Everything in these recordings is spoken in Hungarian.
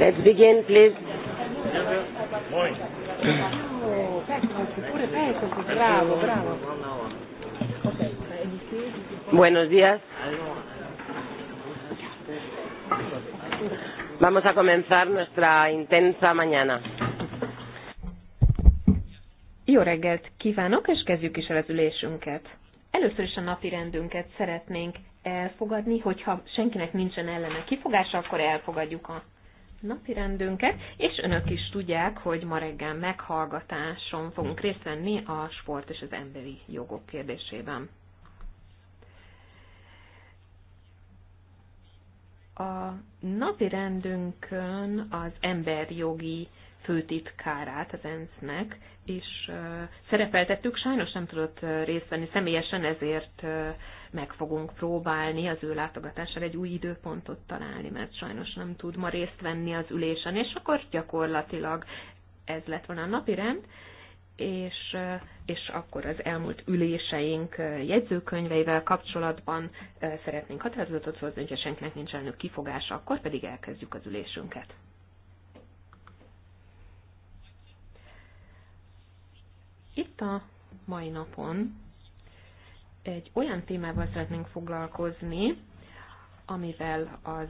Let's begin, please. Buenos días. Vamos a comenzar nuestra intensa mañana. Jó reggelt kívánok, és kezdjük is el az ülésünket. Először is a napi rendünket szeretnénk elfogadni, hogyha senkinek nincsen ellene kifogása, akkor elfogadjuk a Napi rendünket, és önök is tudják, hogy ma reggel meghallgatáson fogunk részt venni a sport és az emberi jogok kérdésében. A napi rendünkön az emberjogi főtitkárát az ENSZ-nek, és szerepeltettük, sajnos nem tudott részt venni személyesen, ezért meg fogunk próbálni az ő látogatására egy új időpontot találni, mert sajnos nem tud ma részt venni az ülésen, és akkor gyakorlatilag ez lett volna a napi rend, és, és akkor az elmúlt üléseink jegyzőkönyveivel kapcsolatban szeretnénk határozatot hozni, hogyha senkinek nincs elnök kifogása, akkor pedig elkezdjük az ülésünket. Itt a mai napon egy olyan témával szeretnénk foglalkozni, amivel az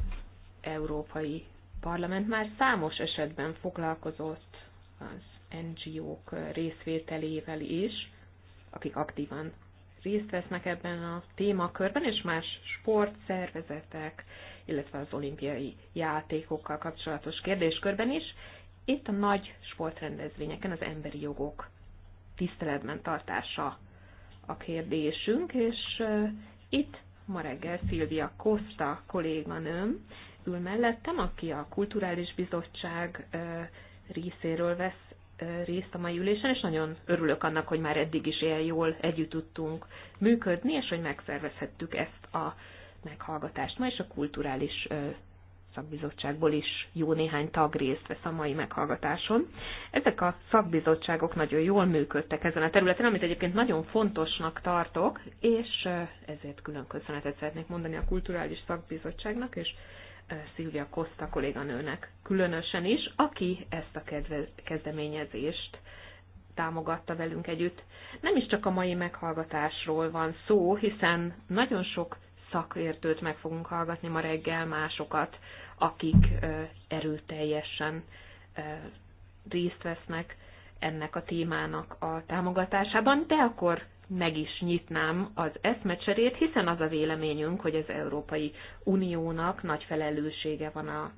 Európai Parlament már számos esetben foglalkozott az NGO-k részvételével is, akik aktívan részt vesznek ebben a témakörben, és más sportszervezetek, illetve az olimpiai játékokkal kapcsolatos kérdéskörben is. Itt a nagy sportrendezvényeken az emberi jogok tiszteletben tartása a kérdésünk, és uh, itt ma reggel Szilvia Costa kolléganőm ül mellettem, aki a Kulturális Bizottság uh, részéről vesz uh, részt a mai ülésen, és nagyon örülök annak, hogy már eddig is ilyen jól együtt tudtunk működni, és hogy megszervezhettük ezt a meghallgatást ma, és a Kulturális szakbizottságból is jó néhány tag részt vesz a mai meghallgatáson. Ezek a szakbizottságok nagyon jól működtek ezen a területen, amit egyébként nagyon fontosnak tartok, és ezért külön köszönetet szeretnék mondani a Kulturális Szakbizottságnak, és Szilvia Koszta kolléganőnek különösen is, aki ezt a kezdeményezést támogatta velünk együtt. Nem is csak a mai meghallgatásról van szó, hiszen nagyon sok szakértőt meg fogunk hallgatni ma reggel, másokat, akik erőteljesen részt vesznek ennek a témának a támogatásában, de akkor meg is nyitnám az eszmecserét, hiszen az a véleményünk, hogy az Európai Uniónak nagy felelőssége van a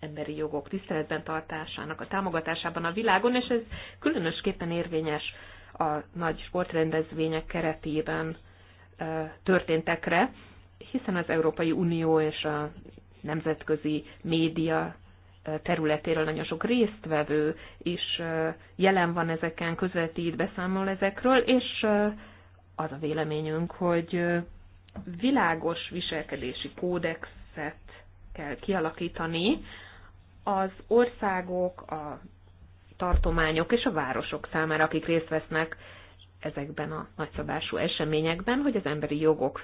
emberi jogok tiszteletben tartásának a támogatásában a világon, és ez különösképpen érvényes a nagy sportrendezvények keretében történtekre, hiszen az Európai Unió és a nemzetközi média területéről nagyon sok résztvevő is jelen van ezeken, közvetít, beszámol ezekről, és az a véleményünk, hogy világos viselkedési kódexet kell kialakítani az országok, a tartományok és a városok számára, akik részt vesznek ezekben a nagyszabású eseményekben, hogy az emberi jogok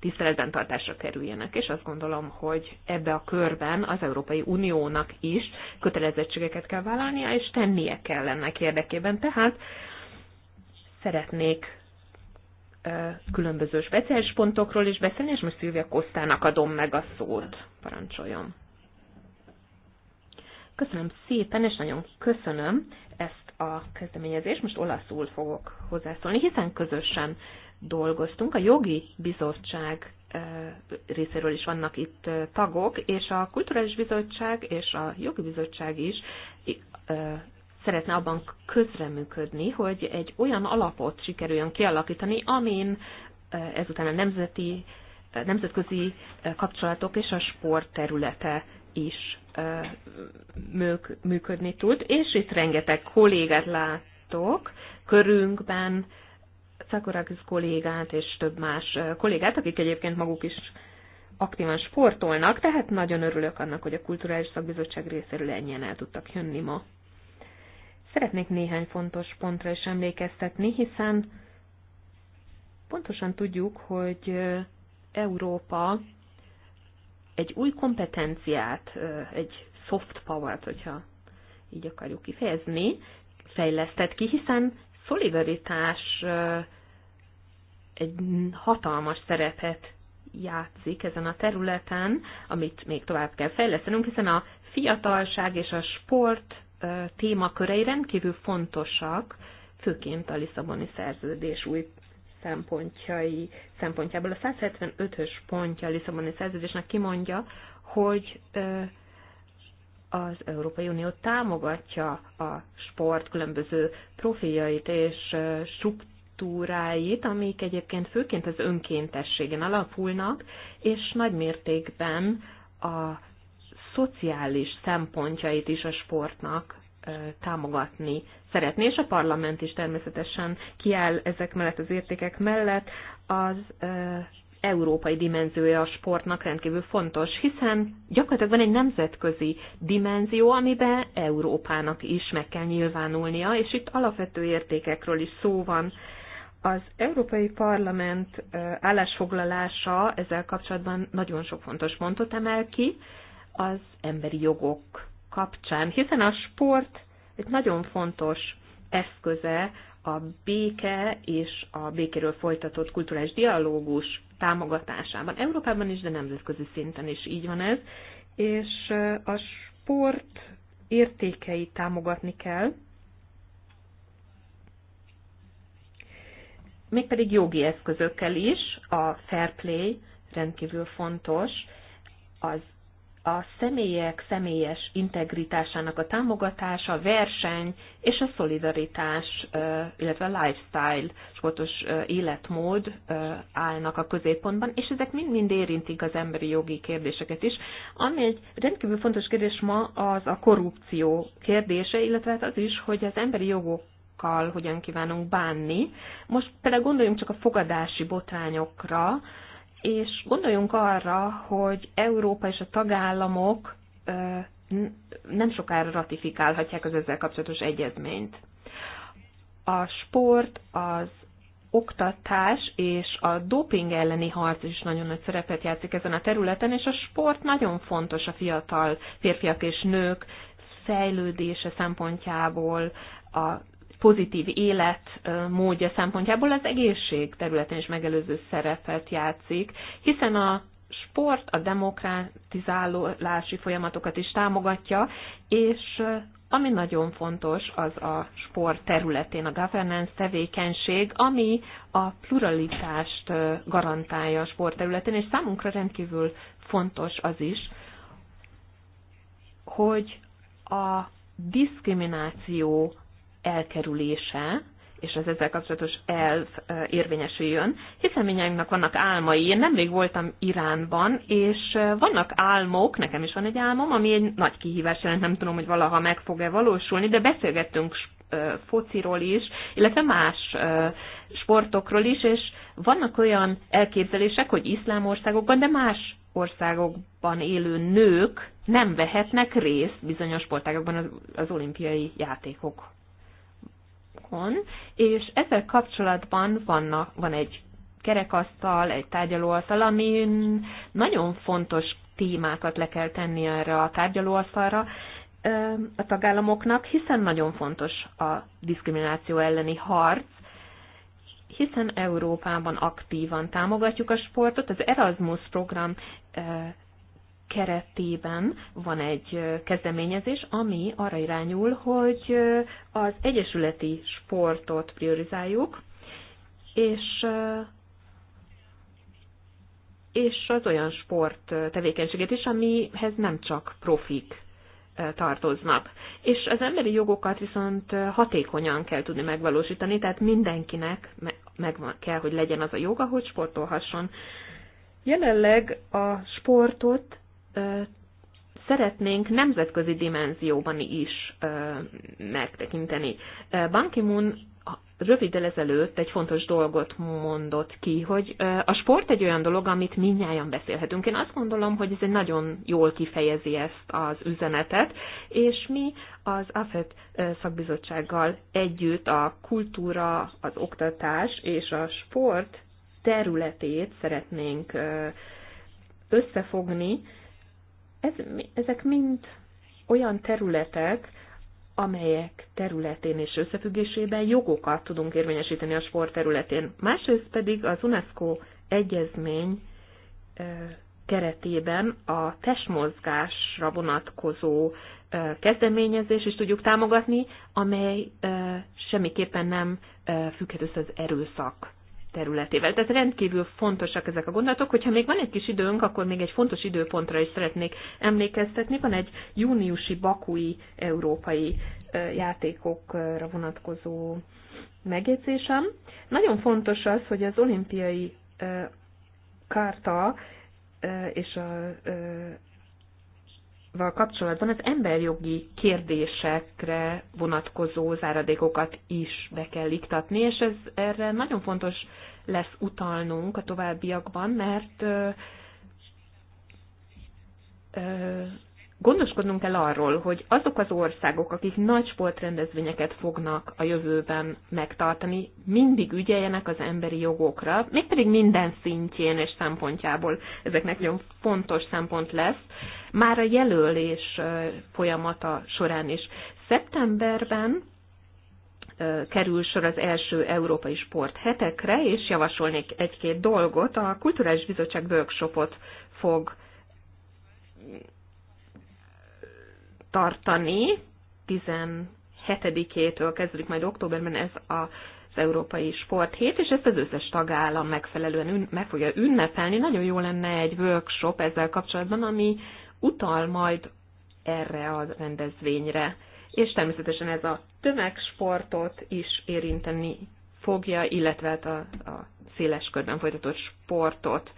tiszteletben tartásra kerüljenek, és azt gondolom, hogy ebbe a körben az Európai Uniónak is kötelezettségeket kell vállalnia, és tennie kell ennek érdekében. Tehát szeretnék különböző speciális pontokról is beszélni, és most Szilvia Kosztának adom meg a szót. Parancsoljon. Köszönöm szépen, és nagyon köszönöm a kezdeményezés. Most olaszul fogok hozzászólni, hiszen közösen dolgoztunk. A jogi bizottság eh, részéről is vannak itt eh, tagok, és a kulturális bizottság és a jogi bizottság is eh, szeretne abban közreműködni, hogy egy olyan alapot sikerüljön kialakítani, amin ezután a nemzeti, nemzetközi kapcsolatok és a sport területe is működni tud, és itt rengeteg kollégát láttok körünkben, Szakorakis kollégát és több más kollégát, akik egyébként maguk is aktívan sportolnak, tehát nagyon örülök annak, hogy a Kulturális Szakbizottság részéről ennyien el tudtak jönni ma. Szeretnék néhány fontos pontra is emlékeztetni, hiszen pontosan tudjuk, hogy Európa egy új kompetenciát, egy soft power-t, hogyha így akarjuk kifejezni, fejlesztett ki, hiszen szolidaritás egy hatalmas szerepet játszik ezen a területen, amit még tovább kell fejlesztenünk, hiszen a fiatalság és a sport témakörei rendkívül fontosak, főként a Lisszaboni szerződés új szempontjai szempontjából. A 175-ös pontja a Lisszaboni szerződésnek kimondja, hogy az Európai Unió támogatja a sport különböző profiljait és struktúráit, amik egyébként főként az önkéntességen alapulnak, és nagy mértékben a szociális szempontjait is a sportnak támogatni szeretné, és a parlament is természetesen kiáll ezek mellett az értékek mellett. Az európai dimenziója a sportnak rendkívül fontos, hiszen gyakorlatilag van egy nemzetközi dimenzió, amiben Európának is meg kell nyilvánulnia, és itt alapvető értékekről is szó van. Az Európai Parlament állásfoglalása ezzel kapcsolatban nagyon sok fontos pontot emel ki, az emberi jogok kapcsán, hiszen a sport egy nagyon fontos eszköze a béke és a békéről folytatott kulturális dialógus támogatásában. Európában is, de nemzetközi szinten is így van ez. És a sport értékeit támogatni kell, mégpedig jogi eszközökkel is. A fair play rendkívül fontos, az a személyek személyes integritásának a támogatása, a verseny és a szolidaritás, illetve a lifestyle, sportos életmód állnak a középpontban, és ezek mind-mind érintik az emberi jogi kérdéseket is. Ami egy rendkívül fontos kérdés ma az a korrupció kérdése, illetve hát az is, hogy az emberi jogok hogyan kívánunk bánni. Most például gondoljunk csak a fogadási botrányokra, és gondoljunk arra, hogy Európa és a tagállamok nem sokára ratifikálhatják az ezzel kapcsolatos egyezményt. A sport, az oktatás és a doping elleni harc is nagyon nagy szerepet játszik ezen a területen, és a sport nagyon fontos a fiatal férfiak és nők fejlődése szempontjából, a pozitív élet módja szempontjából az egészség területén is megelőző szerepet játszik, hiszen a sport a demokratizálási folyamatokat is támogatja, és ami nagyon fontos, az a sport területén a governance tevékenység, ami a pluralitást garantálja a sport területén, és számunkra rendkívül fontos az is, hogy a diszkrimináció elkerülése, és az ezzel kapcsolatos elv érvényesüljön, hiszen mindjárt vannak álmai. Én nemrég voltam Iránban, és vannak álmok, nekem is van egy álmom, ami egy nagy kihívás jelent, nem tudom, hogy valaha meg fog-e valósulni, de beszélgettünk fociról is, illetve más sportokról is, és vannak olyan elképzelések, hogy iszlám országokban, de más országokban élő nők nem vehetnek részt bizonyos sportágokban az, az olimpiai játékok otthon, és ezzel kapcsolatban vannak, van egy kerekasztal, egy tárgyalóasztal, amin nagyon fontos témákat le kell tenni erre a tárgyalóasztalra a tagállamoknak, hiszen nagyon fontos a diszkrimináció elleni harc, hiszen Európában aktívan támogatjuk a sportot. Az Erasmus program keretében van egy kezdeményezés, ami arra irányul, hogy az egyesületi sportot priorizáljuk, és és az olyan sport tevékenységet is, amihez nem csak profik tartoznak. És az emberi jogokat viszont hatékonyan kell tudni megvalósítani, tehát mindenkinek meg kell, hogy legyen az a joga, hogy sportolhasson. Jelenleg a sportot szeretnénk nemzetközi dimenzióban is megtekinteni. Ban Ki-moon röviddel ezelőtt egy fontos dolgot mondott ki, hogy a sport egy olyan dolog, amit minnyáján beszélhetünk. Én azt gondolom, hogy ez egy nagyon jól kifejezi ezt az üzenetet, és mi az AFET szakbizottsággal együtt a kultúra, az oktatás és a sport területét szeretnénk összefogni, ez, ezek mind olyan területek, amelyek területén és összefüggésében jogokat tudunk érvényesíteni a sport területén. Másrészt pedig az UNESCO egyezmény keretében a testmozgásra vonatkozó kezdeményezés is tudjuk támogatni, amely semmiképpen nem függhet össze az erőszak területével. Tehát rendkívül fontosak ezek a gondolatok. Hogyha még van egy kis időnk, akkor még egy fontos időpontra is szeretnék emlékeztetni. Van egy júniusi bakui európai játékokra vonatkozó megjegyzésem. Nagyon fontos az, hogy az olimpiai kárta és a val kapcsolatban az emberjogi kérdésekre vonatkozó záradékokat is be kell iktatni, és ez erre nagyon fontos lesz utalnunk a továbbiakban, mert ö, ö, gondoskodnunk kell arról, hogy azok az országok, akik nagy sportrendezvényeket fognak a jövőben megtartani, mindig ügyeljenek az emberi jogokra, mégpedig minden szintjén és szempontjából ezeknek nagyon fontos szempont lesz, már a jelölés folyamata során is. Szeptemberben kerül sor az első európai hetekre, és javasolnék egy-két dolgot. A Kulturális Bizottság workshopot fog tartani. 17-től kezdődik majd októberben ez a az Európai Hét, és ezt az összes tagállam megfelelően ün, meg fogja ünnepelni. Nagyon jó lenne egy workshop ezzel kapcsolatban, ami utal majd erre a rendezvényre. És természetesen ez a tömegsportot is érinteni fogja, illetve hát a, a széles körben folytatott sportot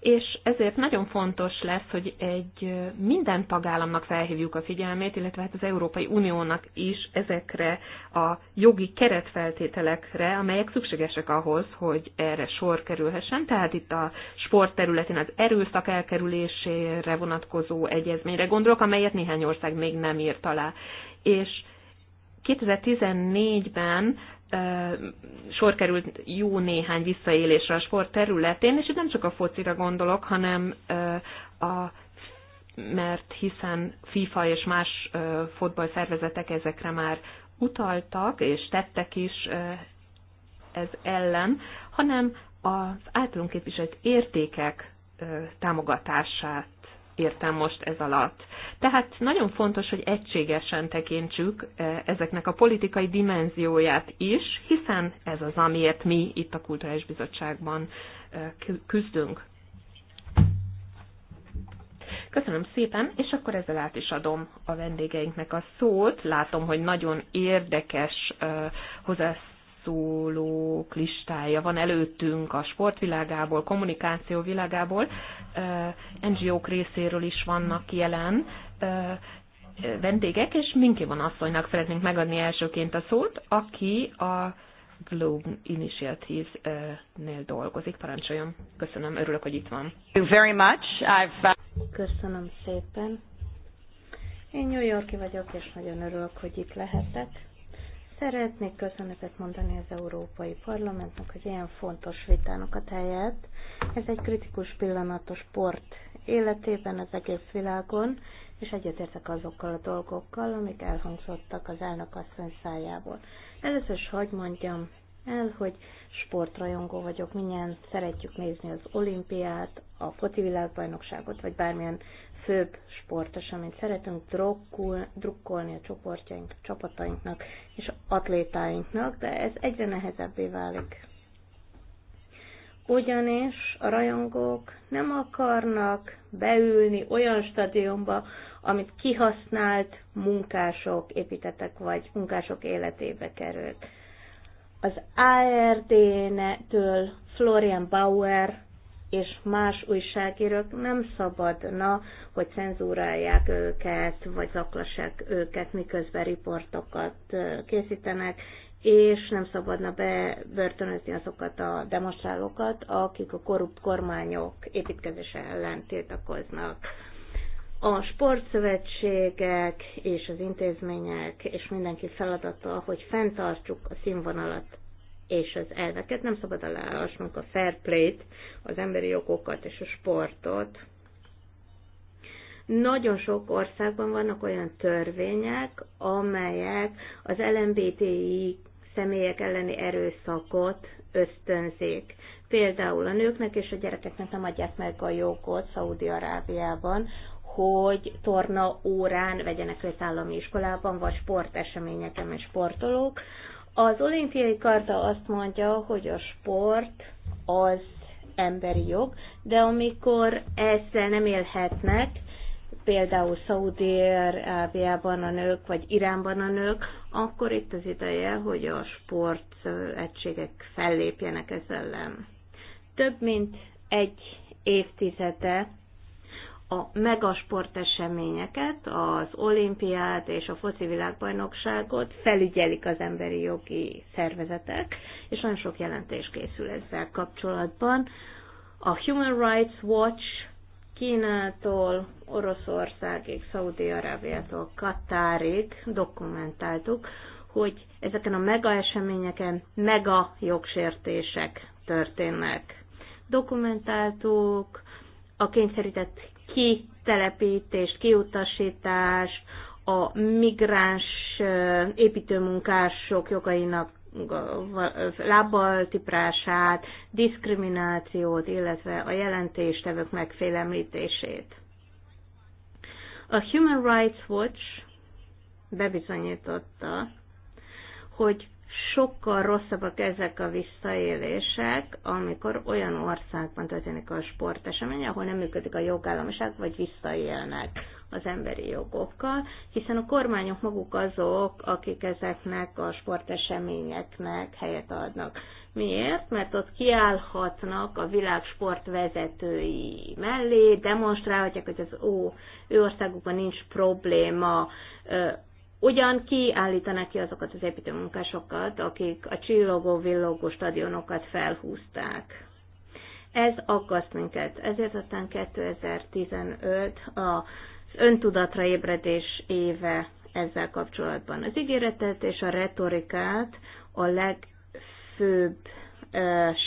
és ezért nagyon fontos lesz, hogy egy minden tagállamnak felhívjuk a figyelmét, illetve hát az Európai Uniónak is ezekre a jogi keretfeltételekre, amelyek szükségesek ahhoz, hogy erre sor kerülhessen. Tehát itt a sport területén az erőszak elkerülésére vonatkozó egyezményre gondolok, amelyet néhány ország még nem írt alá. És 2014-ben sor került jó néhány visszaélésre a sport területén, és itt nem csak a focira gondolok, hanem a mert hiszen FIFA és más szervezetek ezekre már utaltak, és tettek is ez ellen, hanem az általunk képviselt értékek támogatását értem most ez alatt. Tehát nagyon fontos, hogy egységesen tekintsük e, ezeknek a politikai dimenzióját is, hiszen ez az, amiért mi itt a Kulturális Bizottságban e, küzdünk. Köszönöm szépen, és akkor ezzel át is adom a vendégeinknek a szót. Látom, hogy nagyon érdekes e, hozzászólás hozzászólók listája van előttünk a sportvilágából, kommunikáció világából, NGO-k részéről is vannak jelen vendégek, és Minki van asszonynak szeretnénk megadni elsőként a szót, aki a Globe Initiative-nél dolgozik. Parancsoljon. Köszönöm, örülök, hogy itt van. Very much. I've... Uh, Köszönöm szépen. Én New Yorki vagyok, és nagyon örülök, hogy itt lehetek. Szeretnék köszönetet mondani az Európai Parlamentnek, hogy ilyen fontos vitának a helyett. Ez egy kritikus pillanat a sport életében, az egész világon, és egyetértek azokkal a dolgokkal, amik elhangzottak az elnök asszony szájából. Először is hagyd mondjam el, hogy sportrajongó vagyok, minnyáján szeretjük nézni az olimpiát, a foci világbajnokságot, vagy bármilyen főbb sportos, amit szeretünk drukkul, drukkolni a csoportjaink, a csapatainknak és atlétáinknak, de ez egyre nehezebbé válik. Ugyanis a rajongók nem akarnak beülni olyan stadionba, amit kihasznált munkások építettek, vagy munkások életébe került az ARD-től Florian Bauer és más újságírók nem szabadna, hogy cenzúrálják őket, vagy zaklassák őket, miközben riportokat készítenek, és nem szabadna bebörtönözni azokat a demonstrálókat, akik a korrupt kormányok építkezése ellen tiltakoznak. A sportszövetségek és az intézmények és mindenki feladata, hogy fenntartsuk a színvonalat és az elveket. Nem szabad aláásnunk a fair play-t, az emberi jogokat és a sportot. Nagyon sok országban vannak olyan törvények, amelyek az LMBTI személyek elleni erőszakot ösztönzik. Például a nőknek és a gyerekeknek nem adják meg a jogot Szaudi-Arábiában, hogy torna órán vegyenek részt állami iskolában, vagy sporteseményeken és sportolók. Az olimpiai karta azt mondja, hogy a sport az emberi jog, de amikor ezzel nem élhetnek, például Szaudi-Arábiában a nők, vagy Iránban a nők, akkor itt az ideje, hogy a sport egységek fellépjenek ezzel ellen. Több mint egy évtizede a megasport eseményeket, az olimpiát és a foci világbajnokságot felügyelik az emberi jogi szervezetek, és nagyon sok jelentés készül ezzel kapcsolatban. A Human Rights Watch Kínától, Oroszországig, Szaudi-Arábiától, Katárig dokumentáltuk, hogy ezeken a mega eseményeken mega jogsértések történnek. Dokumentáltuk a kényszerített kitelepítést, kiutasítást, a migráns építőmunkások jogainak lábbal tiprását, diszkriminációt, illetve a jelentéstevők megfélemlítését. A Human Rights Watch bebizonyította, hogy sokkal rosszabbak ezek a visszaélések, amikor olyan országban történik a sportesemény, ahol nem működik a jogállamiság, vagy visszaélnek az emberi jogokkal, hiszen a kormányok maguk azok, akik ezeknek a sporteseményeknek helyet adnak. Miért? Mert ott kiállhatnak a világ sportvezetői mellé, demonstrálhatják, hogy az ó, ő országukban nincs probléma Ugyan állítaná ki azokat az építőmunkásokat, akik a csillogó-villogó stadionokat felhúzták. Ez aggaszt minket. Ezért aztán 2015 az öntudatra ébredés éve ezzel kapcsolatban. Az ígéretet és a retorikát a legfőbb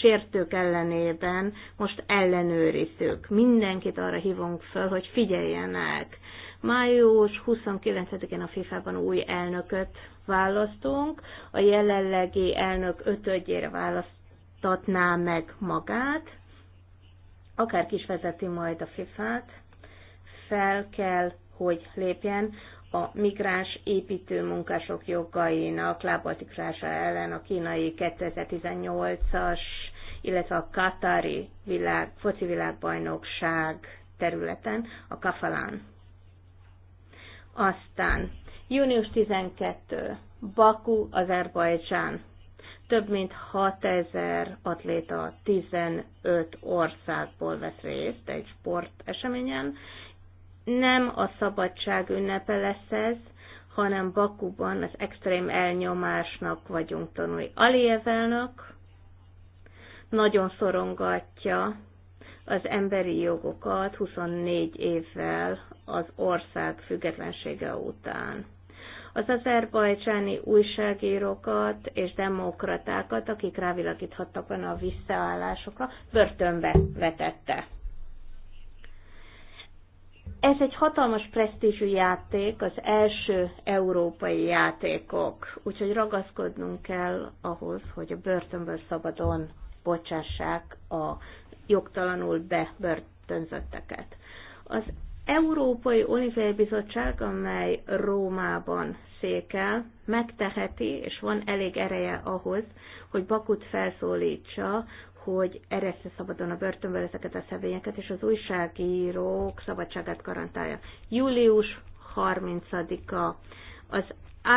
sértők ellenében most ellenőrizzük. Mindenkit arra hívunk föl, hogy figyeljenek. Május 29-én a FIFA-ban új elnököt választunk, a jelenlegi elnök ötödjére választatná meg magát, akár kis vezeti majd a FIFA-t, fel kell, hogy lépjen a migráns építő munkások jogainak lábaltikrása ellen a kínai 2018-as, illetve a Katari világ, foci világbajnokság területen, a Kafalán aztán június 12. Baku, Azerbajdzsán. Több mint 6000 atléta 15 országból vesz részt egy sporteseményen. Nem a szabadság ünnepe lesz ez, hanem Bakuban az extrém elnyomásnak vagyunk tanulni. Aliyevelnak nagyon szorongatja az emberi jogokat 24 évvel az ország függetlensége után. Az azerbajcsáni újságírókat és demokratákat, akik rávilágíthattak volna a visszaállásokra, börtönbe vetette. Ez egy hatalmas presztízsű játék, az első európai játékok, úgyhogy ragaszkodnunk kell ahhoz, hogy a börtönből szabadon bocsássák a jogtalanul bebörtönzötteket. Az Európai Olimpiai Bizottság, amely Rómában székel, megteheti, és van elég ereje ahhoz, hogy Bakut felszólítsa, hogy eresze szabadon a börtönbe ezeket a szevényeket, és az újságírók szabadságát garantálja. Július 30-a az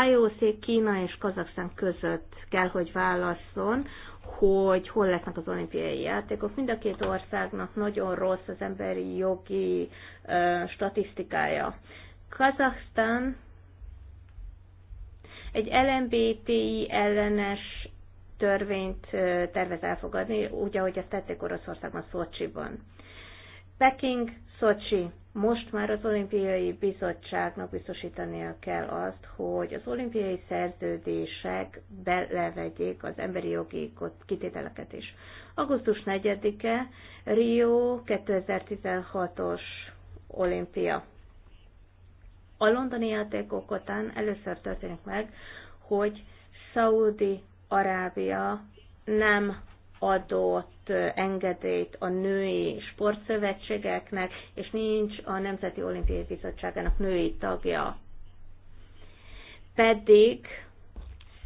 IOC Kína és Kazaksztán között kell, hogy válasszon hogy hol lesznek az olimpiai játékok. Mind a két országnak nagyon rossz az emberi jogi ö, statisztikája. Kazahsztán egy LMBTI ellenes törvényt tervez elfogadni, úgy, ahogy ezt tették Oroszországban, Szocsiban. Peking, Szocsi most már az olimpiai bizottságnak biztosítania kell azt, hogy az olimpiai szerződések belevegyék az emberi jogi kitételeket is. Augusztus 4-e Rio 2016-os olimpia. A londoni játékok után először történik meg, hogy Szaudi Arábia nem adott engedélyt a női sportszövetségeknek, és nincs a Nemzeti Olimpiai Bizottságának női tagja. Pedig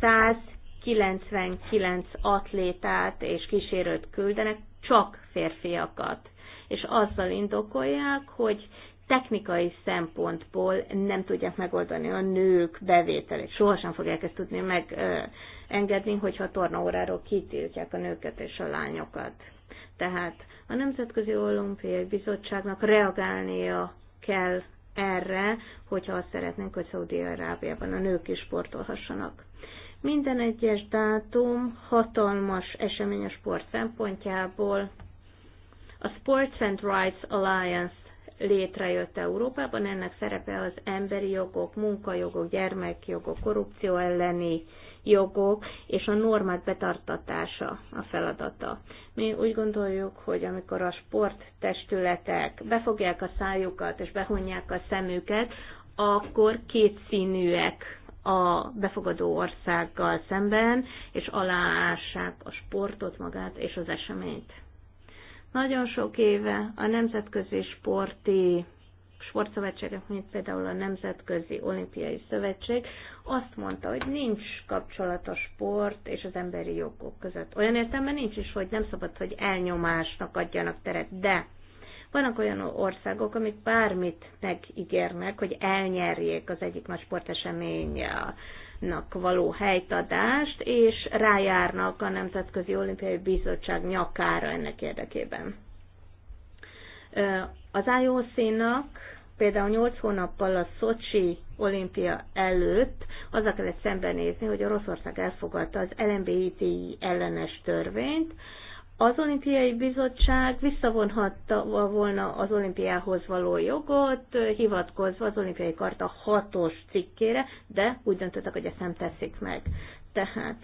199 atlétát és kísérőt küldenek, csak férfiakat. És azzal indokolják, hogy technikai szempontból nem tudják megoldani a nők bevételét. Sohasem fogják ezt tudni meg engedni, hogyha a tornaóráról kitiltják a nőket és a lányokat. Tehát a Nemzetközi Olimpiai Bizottságnak reagálnia kell erre, hogyha azt szeretnénk, hogy Szaudi-Arábiában a nők is sportolhassanak. Minden egyes dátum hatalmas esemény a sport szempontjából. A Sports and Rights Alliance létrejött Európában, ennek szerepe az emberi jogok, munkajogok, gyermekjogok, korrupció elleni jogok és a normák betartatása a feladata. Mi úgy gondoljuk, hogy amikor a sporttestületek befogják a szájukat és behunják a szemüket, akkor kétszínűek a befogadó országgal szemben, és aláássák a sportot magát és az eseményt. Nagyon sok éve a nemzetközi sporti sportszövetségek, mint például a Nemzetközi Olimpiai Szövetség, azt mondta, hogy nincs kapcsolat a sport és az emberi jogok között. Olyan értelme nincs is, hogy nem szabad, hogy elnyomásnak adjanak teret, de vannak olyan országok, amik bármit megígérnek, hogy elnyerjék az egyik nagy sporteseménynek való helytadást, és rájárnak a Nemzetközi Olimpiai Bizottság nyakára ennek érdekében. Az IOC-nak Például 8 hónappal a Szocsi olimpia előtt azzal kellett szembenézni, hogy Oroszország elfogadta az LMBTI ellenes törvényt, az olimpiai bizottság visszavonhatta volna az olimpiához való jogot, hivatkozva az olimpiai karta hatos cikkére, de úgy döntöttek, hogy ezt nem teszik meg. Tehát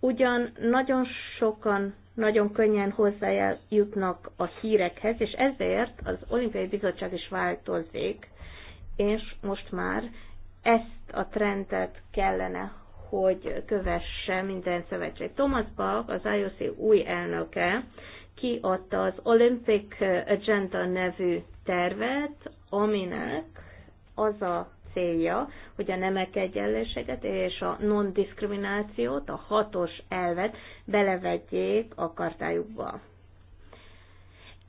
ugyan nagyon sokan nagyon könnyen hozzájutnak a hírekhez, és ezért az Olimpiai Bizottság is változik, és most már ezt a trendet kellene, hogy kövesse minden szövetség. Thomas Bach, az IOC új elnöke, kiadta az Olympic Agenda nevű tervet, aminek az a célja, hogy a nemek egyenlőséget és a non-diszkriminációt, a hatos elvet belevegyék a kartájukba.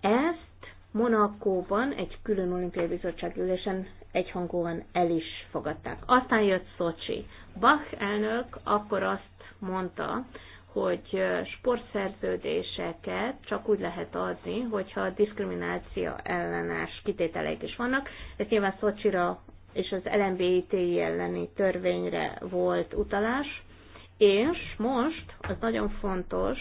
Ezt Monakóban egy külön olimpiai bizottság ülésen egyhangúan el is fogadták. Aztán jött Szocsi. Bach elnök akkor azt mondta, hogy sportszerződéseket csak úgy lehet adni, hogyha diszkrimináció ellenes kitételeik is vannak. Ez nyilván Szocsira és az LMBIT elleni törvényre volt utalás, és most az nagyon fontos,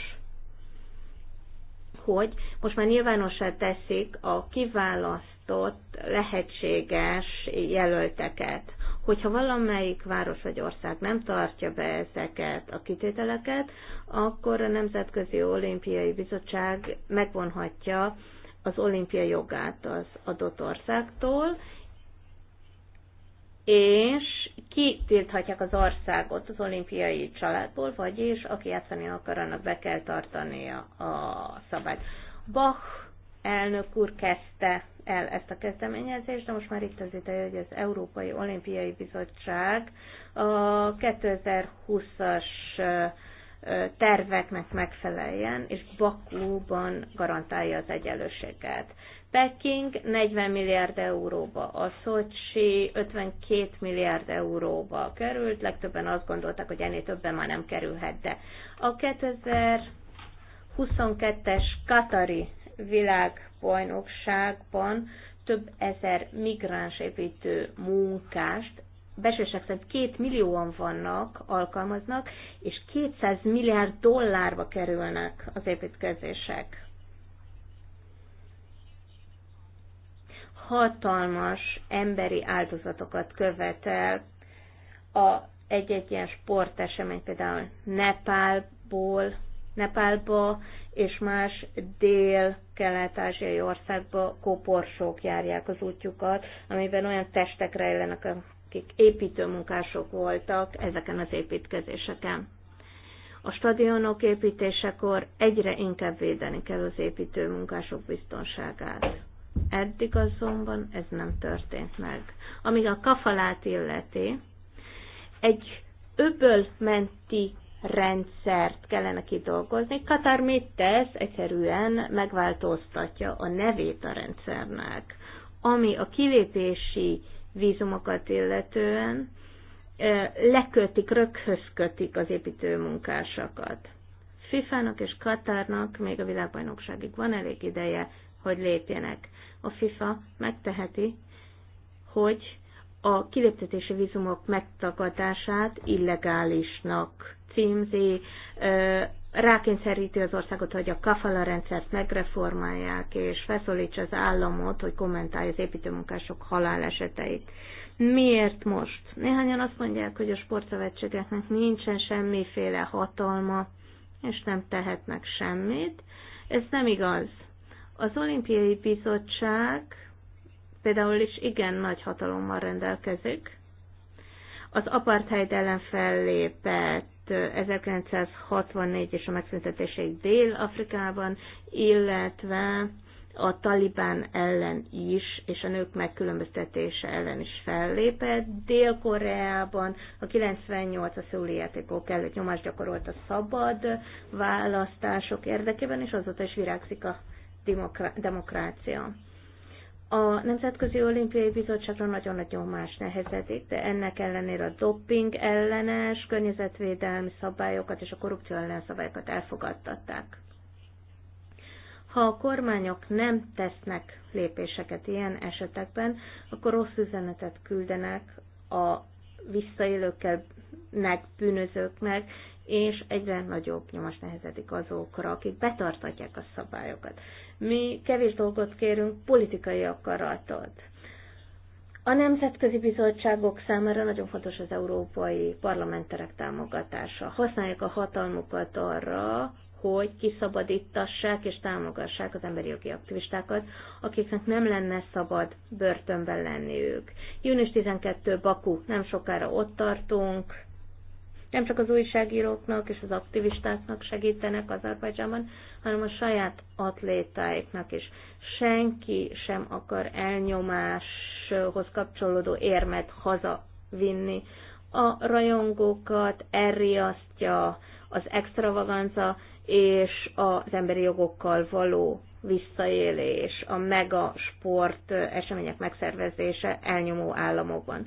hogy most már nyilvánossá teszik a kiválasztott lehetséges jelölteket. Hogyha valamelyik város vagy ország nem tartja be ezeket a kitételeket, akkor a Nemzetközi Olimpiai Bizottság megvonhatja az olimpiai jogát az adott országtól, és tilthatják az országot az olimpiai családból, vagyis aki játszani akar, annak be kell tartania a szabályt. Bach elnök úr kezdte el ezt a kezdeményezést, de most már itt az ideje, hogy az Európai Olimpiai Bizottság a 2020-as terveknek megfeleljen, és Bakúban garantálja az egyenlőséget. Peking 40 milliárd euróba, a Szocsi 52 milliárd euróba került, legtöbben azt gondolták, hogy ennél többen már nem kerülhet, de a 2022-es Katari világbajnokságban több ezer migráns építő munkást, besősek szerint két millióan vannak, alkalmaznak, és 200 milliárd dollárba kerülnek az építkezések. hatalmas emberi áldozatokat követel. A egy-egy ilyen sportesemény például Nepálból, Nepálba és más dél-kelet-ázsiai országba koporsók járják az útjukat, amiben olyan testek rejlenek, akik építőmunkások voltak ezeken az építkezéseken. A stadionok építésekor egyre inkább védeni kell az építőmunkások biztonságát. Eddig azonban ez nem történt meg. Amíg a kafalát illeti, egy öbölmenti rendszert kellene kidolgozni. Katar mit tesz? Egyszerűen megváltoztatja a nevét a rendszernek. Ami a kilépési vízumokat illetően lekötik, röghöz kötik az építőmunkásokat. FIFA-nak és Katárnak még a világbajnokságig van elég ideje, hogy lépjenek. A FIFA megteheti, hogy a kiléptetési vízumok megtagadását illegálisnak címzi, rákényszeríti az országot, hogy a kafala rendszert megreformálják, és feszolítsa az államot, hogy kommentálja az építőmunkások haláleseteit. Miért most? Néhányan azt mondják, hogy a sportszövetségeknek nincsen semmiféle hatalma, és nem tehetnek semmit. Ez nem igaz. Az olimpiai bizottság például is igen nagy hatalommal rendelkezik. Az apartheid ellen fellépett 1964 és a megszüntetéseik Dél-Afrikában, illetve a talibán ellen is, és a nők megkülönböztetése ellen is fellépett. Dél-Koreában a 98 a szóli játékok előtt nyomást gyakorolt a szabad választások érdekében, és azóta is virágzik a demokrácia. A Nemzetközi Olimpiai Bizottságra nagyon nagy nyomás nehezedik, de ennek ellenére a doping ellenes környezetvédelmi szabályokat és a korrupció ellen szabályokat elfogadtatták. Ha a kormányok nem tesznek lépéseket ilyen esetekben, akkor rossz üzenetet küldenek a visszaélőknek, bűnözőknek, és egyre nagyobb nyomás nehezedik azokra, akik betartatják a szabályokat. Mi kevés dolgot kérünk politikai akaratot. A nemzetközi bizottságok számára nagyon fontos az európai parlamenterek támogatása. Használják a hatalmukat arra, hogy kiszabadítassák és támogassák az emberi jogi aktivistákat, akiknek nem lenne szabad börtönben lenniük. Június 12 Baku, nem sokára ott tartunk, nem csak az újságíróknak és az aktivistáknak segítenek Azerbajdzsánban, hanem a saját atlétáiknak is. Senki sem akar elnyomáshoz kapcsolódó érmet hazavinni. A rajongókat elriasztja az extravaganza és az emberi jogokkal való visszaélés, a mega sport események megszervezése elnyomó államokban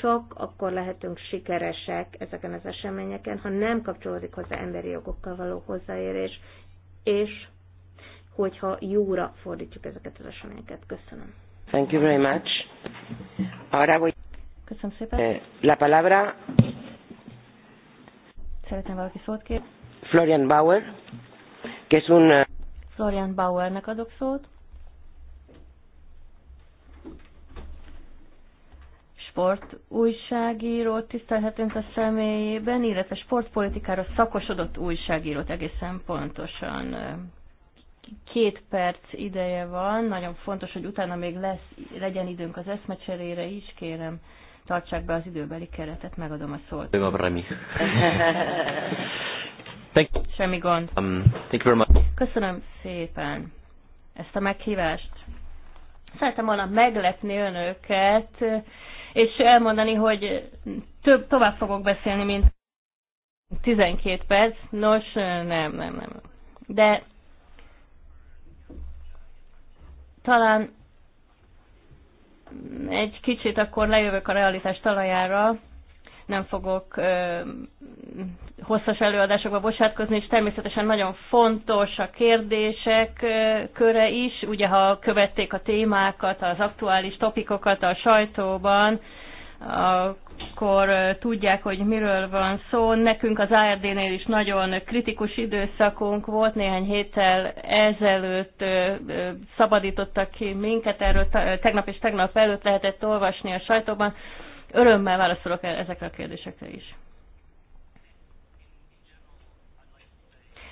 csak akkor lehetünk sikeresek ezeken az eseményeken, ha nem kapcsolódik hozzá emberi jogokkal való hozzáérés, és hogyha jóra fordítjuk ezeket az eseményeket. Köszönöm. Thank you very much. Ahora voy... Köszönöm szépen. Eh, la palabra... Szeretném valaki szót kér. Florian Bauer, que es un... Eh, Florian Bauernek adok szót Sport sportújságírót tisztelhetünk a személyében, illetve sportpolitikára szakosodott újságírót egészen pontosan. Két perc ideje van, nagyon fontos, hogy utána még lesz, legyen időnk az eszmecserére is, kérem tartsák be az időbeli keretet, megadom a szót. Semmi gond. Um, Köszönöm szépen ezt a meghívást. Szeretem volna meglepni önöket és elmondani, hogy több, tovább fogok beszélni, mint 12 perc. Nos, nem, nem, nem. De talán egy kicsit akkor lejövök a realitás talajára, nem fogok ö, hosszas előadásokba bocsátkozni, és természetesen nagyon fontos a kérdések ö, köre is. Ugye, ha követték a témákat, az aktuális topikokat a sajtóban, akkor tudják, hogy miről van szó. Nekünk az ARD-nél is nagyon kritikus időszakunk volt, néhány héttel ezelőtt szabadítottak ki minket, erről tegnap és tegnap előtt lehetett olvasni a sajtóban. Örömmel válaszolok el ezekre a kérdésekre is.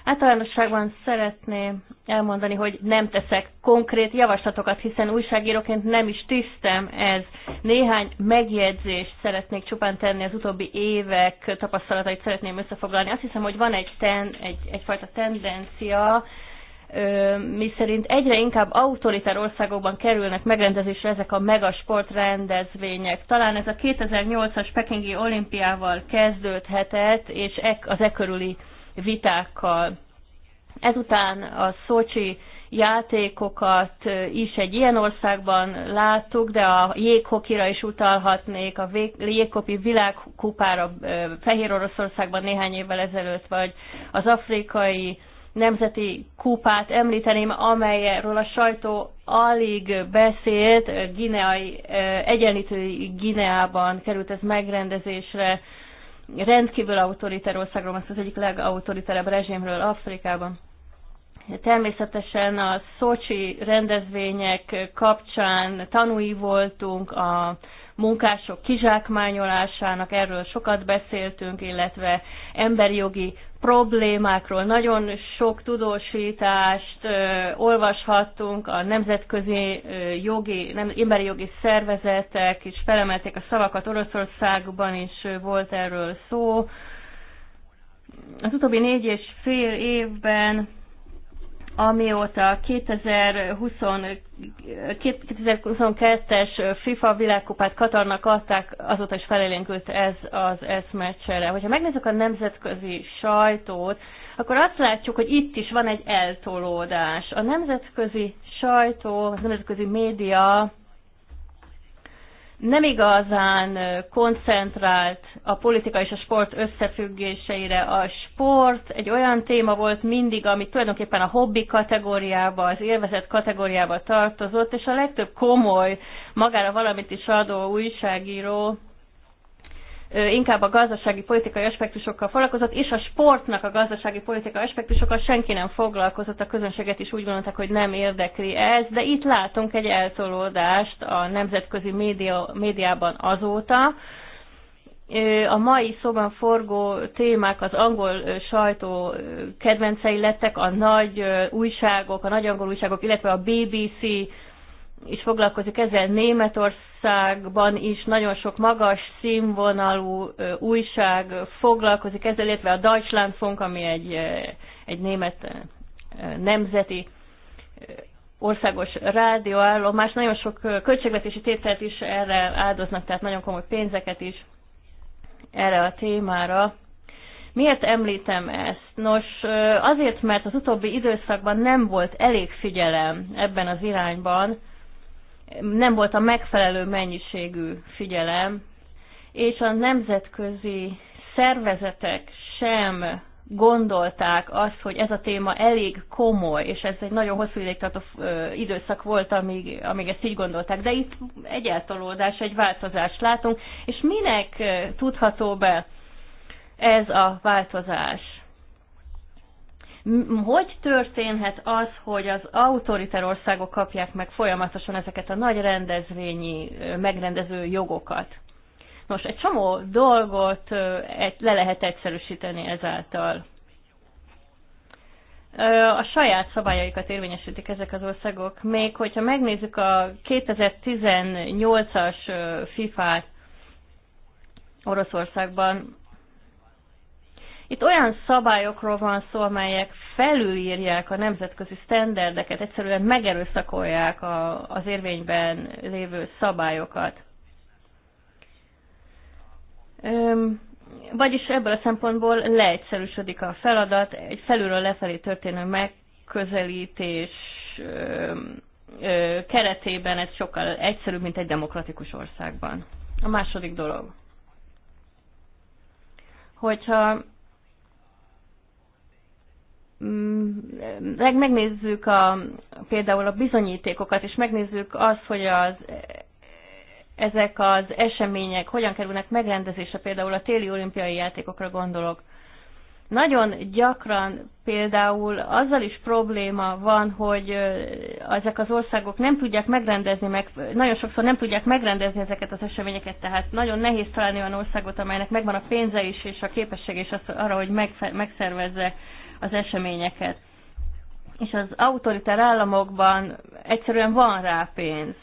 Általánosságban szeretném elmondani, hogy nem teszek konkrét javaslatokat, hiszen újságíróként nem is tisztem ez. Néhány megjegyzést szeretnék csupán tenni, az utóbbi évek tapasztalatait szeretném összefoglalni. Azt hiszem, hogy van egy ten, egy, egyfajta tendencia szerint egyre inkább autoritár országokban kerülnek megrendezésre ezek a megasport rendezvények. Talán ez a 2008-as Pekingi olimpiával kezdődhetett, és e, az e körüli vitákkal. Ezután a Szocsi játékokat is egy ilyen országban láttuk, de a jéghokira is utalhatnék, a jégkopi világkupára Fehér Oroszországban néhány évvel ezelőtt, vagy az afrikai nemzeti kupát említeném, amelyről a sajtó alig beszélt, gineai, egyenlítői Gineában került ez megrendezésre, rendkívül autoriter országról, az egyik legautoriterebb rezsimről Afrikában. Természetesen a Szocsi rendezvények kapcsán tanúi voltunk a munkások kizsákmányolásának, erről sokat beszéltünk, illetve emberi jogi problémákról. Nagyon sok tudósítást olvashattunk, a nemzetközi jogi, nem, emberi jogi szervezetek is felemelték a szavakat, Oroszországban is volt erről szó. Az utóbbi négy és fél évben amióta 2020, 2022-es FIFA világkupát Katarnak adták, azóta is felélénkült ez az eszmecsere. Hogyha megnézzük a nemzetközi sajtót, akkor azt látjuk, hogy itt is van egy eltolódás. A nemzetközi sajtó, a nemzetközi média nem igazán koncentrált a politika és a sport összefüggéseire. A sport egy olyan téma volt mindig, ami tulajdonképpen a hobbi kategóriába, az élvezet kategóriába tartozott, és a legtöbb komoly, magára valamit is adó újságíró inkább a gazdasági politikai aspektusokkal foglalkozott, és a sportnak a gazdasági politikai aspektusokkal senki nem foglalkozott, a közönséget is úgy gondolták, hogy nem érdekli ez, de itt látunk egy eltolódást a nemzetközi média, médiában azóta, a mai szóban forgó témák az angol sajtó kedvencei lettek, a nagy újságok, a nagy angol újságok, illetve a BBC is foglalkozik ezzel. Németországban is nagyon sok magas színvonalú újság foglalkozik ezzel, illetve a Deutschlandfunk, ami egy, egy német nemzeti országos rádióállomás, nagyon sok költségvetési tételt is erre áldoznak, tehát nagyon komoly pénzeket is erre a témára. Miért említem ezt? Nos, azért, mert az utóbbi időszakban nem volt elég figyelem ebben az irányban, nem volt a megfelelő mennyiségű figyelem, és a nemzetközi szervezetek sem gondolták azt, hogy ez a téma elég komoly, és ez egy nagyon hosszú tartó időszak volt, amíg, amíg ezt így gondolták. De itt egy eltolódás, egy változást látunk, és minek tudható be ez a változás? Hogy történhet az, hogy az autoriter országok kapják meg folyamatosan ezeket a nagy rendezvényi, megrendező jogokat? Nos, egy csomó dolgot le lehet egyszerűsíteni ezáltal. A saját szabályaikat érvényesítik ezek az országok. Még hogyha megnézzük a 2018-as FIFA-t Oroszországban, itt olyan szabályokról van szó, amelyek felülírják a nemzetközi sztenderdeket, egyszerűen megerőszakolják a, az érvényben lévő szabályokat. Öm, vagyis ebből a szempontból leegyszerűsödik a feladat, egy felülről lefelé történő megközelítés öm, ö, keretében ez sokkal egyszerűbb, mint egy demokratikus országban. A második dolog. Hogyha Mm, meg, megnézzük a, például a bizonyítékokat, és megnézzük azt, hogy az, ezek az események hogyan kerülnek megrendezésre, például a téli olimpiai játékokra gondolok. Nagyon gyakran például azzal is probléma van, hogy ezek az országok nem tudják megrendezni, meg nagyon sokszor nem tudják megrendezni ezeket az eseményeket, tehát nagyon nehéz találni olyan országot, amelynek megvan a pénze is, és a képessége is az, arra, hogy megfe- megszervezze az eseményeket. És az autoritár államokban egyszerűen van rá pénz.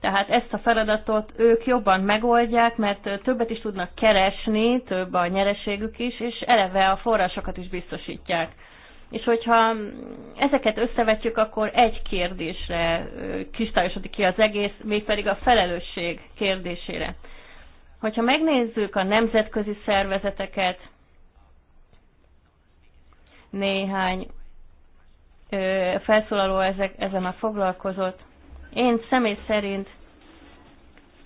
Tehát ezt a feladatot ők jobban megoldják, mert többet is tudnak keresni, több a nyereségük is, és eleve a forrásokat is biztosítják. És hogyha ezeket összevetjük, akkor egy kérdésre kristályosodik ki az egész, mégpedig a felelősség kérdésére. Hogyha megnézzük a nemzetközi szervezeteket, néhány ö, felszólaló ezek, ezen a foglalkozott. Én személy szerint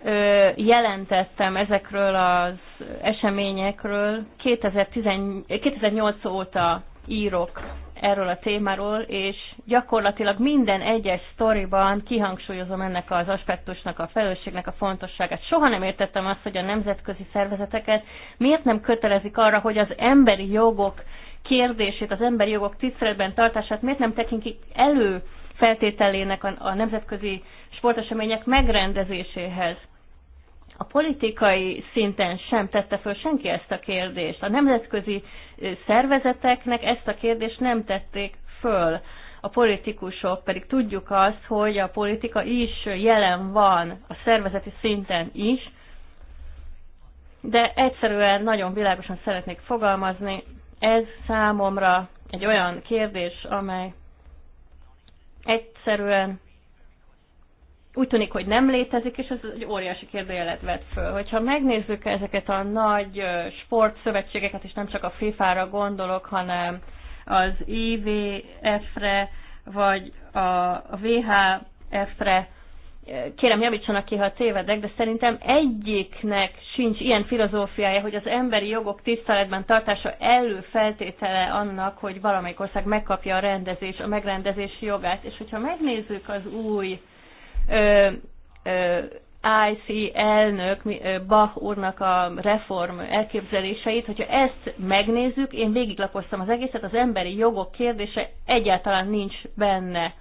ö, jelentettem ezekről az eseményekről. 2010, 2008 óta írok erről a témáról, és gyakorlatilag minden egyes sztoriban kihangsúlyozom ennek az aspektusnak, a felelősségnek a fontosságát. Soha nem értettem azt, hogy a nemzetközi szervezeteket miért nem kötelezik arra, hogy az emberi jogok kérdését, az emberi jogok tiszteletben tartását miért nem tekintik elő feltételének a, a nemzetközi sportesemények megrendezéséhez? A politikai szinten sem tette föl senki ezt a kérdést. A nemzetközi szervezeteknek ezt a kérdést nem tették föl a politikusok, pedig tudjuk azt, hogy a politika is jelen van a szervezeti szinten is, de egyszerűen nagyon világosan szeretnék fogalmazni, ez számomra egy olyan kérdés, amely egyszerűen úgy tűnik, hogy nem létezik, és ez egy óriási kérdőjelet vet föl. Hogyha megnézzük ezeket a nagy sportszövetségeket, és nem csak a FIFA-ra gondolok, hanem az IVF-re, vagy a VHF-re, kérem javítsanak ki, ha tévedek, de szerintem egyiknek sincs ilyen filozófiája, hogy az emberi jogok tiszteletben tartása előfeltétele annak, hogy valamelyik ország megkapja a rendezés, a megrendezési jogát. És hogyha megnézzük az új ö, ö, IC elnök, Bach úrnak a reform elképzeléseit, hogyha ezt megnézzük, én végiglapoztam az egészet, az emberi jogok kérdése egyáltalán nincs benne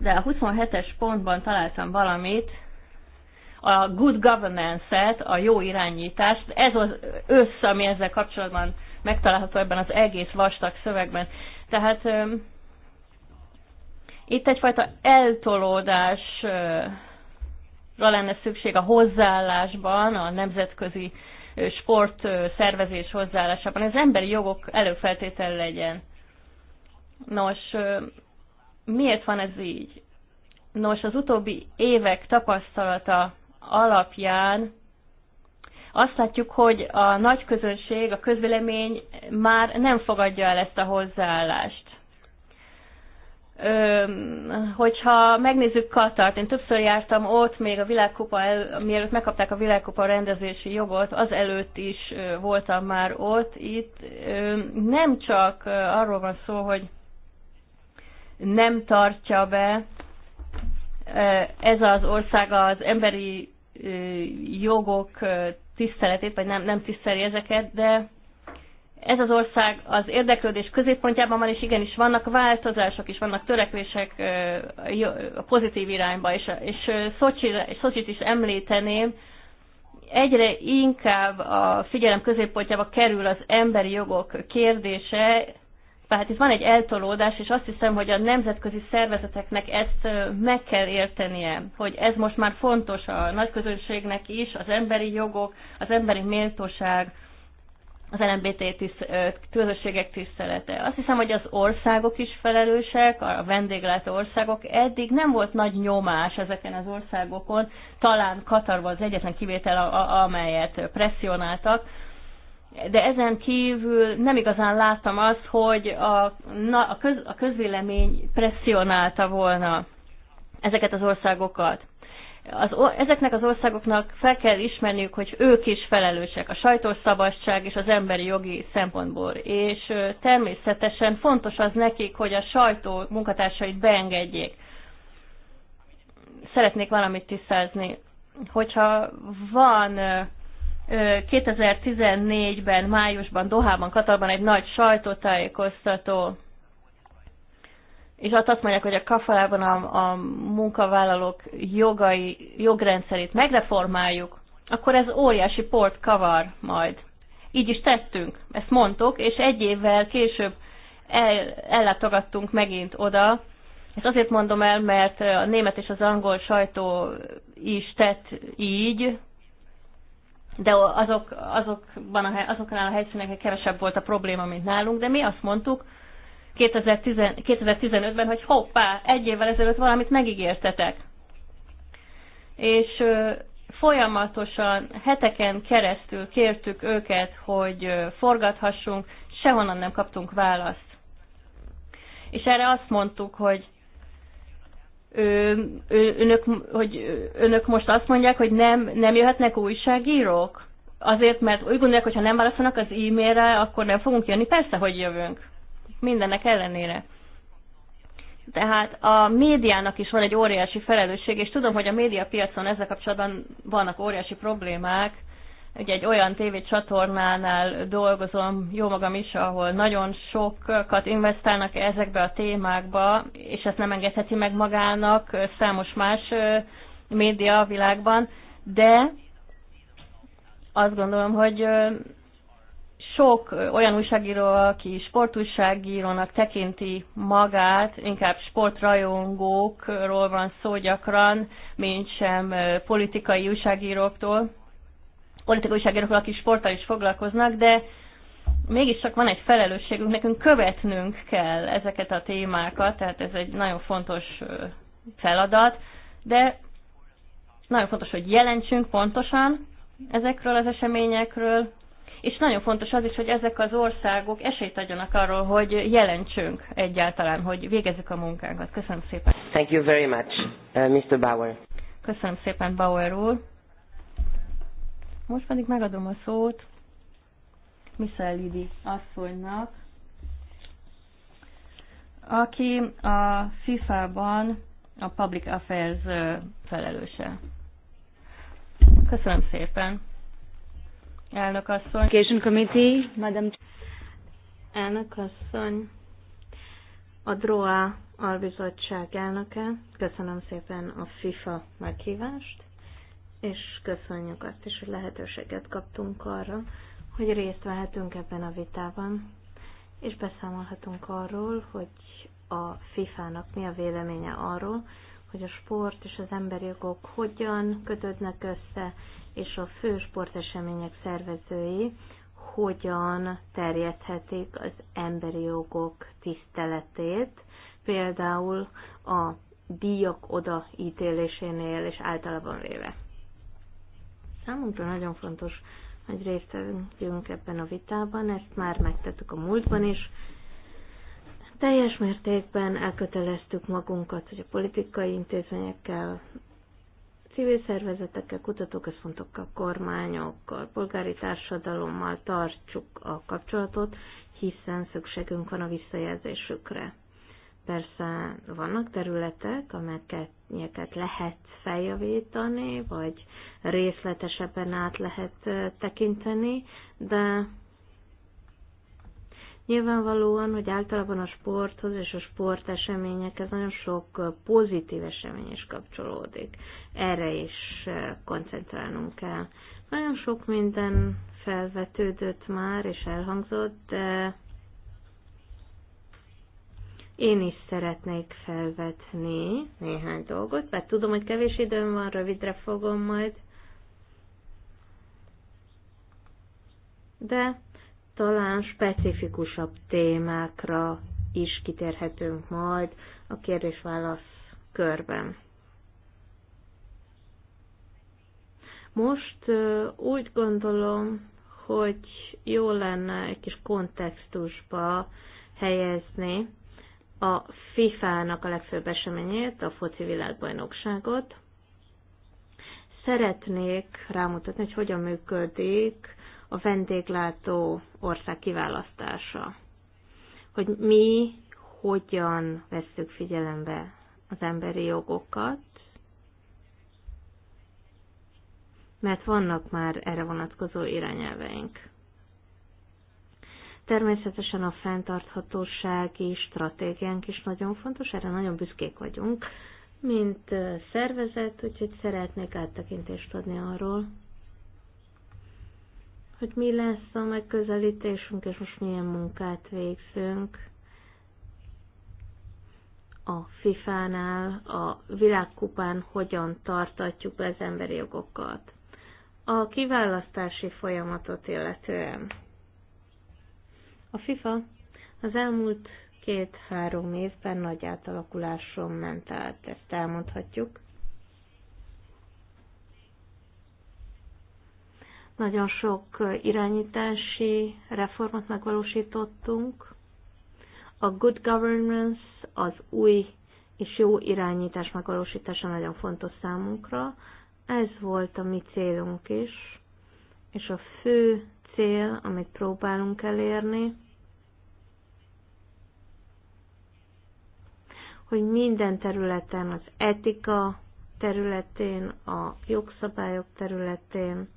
de a 27-es pontban találtam valamit, a good governance-et, a jó irányítást, ez az össz, ami ezzel kapcsolatban megtalálható ebben az egész vastag szövegben. Tehát um, itt egyfajta eltolódásra lenne szükség a hozzáállásban, a nemzetközi sport szervezés hozzáállásában, az emberi jogok előfeltétel legyen. Nos, Miért van ez így? Nos, az utóbbi évek tapasztalata alapján azt látjuk, hogy a nagy közönség, a közvélemény már nem fogadja el ezt a hozzáállást. Ö, hogyha megnézzük Katart, én többször jártam ott, még a világkupa, el, mielőtt megkapták a világkupa rendezési jogot, az előtt is voltam már ott. Itt ö, nem csak arról van szó, hogy nem tartja be ez az ország az emberi jogok tiszteletét, vagy nem, nem tiszteli ezeket, de ez az ország az érdeklődés középpontjában van, és igenis vannak változások is, vannak törekvések a pozitív irányba, és, és Szocsit is említeném, egyre inkább a figyelem középpontjába kerül az emberi jogok kérdése, tehát itt van egy eltolódás, és azt hiszem, hogy a nemzetközi szervezeteknek ezt meg kell értenie, hogy ez most már fontos a nagyközönségnek is, az emberi jogok, az emberi méltóság, az LMBT közösségek tisztelete. Azt hiszem, hogy az országok is felelősek, a vendéglátó országok. Eddig nem volt nagy nyomás ezeken az országokon, talán Katar volt az egyetlen kivétel, amelyet presszionáltak, de ezen kívül nem igazán láttam azt, hogy a, na, a, köz, a közvélemény presszionálta volna ezeket az országokat. Az, ezeknek az országoknak fel kell ismerniük, hogy ők is felelősek a sajtószabadság és az emberi jogi szempontból. És természetesen fontos az nekik, hogy a sajtó munkatársait beengedjék. Szeretnék valamit tisztázni. Hogyha van 2014-ben, májusban, Dohában, Katarban egy nagy sajtótájékoztató, és ott azt mondják, hogy a kafalában a, a munkavállalók jogai, jogrendszerét megreformáljuk, akkor ez óriási port kavar majd. Így is tettünk, ezt mondtuk, és egy évvel később el, ellátogattunk megint oda. Ezt azért mondom el, mert a német és az angol sajtó is tett így, de azok, azokban a, azoknál a helyszíneken kevesebb volt a probléma, mint nálunk, de mi azt mondtuk 2015-ben, hogy hoppá, egy évvel ezelőtt valamit megígértetek. És folyamatosan, heteken keresztül kértük őket, hogy forgathassunk, sehonnan nem kaptunk választ. És erre azt mondtuk, hogy önök, hogy önök most azt mondják, hogy nem, nem jöhetnek újságírók? Azért, mert úgy gondolják, hogy ha nem válaszolnak az e-mailre, akkor nem fogunk jönni. Persze, hogy jövünk. Mindennek ellenére. Tehát a médiának is van egy óriási felelősség, és tudom, hogy a médiapiacon ezzel kapcsolatban vannak óriási problémák, ugye egy olyan tévécsatornánál dolgozom, jó magam is, ahol nagyon sokat investálnak ezekbe a témákba, és ezt nem engedheti meg magának számos más média a világban, de azt gondolom, hogy sok olyan újságíró, aki sportújságírónak tekinti magát, inkább sportrajongókról van szó gyakran, mint sem politikai újságíróktól, politikai újságírókról, akik sporttal is foglalkoznak, de mégiscsak van egy felelősségünk, nekünk követnünk kell ezeket a témákat, tehát ez egy nagyon fontos feladat, de nagyon fontos, hogy jelentsünk pontosan ezekről az eseményekről, és nagyon fontos az is, hogy ezek az országok esélyt adjanak arról, hogy jelentsünk egyáltalán, hogy végezzük a munkánkat. Köszönöm szépen. Thank you very much, uh, Mr. Bauer. Köszönöm szépen, Bauer úr. Most pedig megadom a szót Michel Lidi asszonynak, aki a FIFA-ban a Public Affairs felelőse. Köszönöm szépen. Elnök asszony. Education Committee, Madam Elnök asszony, a DROA alvizottság elnöke, köszönöm szépen a FIFA meghívást és köszönjük azt is, hogy lehetőséget kaptunk arra, hogy részt vehetünk ebben a vitában, és beszámolhatunk arról, hogy a FIFA-nak mi a véleménye arról, hogy a sport és az emberi jogok hogyan kötődnek össze, és a fő sportesemények szervezői hogyan terjedhetik az emberi jogok tiszteletét, például a díjak odaítélésénél és általában véve. Számunkra nagyon fontos, hogy részt vegyünk ebben a vitában, ezt már megtettük a múltban is. Teljes mértékben elköteleztük magunkat, hogy a politikai intézményekkel, civil szervezetekkel, kutatóközpontokkal, kormányokkal, polgári társadalommal tartsuk a kapcsolatot, hiszen szükségünk van a visszajelzésükre. Persze vannak területek, amelyeket eredményeket lehet feljavítani, vagy részletesebben át lehet tekinteni, de nyilvánvalóan, hogy általában a sporthoz és a sporteseményekhez nagyon sok pozitív esemény is kapcsolódik. Erre is koncentrálnunk kell. Nagyon sok minden felvetődött már és elhangzott, de én is szeretnék felvetni néhány dolgot, mert tudom, hogy kevés időm van, rövidre fogom majd. De talán specifikusabb témákra is kitérhetünk majd a kérdés-válasz körben. Most úgy gondolom, hogy jó lenne egy kis kontextusba helyezni a FIFA-nak a legfőbb eseményét, a foci világbajnokságot. Szeretnék rámutatni, hogy hogyan működik a vendéglátó ország kiválasztása. Hogy mi hogyan vesszük figyelembe az emberi jogokat, mert vannak már erre vonatkozó irányelveink. Természetesen a fenntarthatósági stratégiánk is nagyon fontos, erre nagyon büszkék vagyunk, mint szervezet, úgyhogy szeretnék áttekintést adni arról, hogy mi lesz a megközelítésünk, és most milyen munkát végzünk a FIFA-nál, a világkupán hogyan tartatjuk be az emberi jogokat. A kiválasztási folyamatot illetően a FIFA az elmúlt két-három évben nagy átalakuláson ment át, ezt elmondhatjuk. Nagyon sok irányítási reformot megvalósítottunk. A good governance, az új és jó irányítás megvalósítása nagyon fontos számunkra. Ez volt a mi célunk is, és a fő cél, amit próbálunk elérni, hogy minden területen, az etika területén, a jogszabályok területén,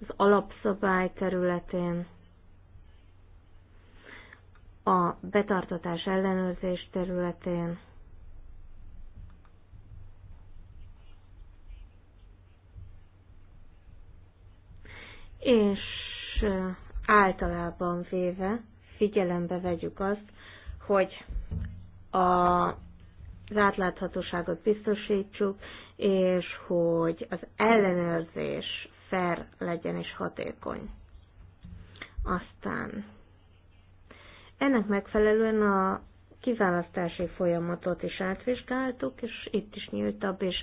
az alapszabály területén, a betartatás ellenőrzés területén, és általában véve figyelembe vegyük azt, hogy a, az átláthatóságot biztosítsuk, és hogy az ellenőrzés fair legyen és hatékony. Aztán ennek megfelelően a kiválasztási folyamatot is átvizsgáltuk, és itt is nyíltabb és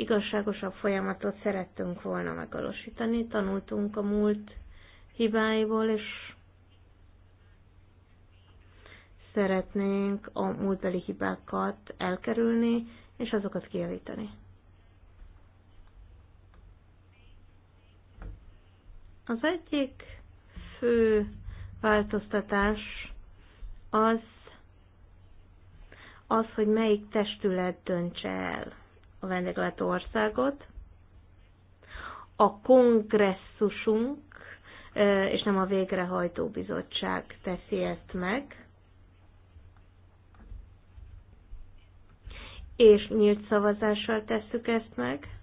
igazságosabb folyamatot szerettünk volna megvalósítani, tanultunk a múlt hibáiból, és szeretnénk a múltbeli hibákat elkerülni, és azokat kijavítani. Az egyik fő változtatás az, az, hogy melyik testület döntse el a vendéglátó országot. A kongresszusunk, és nem a végrehajtó bizottság teszi ezt meg. És nyílt szavazással tesszük ezt meg.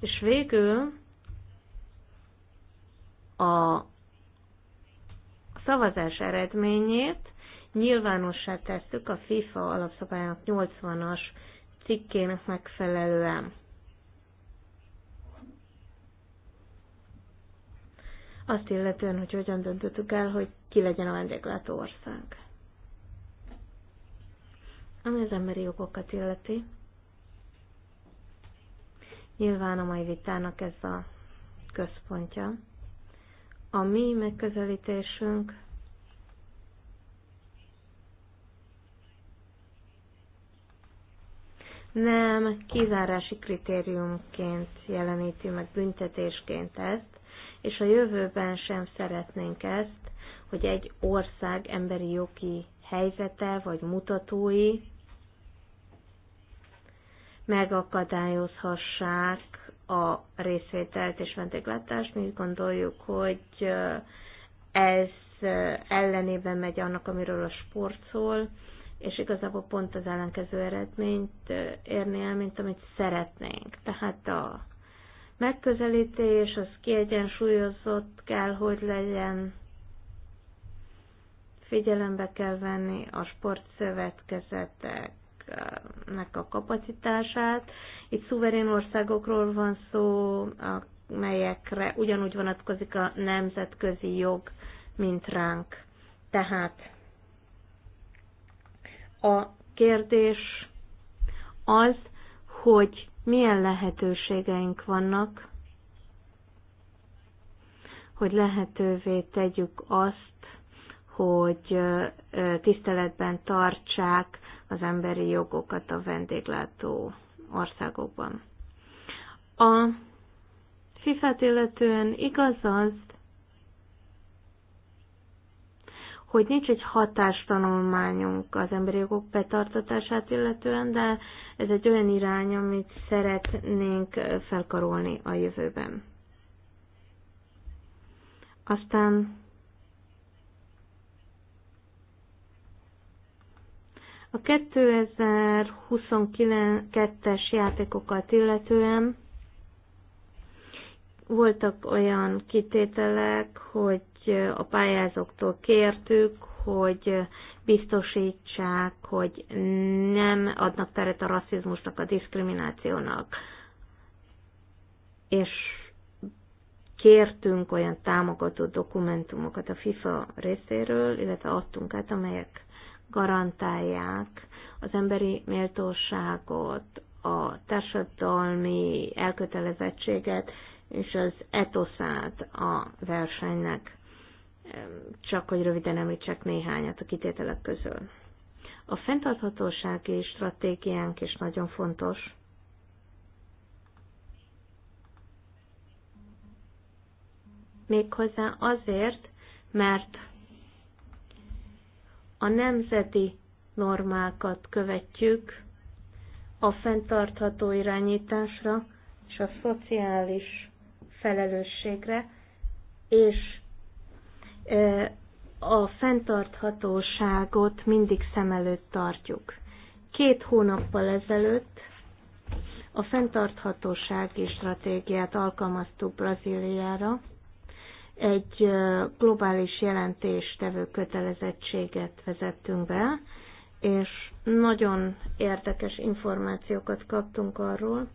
És végül a szavazás eredményét nyilvánossá tesszük a FIFA alapszabályának 80-as cikkének megfelelően. Azt illetően, hogy hogyan döntöttük el, hogy ki legyen a vendéglátó ország. Ami az emberi jogokat illeti. Nyilván a mai vitának ez a központja. A mi megközelítésünk nem kizárási kritériumként jeleníti meg büntetésként ezt, és a jövőben sem szeretnénk ezt, hogy egy ország emberi jogi helyzete vagy mutatói megakadályozhassák a részvételt és vendéglátást. Mi gondoljuk, hogy ez ellenében megy annak, amiről a sport szól, és igazából pont az ellenkező eredményt érni el, mint amit szeretnénk. Tehát a megközelítés az kiegyensúlyozott kell, hogy legyen, figyelembe kell venni a sportszövetkezeteknek a kapacitását. Itt szuverén országokról van szó, melyekre ugyanúgy vonatkozik a nemzetközi jog, mint ránk. Tehát a kérdés az, hogy milyen lehetőségeink vannak, hogy lehetővé tegyük azt, hogy tiszteletben tartsák az emberi jogokat a vendéglátó országokban. A FIFA-t illetően igaz az, hogy nincs egy hatástanulmányunk az emberi jogok betartatását illetően, de ez egy olyan irány, amit szeretnénk felkarolni a jövőben. Aztán a 2022-es játékokat illetően voltak olyan kitételek, hogy a pályázóktól kértük, hogy biztosítsák, hogy nem adnak teret a rasszizmusnak, a diszkriminációnak. És kértünk olyan támogató dokumentumokat a FIFA részéről, illetve adtunk át, amelyek garantálják az emberi méltóságot, a társadalmi elkötelezettséget és az etoszát a versenynek csak hogy röviden említsek néhányat a kitételek közül. A fenntarthatósági stratégiánk is nagyon fontos. Méghozzá azért, mert a nemzeti normákat követjük a fenntartható irányításra és a szociális felelősségre, és a fenntarthatóságot mindig szem előtt tartjuk. Két hónappal ezelőtt a fenntarthatósági stratégiát alkalmaztuk Brazíliára, egy globális jelentéstevő kötelezettséget vezettünk be, és nagyon érdekes információkat kaptunk arról,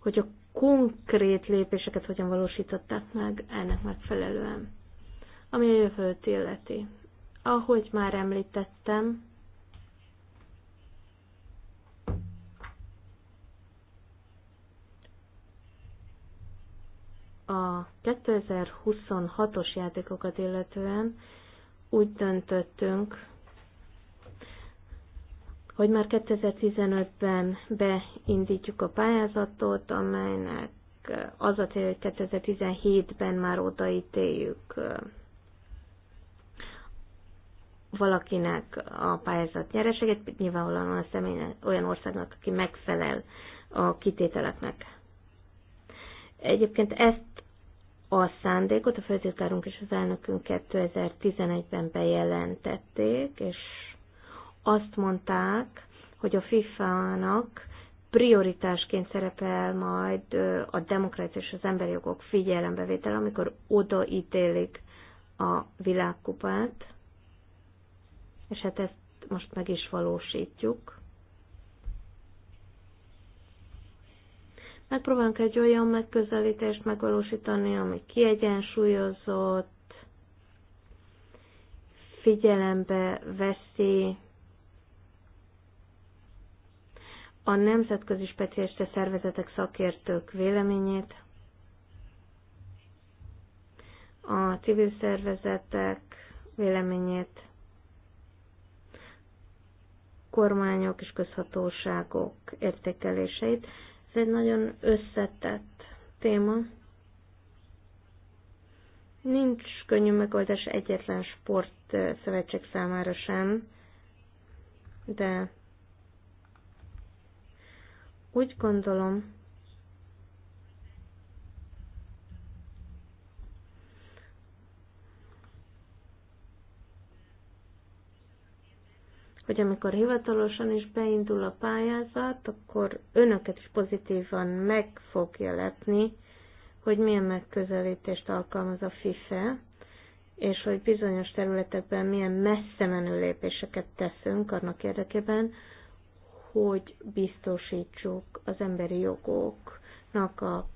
hogy a konkrét lépéseket hogyan valósították meg ennek megfelelően, ami a jövőt illeti. Ahogy már említettem, a 2026-os játékokat illetően úgy döntöttünk, hogy már 2015-ben beindítjuk a pályázatot, amelynek eh, az a cél, hogy 2017-ben már odaítéljük eh, valakinek a pályázat nyereséget, nyilvánvalóan a személy olyan országnak, aki megfelel a kitételeknek. Egyébként ezt a szándékot a főtitkárunk és az elnökünk 2011-ben bejelentették, és azt mondták, hogy a FIFA-nak prioritásként szerepel majd a demokrácia és az emberi jogok figyelembevétel, amikor odaítélik a világkupát, és hát ezt most meg is valósítjuk. Megpróbálunk egy olyan megközelítést megvalósítani, ami kiegyensúlyozott, figyelembe veszi a nemzetközi specialista szervezetek szakértők véleményét, a civil szervezetek véleményét, kormányok és közhatóságok értékeléseit. Ez egy nagyon összetett téma. Nincs könnyű megoldás egyetlen sportszövetség számára sem, de úgy gondolom, hogy amikor hivatalosan is beindul a pályázat, akkor önöket is pozitívan meg fogja lepni, hogy milyen megközelítést alkalmaz a FIFE, és hogy bizonyos területekben milyen messze menő lépéseket teszünk annak érdekében, hogy biztosítsuk az emberi jogoknak a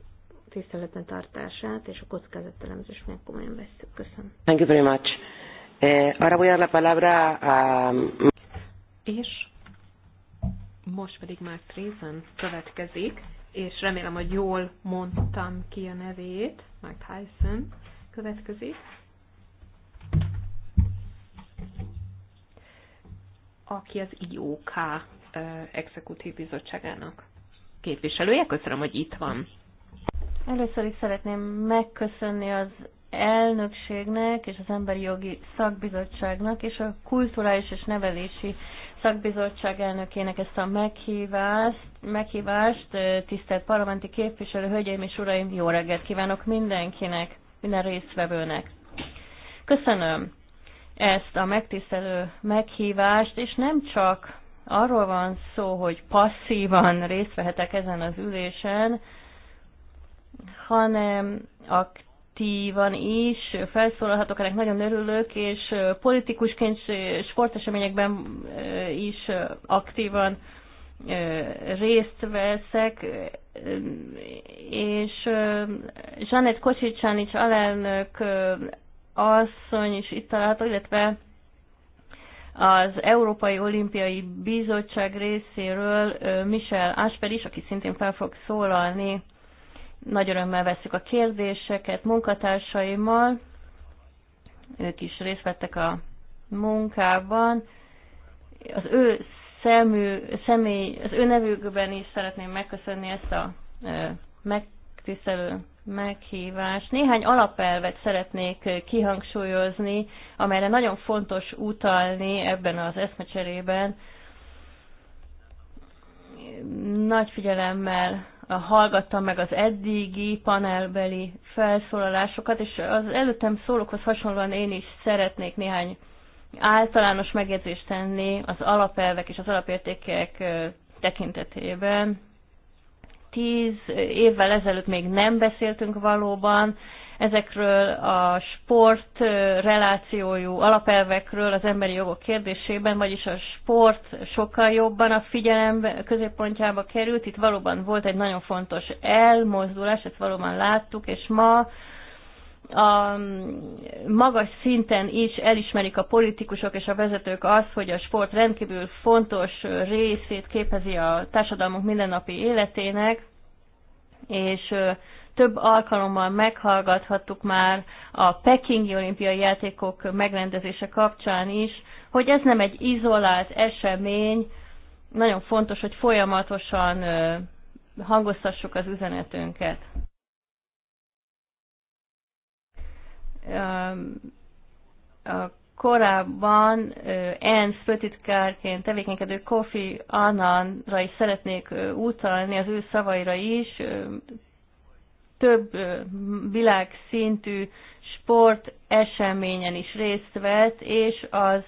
tiszteletben tartását és a meg komolyan veszük. Köszönöm. Thank you very much. Eh, ahora voy a la palabra a... És most pedig már Trézen következik, és remélem, hogy jól mondtam ki a nevét, Mark Tyson következik. aki az IOK Exekutív Bizottságának képviselője. Köszönöm, hogy itt van. Először is szeretném megköszönni az elnökségnek és az Emberi Jogi Szakbizottságnak és a Kulturális és Nevelési Szakbizottság elnökének ezt a meghívást, meghívást tisztelt parlamenti képviselő, hölgyeim és uraim, jó reggelt kívánok mindenkinek, minden résztvevőnek. Köszönöm ezt a megtisztelő meghívást, és nem csak arról van szó, hogy passzívan részt vehetek ezen az ülésen, hanem aktívan is felszólalhatok, ennek nagyon örülök, és politikusként sporteseményekben is aktívan részt veszek, és Zsanett Kocsicsán is alelnök asszony is itt található, illetve az Európai Olimpiai Bizottság részéről Michel Asper is, aki szintén fel fog szólalni, nagy örömmel veszük a kérdéseket munkatársaimmal, ők is részt vettek a munkában. Az ő szemű, személy, az ő nevükben is szeretném megköszönni ezt a megtisztelő meghívást. Néhány alapelvet szeretnék eh, kihangsúlyozni, amelyre nagyon fontos utalni ebben az eszmecserében. Nagy figyelemmel eh, hallgattam meg az eddigi panelbeli felszólalásokat, és az előttem szólókhoz hasonlóan én is szeretnék néhány általános megjegyzést tenni az alapelvek és az alapértékek eh, tekintetében tíz évvel ezelőtt még nem beszéltünk valóban, ezekről a sport relációjú alapelvekről az emberi jogok kérdésében, vagyis a sport sokkal jobban a figyelem középpontjába került. Itt valóban volt egy nagyon fontos elmozdulás, ezt valóban láttuk, és ma a mm, magas szinten is elismerik a politikusok és a vezetők azt, hogy a sport rendkívül fontos részét képezi a társadalmunk mindennapi életének, és több alkalommal meghallgathattuk már a Pekingi olimpiai játékok megrendezése kapcsán is, hogy ez nem egy izolált esemény, nagyon fontos, hogy folyamatosan hangoztassuk az üzenetünket. a korábban ENSZ főtitkárként tevékenykedő Kofi Annanra is szeretnék utalni, az ő szavaira is. Több világszintű sport eseményen is részt vett, és az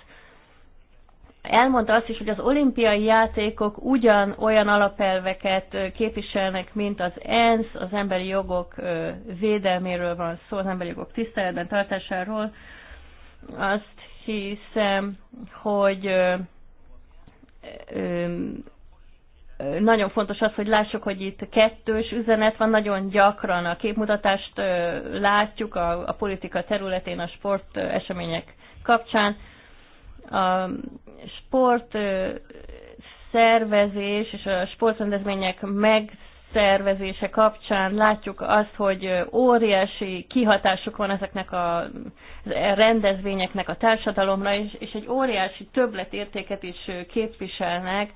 elmondta azt is, hogy az olimpiai játékok ugyan olyan alapelveket képviselnek, mint az ENSZ, az emberi jogok védelméről van szó, az emberi jogok tiszteletben tartásáról. Azt hiszem, hogy nagyon fontos az, hogy lássuk, hogy itt kettős üzenet van, nagyon gyakran a képmutatást látjuk a, a politika területén, a sport események kapcsán, a sport szervezés és a sportrendezmények megszervezése kapcsán látjuk azt, hogy óriási kihatásuk van ezeknek a rendezvényeknek a társadalomra, és, és egy óriási többletértéket is képviselnek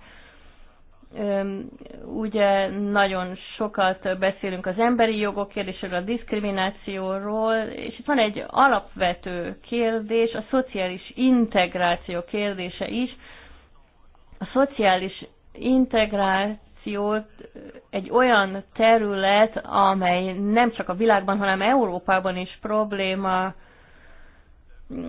ugye nagyon sokat beszélünk az emberi jogok és a diszkriminációról, és itt van egy alapvető kérdés, a szociális integráció kérdése is. A szociális integrációt egy olyan terület, amely nem csak a világban, hanem Európában is probléma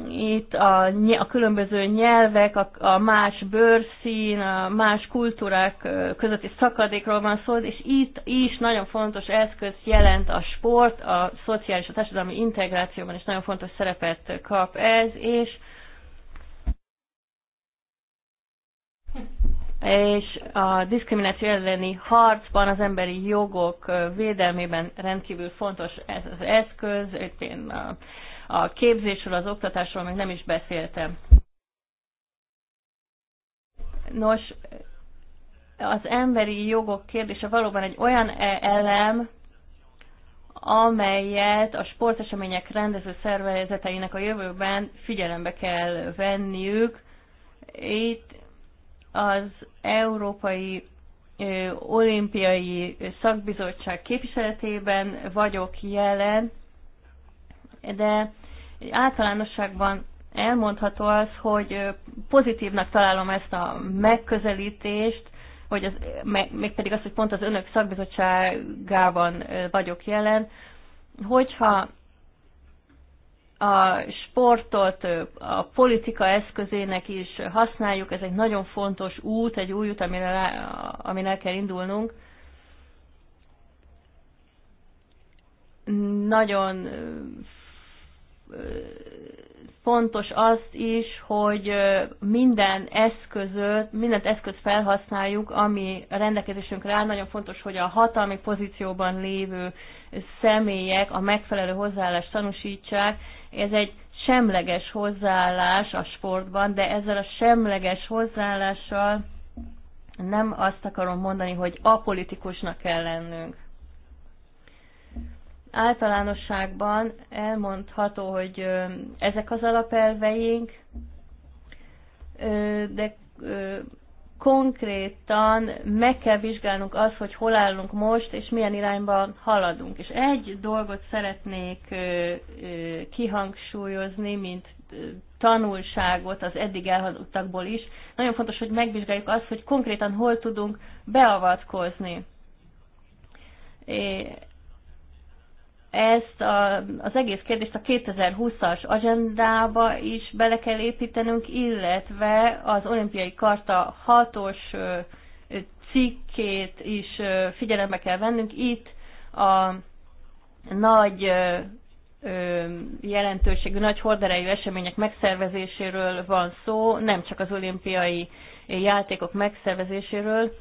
itt a, a különböző nyelvek, a, a más bőrszín, a más kultúrák közötti szakadékról van szó, és itt is nagyon fontos eszköz jelent a sport, a szociális, a társadalmi integrációban is nagyon fontos szerepet kap ez, és és a diszkrimináció elleni harcban, az emberi jogok védelmében rendkívül fontos ez az eszköz. Itt én a képzésről, az oktatásról még nem is beszéltem. Nos, az emberi jogok kérdése valóban egy olyan e- elem, amelyet a sportesemények rendező szervezeteinek a jövőben figyelembe kell venniük. Itt az Európai Olimpiai Szakbizottság képviseletében vagyok jelen, de általánosságban elmondható az, hogy pozitívnak találom ezt a megközelítést, hogy az, mégpedig az, hogy pont az önök szakbizottságában vagyok jelen, hogyha a sportot a politika eszközének is használjuk, ez egy nagyon fontos út, egy új út, amire, amire el kell indulnunk. Nagyon fontos az is, hogy minden eszközöt, mindent eszköz felhasználjuk, ami rendelkezésünkre áll. Nagyon fontos, hogy a hatalmi pozícióban lévő személyek a megfelelő hozzáállást tanúsítsák. Ez egy semleges hozzáállás a sportban, de ezzel a semleges hozzáállással nem azt akarom mondani, hogy apolitikusnak kell lennünk általánosságban elmondható, hogy ezek az alapelveink, de konkrétan meg kell vizsgálnunk azt, hogy hol állunk most, és milyen irányban haladunk. És egy dolgot szeretnék kihangsúlyozni, mint tanulságot az eddig elhazudtakból is. Nagyon fontos, hogy megvizsgáljuk azt, hogy konkrétan hol tudunk beavatkozni ezt a, az egész kérdést a 2020-as agendába is bele kell építenünk, illetve az olimpiai karta hatos cikkét is figyelembe kell vennünk. Itt a nagy jelentőségű, nagy horderejű események megszervezéséről van szó, nem csak az olimpiai játékok megszervezéséről.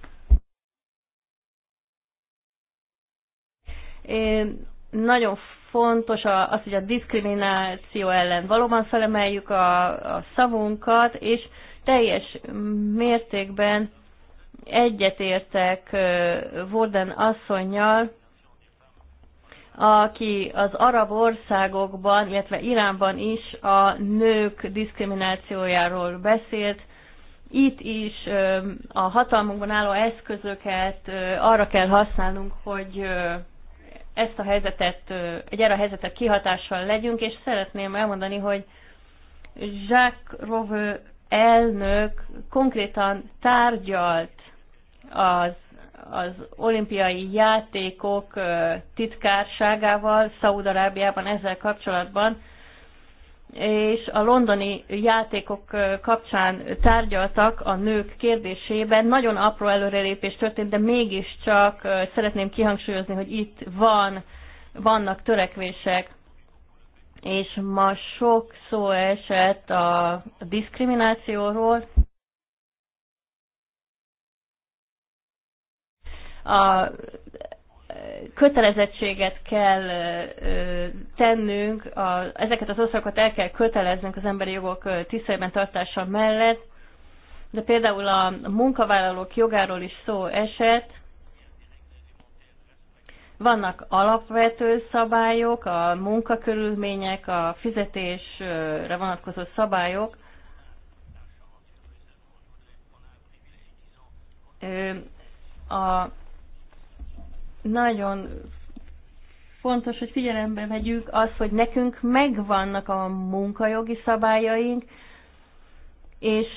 Nagyon fontos az, hogy a diszkrimináció ellen valóban felemeljük a, a szavunkat, és teljes mértékben egyetértek Vorden asszonynal, aki az arab országokban, illetve Iránban is a nők diszkriminációjáról beszélt. Itt is a hatalmunkban álló eszközöket arra kell használnunk, hogy ezt a helyzetet, egy erre a helyzetet kihatással legyünk, és szeretném elmondani, hogy Jacques Rove elnök konkrétan tárgyalt az, az olimpiai játékok titkárságával Szaúd-Arábiában ezzel kapcsolatban, és a londoni játékok kapcsán tárgyaltak a nők kérdésében. Nagyon apró előrelépés történt, de mégiscsak szeretném kihangsúlyozni, hogy itt van, vannak törekvések, és ma sok szó esett a diszkriminációról, a kötelezettséget kell tennünk, a, ezeket az országokat el kell köteleznünk az emberi jogok tiszteletben tartása mellett, de például a munkavállalók jogáról is szó esett, vannak alapvető szabályok, a munkakörülmények, a fizetésre vonatkozó szabályok. A nagyon fontos, hogy figyelembe vegyük az, hogy nekünk megvannak a munkajogi szabályaink, és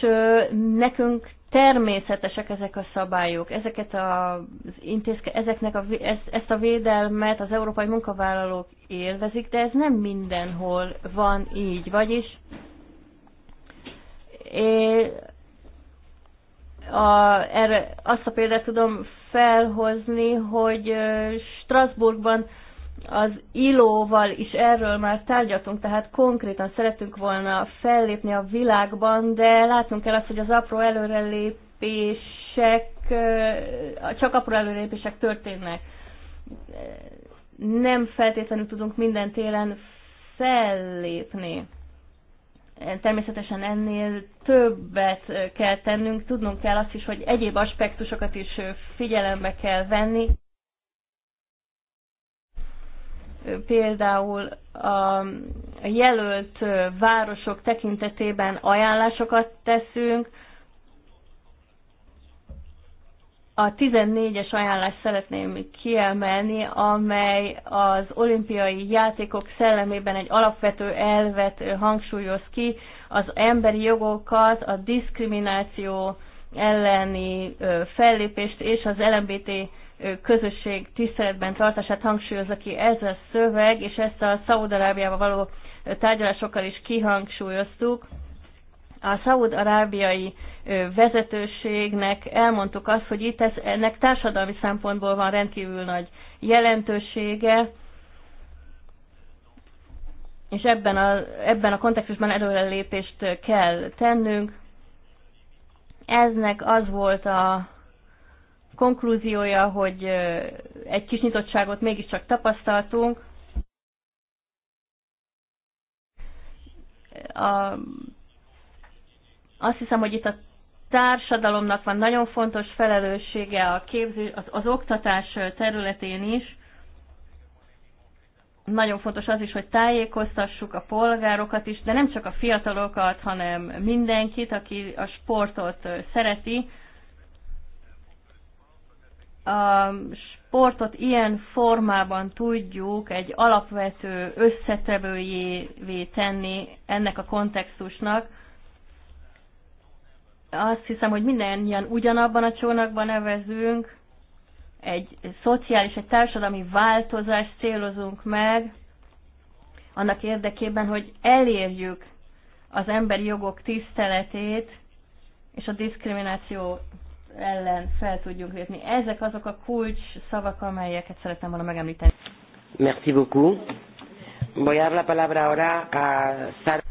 nekünk természetesek ezek a szabályok. Ezeket a, intézke, ezeknek a, ez, ezt a védelmet az európai munkavállalók élvezik, de ez nem mindenhol van így. Vagyis a, erre azt a példát tudom felhozni, hogy Strasbourgban az ilóval is erről már tárgyaltunk, tehát konkrétan szeretünk volna fellépni a világban, de látnunk kell azt, hogy az apró előrelépések, csak apró előrelépések történnek. Nem feltétlenül tudunk minden télen fellépni. Természetesen ennél többet kell tennünk, tudnunk kell azt is, hogy egyéb aspektusokat is figyelembe kell venni. Például a jelölt városok tekintetében ajánlásokat teszünk, a 14-es ajánlást szeretném kiemelni, amely az olimpiai játékok szellemében egy alapvető elvet hangsúlyoz ki, az emberi jogokat, a diszkrimináció elleni fellépést és az LMBT közösség tiszteletben tartását hangsúlyozza ki ez a szöveg, és ezt a Szaudarábiával való tárgyalásokkal is kihangsúlyoztuk a szaúd arábiai vezetőségnek elmondtuk azt, hogy itt ez, ennek társadalmi szempontból van rendkívül nagy jelentősége, és ebben a, ebben a kontextusban előrelépést kell tennünk. Eznek az volt a konklúziója, hogy egy kis nyitottságot mégiscsak tapasztaltunk. A azt hiszem, hogy itt a társadalomnak van nagyon fontos felelőssége a képző, az, az oktatás területén is. Nagyon fontos az is, hogy tájékoztassuk a polgárokat is, de nem csak a fiatalokat, hanem mindenkit, aki a sportot szereti. A sportot ilyen formában tudjuk egy alapvető összetevőjévé tenni ennek a kontextusnak, azt hiszem, hogy mindannyian ugyanabban a csónakban nevezünk, egy szociális, egy társadalmi változást célozunk meg, annak érdekében, hogy elérjük az emberi jogok tiszteletét, és a diszkrimináció ellen fel tudjunk lépni. Ezek azok a kulcs szavak, amelyeket szeretném, volna megemlíteni. Merci beaucoup. Voy a la palabra ahora a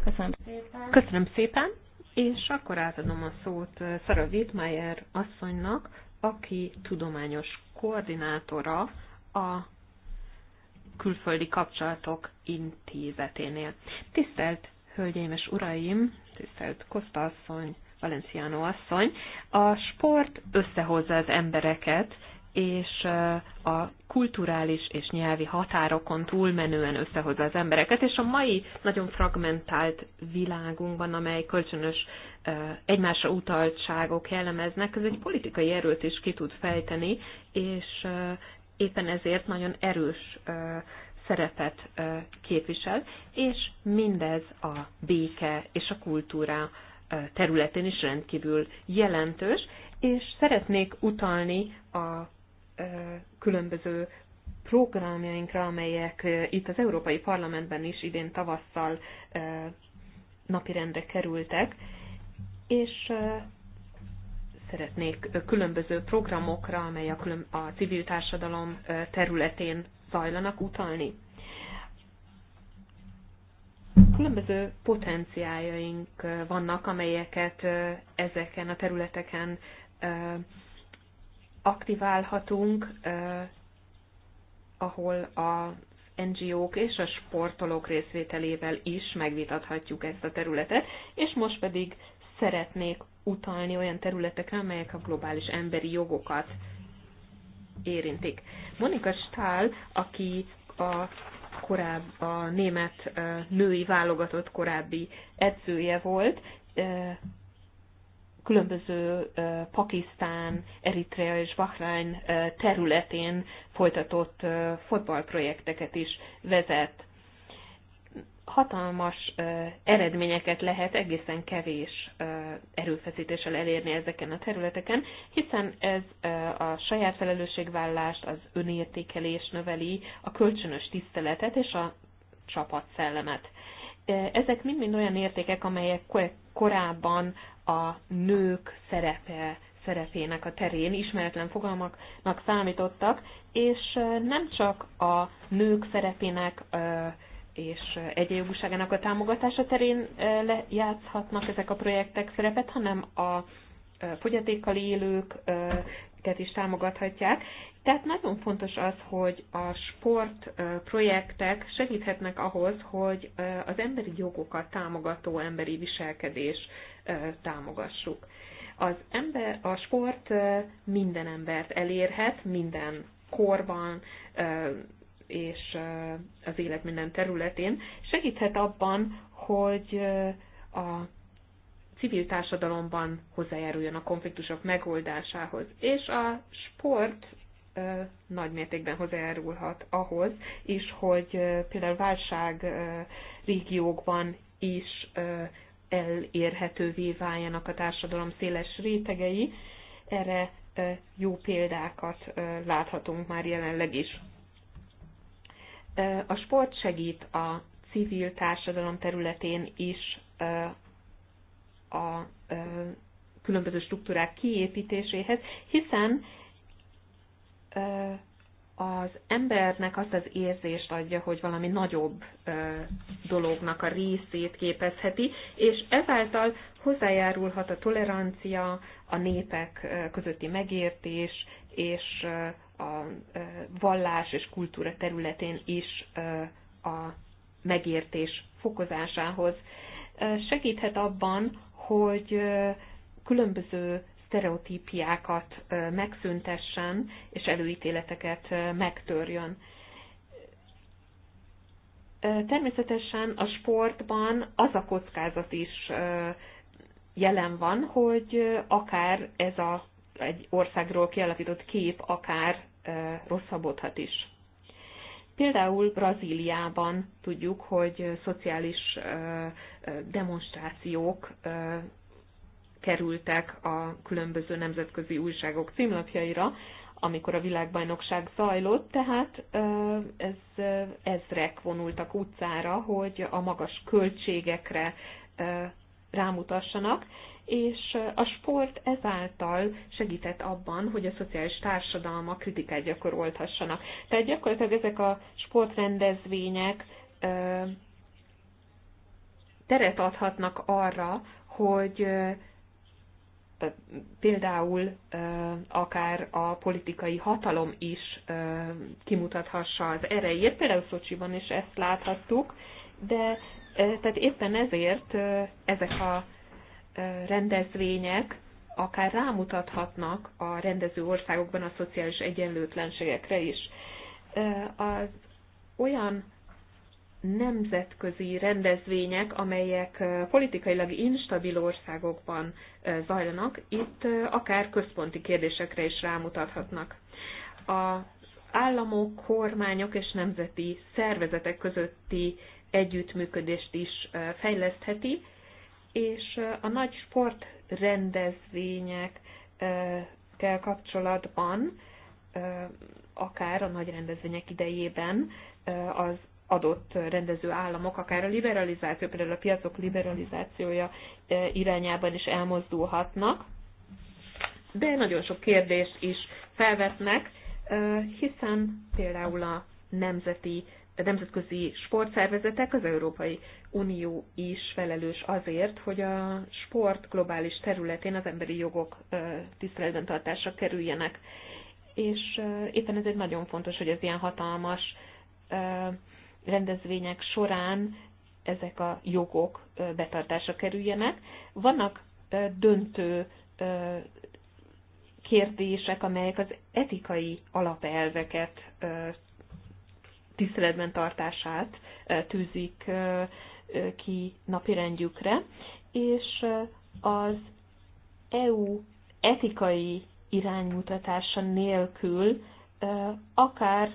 Köszönöm szépen. Köszönöm szépen. És akkor átadom a szót eh, Szara Wittmeier asszonynak, aki tudományos koordinátora a Külföldi Kapcsolatok Intézeténél. Tisztelt Hölgyeim és Uraim, tisztelt Kosta asszony, Valenciano asszony, a sport összehozza az embereket, és a kulturális és nyelvi határokon túlmenően összehozza az embereket, és a mai nagyon fragmentált világunkban, amely kölcsönös egymásra utaltságok jellemeznek, ez egy politikai erőt is ki tud fejteni, és éppen ezért nagyon erős szerepet képvisel, és mindez a béke és a kultúra területén is rendkívül jelentős, és szeretnék utalni a különböző programjainkra, amelyek itt az Európai Parlamentben is idén tavasszal napirendre kerültek, és szeretnék különböző programokra, amely a, civil társadalom területén zajlanak utalni. Különböző potenciáljaink vannak, amelyeket ezeken a területeken aktiválhatunk, ahol a NGO-k és a sportolók részvételével is megvitathatjuk ezt a területet, és most pedig szeretnék utalni olyan területekre, amelyek a globális emberi jogokat érintik. Monika Stahl, aki a koráb, a német női válogatott korábbi edzője volt, különböző Pakisztán, Eritrea és Bahrain területén folytatott fotballprojekteket is vezet. Hatalmas eredményeket lehet egészen kevés erőfeszítéssel elérni ezeken a területeken, hiszen ez a saját felelősségvállást, az önértékelés növeli, a kölcsönös tiszteletet és a csapatszellemet. E, ezek mind-mind olyan értékek, amelyek korábban a nők szerepe, szerepének a terén ismeretlen fogalmaknak számítottak, és e, nem csak a nők szerepének e, és egyenjogúságának a támogatása terén lejátszhatnak ezek a projektek szerepet, hanem a fogyatékkal élők projekteket is támogathatják. Tehát nagyon fontos az, hogy a sportprojektek segíthetnek ahhoz, hogy az emberi jogokat támogató emberi viselkedés támogassuk. Az ember, a sport minden embert elérhet, minden korban, és az élet minden területén, segíthet abban, hogy a civil társadalomban hozzájáruljon a konfliktusok megoldásához. És a sport nagy mértékben hozzájárulhat ahhoz is, hogy például válság régiókban is elérhetővé váljanak a társadalom széles rétegei. Erre jó példákat láthatunk már jelenleg is. A sport segít a civil társadalom területén is a különböző struktúrák kiépítéséhez, hiszen az embernek azt az érzést adja, hogy valami nagyobb ö, dolognak a részét képezheti, és ezáltal hozzájárulhat a tolerancia, a népek közötti megértés, és a vallás és kultúra területén is a megértés fokozásához. Segíthet abban, hogy különböző sztereotípiákat megszüntessen, és előítéleteket megtörjön. Természetesen a sportban az a kockázat is jelen van, hogy akár ez a, egy országról kialakított kép akár rosszabbodhat is. Például Brazíliában tudjuk, hogy szociális demonstrációk kerültek a különböző nemzetközi újságok címlapjaira, amikor a világbajnokság zajlott, tehát ez, ezrek vonultak utcára, hogy a magas költségekre rámutassanak, és a sport ezáltal segített abban, hogy a szociális társadalma kritikát gyakorolhassanak. Tehát gyakorlatilag ezek a sportrendezvények teret adhatnak arra, hogy például akár a politikai hatalom is kimutathassa az erejét, például Szocsiban is ezt láthattuk, de tehát éppen ezért ezek a rendezvények akár rámutathatnak a rendező országokban a szociális egyenlőtlenségekre is. Az olyan nemzetközi rendezvények, amelyek politikailag instabil országokban zajlanak, itt akár központi kérdésekre is rámutathatnak. A államok, kormányok és nemzeti szervezetek közötti együttműködést is fejlesztheti, és a nagy sportrendezvényekkel kapcsolatban, akár a nagy rendezvények idejében az adott rendező államok, akár a liberalizáció, például a piacok liberalizációja irányában is elmozdulhatnak, de nagyon sok kérdést is felvetnek, hiszen például a nemzeti nemzetközi sportszervezetek, az Európai Unió is felelős azért, hogy a sport globális területén az emberi jogok tiszteletben tartásra kerüljenek. És éppen ezért nagyon fontos, hogy az ilyen hatalmas rendezvények során ezek a jogok betartásra kerüljenek. Vannak döntő kérdések, amelyek az etikai alapelveket tiszteletben tartását tűzik ki napirendjükre, és az EU etikai iránymutatása nélkül akár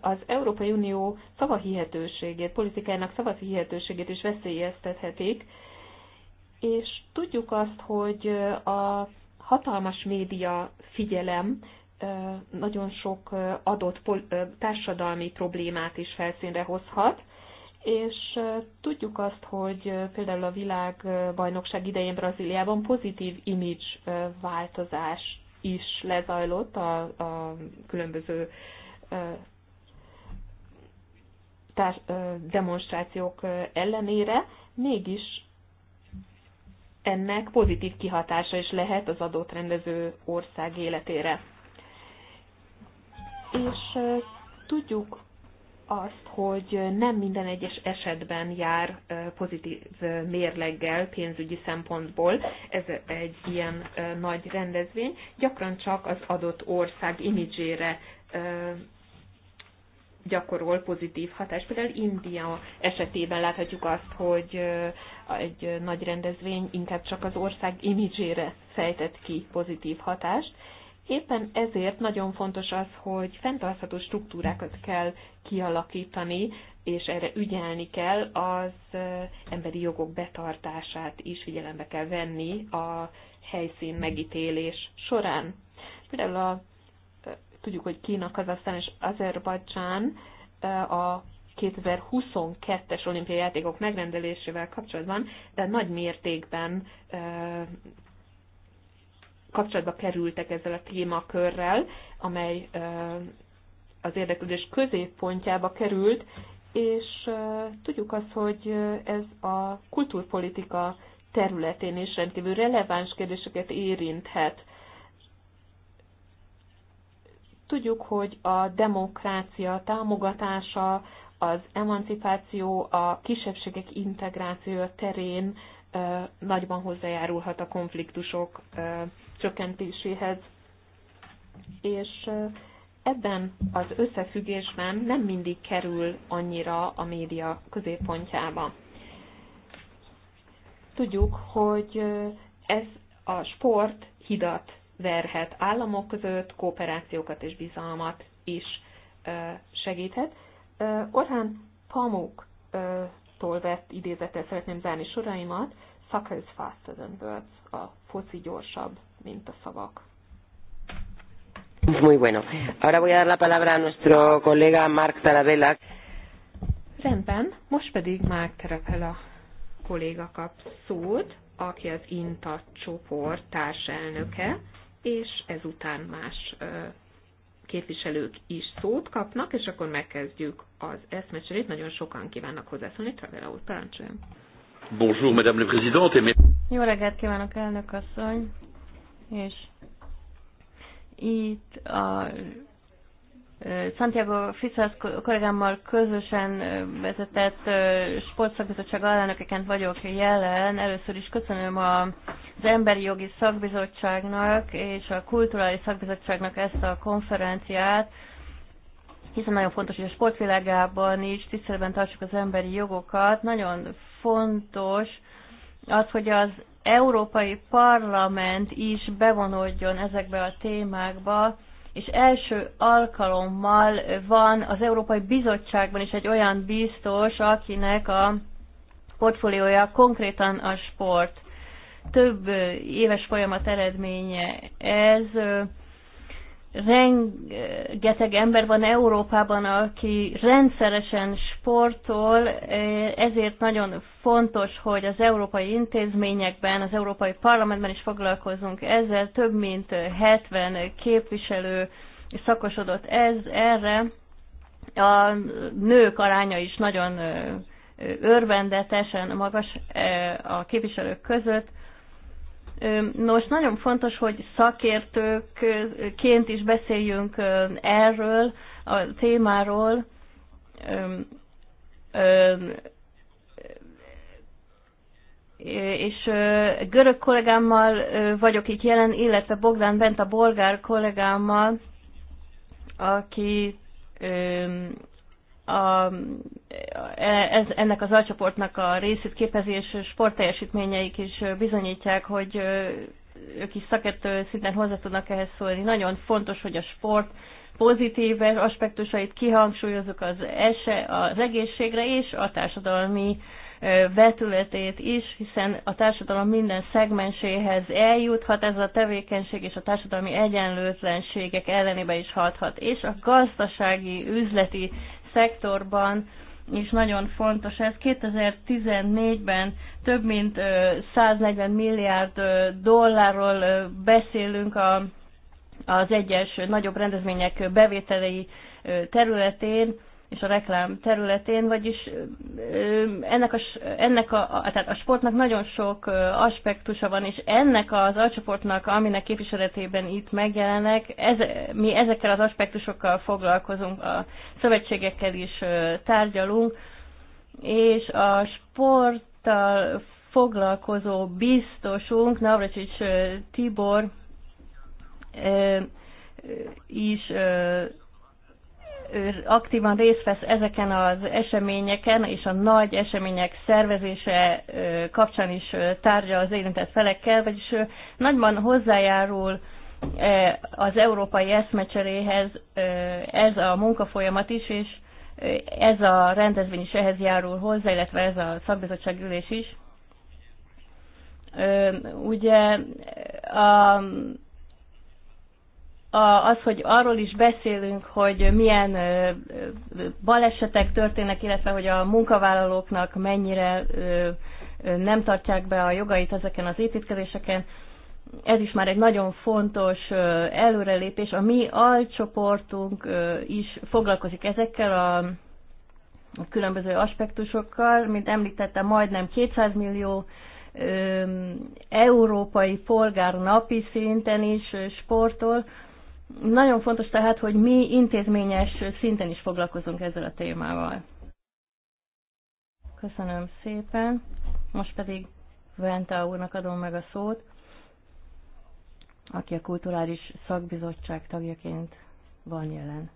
az Európai Unió szavahihetőségét, politikának szavahihetőségét is veszélyeztethetik, és tudjuk azt, hogy a hatalmas média figyelem nagyon sok adott társadalmi problémát is felszínre hozhat, és tudjuk azt, hogy például a világbajnokság idején Brazíliában pozitív image változás is lezajlott a, a különböző tár, demonstrációk ellenére, mégis ennek pozitív kihatása is lehet az adott rendező ország életére és tudjuk azt, hogy nem minden egyes esetben jár pozitív mérleggel pénzügyi szempontból ez egy ilyen nagy rendezvény, gyakran csak az adott ország imidzsére gyakorol pozitív hatást. Például India esetében láthatjuk azt, hogy egy nagy rendezvény inkább csak az ország imidzsére fejtett ki pozitív hatást, Éppen ezért nagyon fontos az, hogy fenntartható struktúrákat kell kialakítani, és erre ügyelni kell, az emberi jogok betartását is figyelembe kell venni a helyszín megítélés során. Például a, tudjuk, hogy Kína, Kazasztán és Azerbajdzsán a 2022-es olimpiai játékok megrendelésével kapcsolatban, de nagy mértékben kapcsolatba kerültek ezzel a témakörrel, amely az érdeklődés középpontjába került, és tudjuk azt, hogy ez a kultúrpolitika területén is rendkívül releváns kérdéseket érinthet. Tudjuk, hogy a demokrácia támogatása, az emancipáció, a kisebbségek integrációja terén nagyban hozzájárulhat a konfliktusok csökkentéséhez. És ebben az összefüggésben nem mindig kerül annyira a média középpontjába. Tudjuk, hogy ez a sport hidat verhet államok között, kooperációkat és bizalmat is segíthet. Orhán Pamuk tól vett idézettel szeretném zárni soraimat, Soccer is faster than words. A foci gyorsabb, mint a szavak. Muy bueno. Ahora voy a dar la palabra a nuestro colega Mark Tarabella. Rendben, most pedig Mark Tarabella kolléga kap szót, aki az INTA csoport társelnöke, és ezután más képviselők is szót kapnak, és akkor megkezdjük az eszmecserét. Nagyon sokan kívánnak hozzászólni, Tarabella úr, parancsoljon. Bonjour, Madame la Présidente. Et... Jó reggelt kívánok, elnök asszony. És itt a Santiago Fiszasz kollégámmal közösen vezetett sportszakbizottság alelnökeként vagyok jelen. Először is köszönöm az Emberi Jogi Szakbizottságnak és a Kulturális Szakbizottságnak ezt a konferenciát, hiszen nagyon fontos, hogy a sportvilágában is tiszteletben tartsuk az emberi jogokat. Nagyon fontos az, hogy az Európai Parlament is bevonódjon ezekbe a témákba, és első alkalommal van az Európai Bizottságban is egy olyan biztos, akinek a portfóliója konkrétan a sport. Több éves folyamat eredménye ez rengeteg ember van Európában, aki rendszeresen sportol, e, ezért nagyon fontos, hogy az európai intézményekben, az európai parlamentben is foglalkozunk ezzel. Több mint 70 képviselő szakosodott ez erre. A nők aránya is nagyon e, örvendetesen magas e, a képviselők között Nos, nagyon fontos, hogy szakértőkként is beszéljünk erről a témáról. És görög kollégámmal vagyok itt jelen, illetve Bogdán Bent a bolgár kollégámmal, aki a, e, ez, ennek az alcsoportnak a részét képezi, és sportteljesítményeik is bizonyítják, hogy ők is szakértő szinten hozzá tudnak ehhez szólni. Nagyon fontos, hogy a sport pozitív aspektusait kihangsúlyozzuk az, ese, az egészségre és a társadalmi vetületét is, hiszen a társadalom minden szegmenséhez eljuthat ez a tevékenység, és a társadalmi egyenlőtlenségek ellenébe is hathat, és a gazdasági, üzleti szektorban is nagyon fontos ez. 2014-ben több mint 140 milliárd dollárról beszélünk a, az egyes nagyobb rendezvények bevételei területén, és a reklám területén, vagyis ennek a, ennek a, tehát a sportnak nagyon sok aspektusa van, és ennek az alcsoportnak, aminek képviseletében itt megjelenek, ez, mi ezekkel az aspektusokkal foglalkozunk, a szövetségekkel is tárgyalunk, és a sporttal foglalkozó biztosunk, Navracsics Tibor is aktívan részt vesz ezeken az eseményeken, és a nagy események szervezése kapcsán is tárgya az érintett felekkel, vagyis nagyban hozzájárul az európai eszmecseréhez ez a munkafolyamat is, és ez a rendezvény is ehhez járul hozzá, illetve ez a szakbizottság ülés is. Ugye a az, hogy arról is beszélünk, hogy milyen balesetek történnek, illetve hogy a munkavállalóknak mennyire nem tartják be a jogait ezeken az építkezéseken, ez is már egy nagyon fontos előrelépés. A mi alcsoportunk is foglalkozik ezekkel a különböző aspektusokkal. Mint említettem, majdnem 200 millió európai polgár napi szinten is sportol, nagyon fontos tehát, hogy mi intézményes szinten is foglalkozunk ezzel a témával. Köszönöm szépen. Most pedig Venta úrnak adom meg a szót, aki a Kulturális Szakbizottság tagjaként van jelen.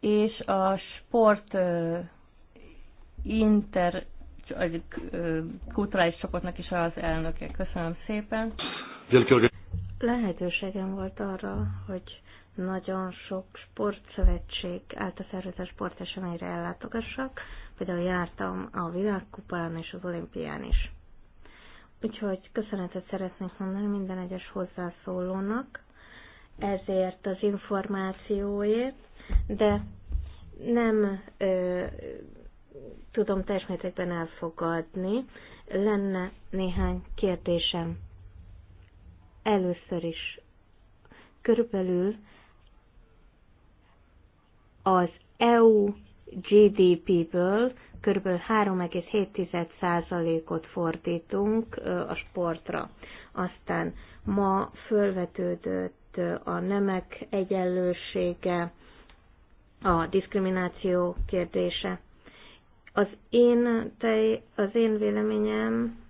És a sport inter kulturális csoportnak is az elnöke. Köszönöm szépen lehetőségem volt arra, hogy nagyon sok sportszövetség által szervezett sporteseményre ellátogassak, például jártam a világkupán és az olimpián is. Úgyhogy köszönetet szeretnék mondani minden egyes hozzászólónak ezért az információért, de nem ö, tudom teljes mértékben elfogadni. Lenne néhány kérdésem Először is körülbelül az EU GDP-ből kb. 3,7%-ot fordítunk a sportra. Aztán ma fölvetődött a nemek egyenlősége, a diszkrimináció kérdése. Az én, te, az én véleményem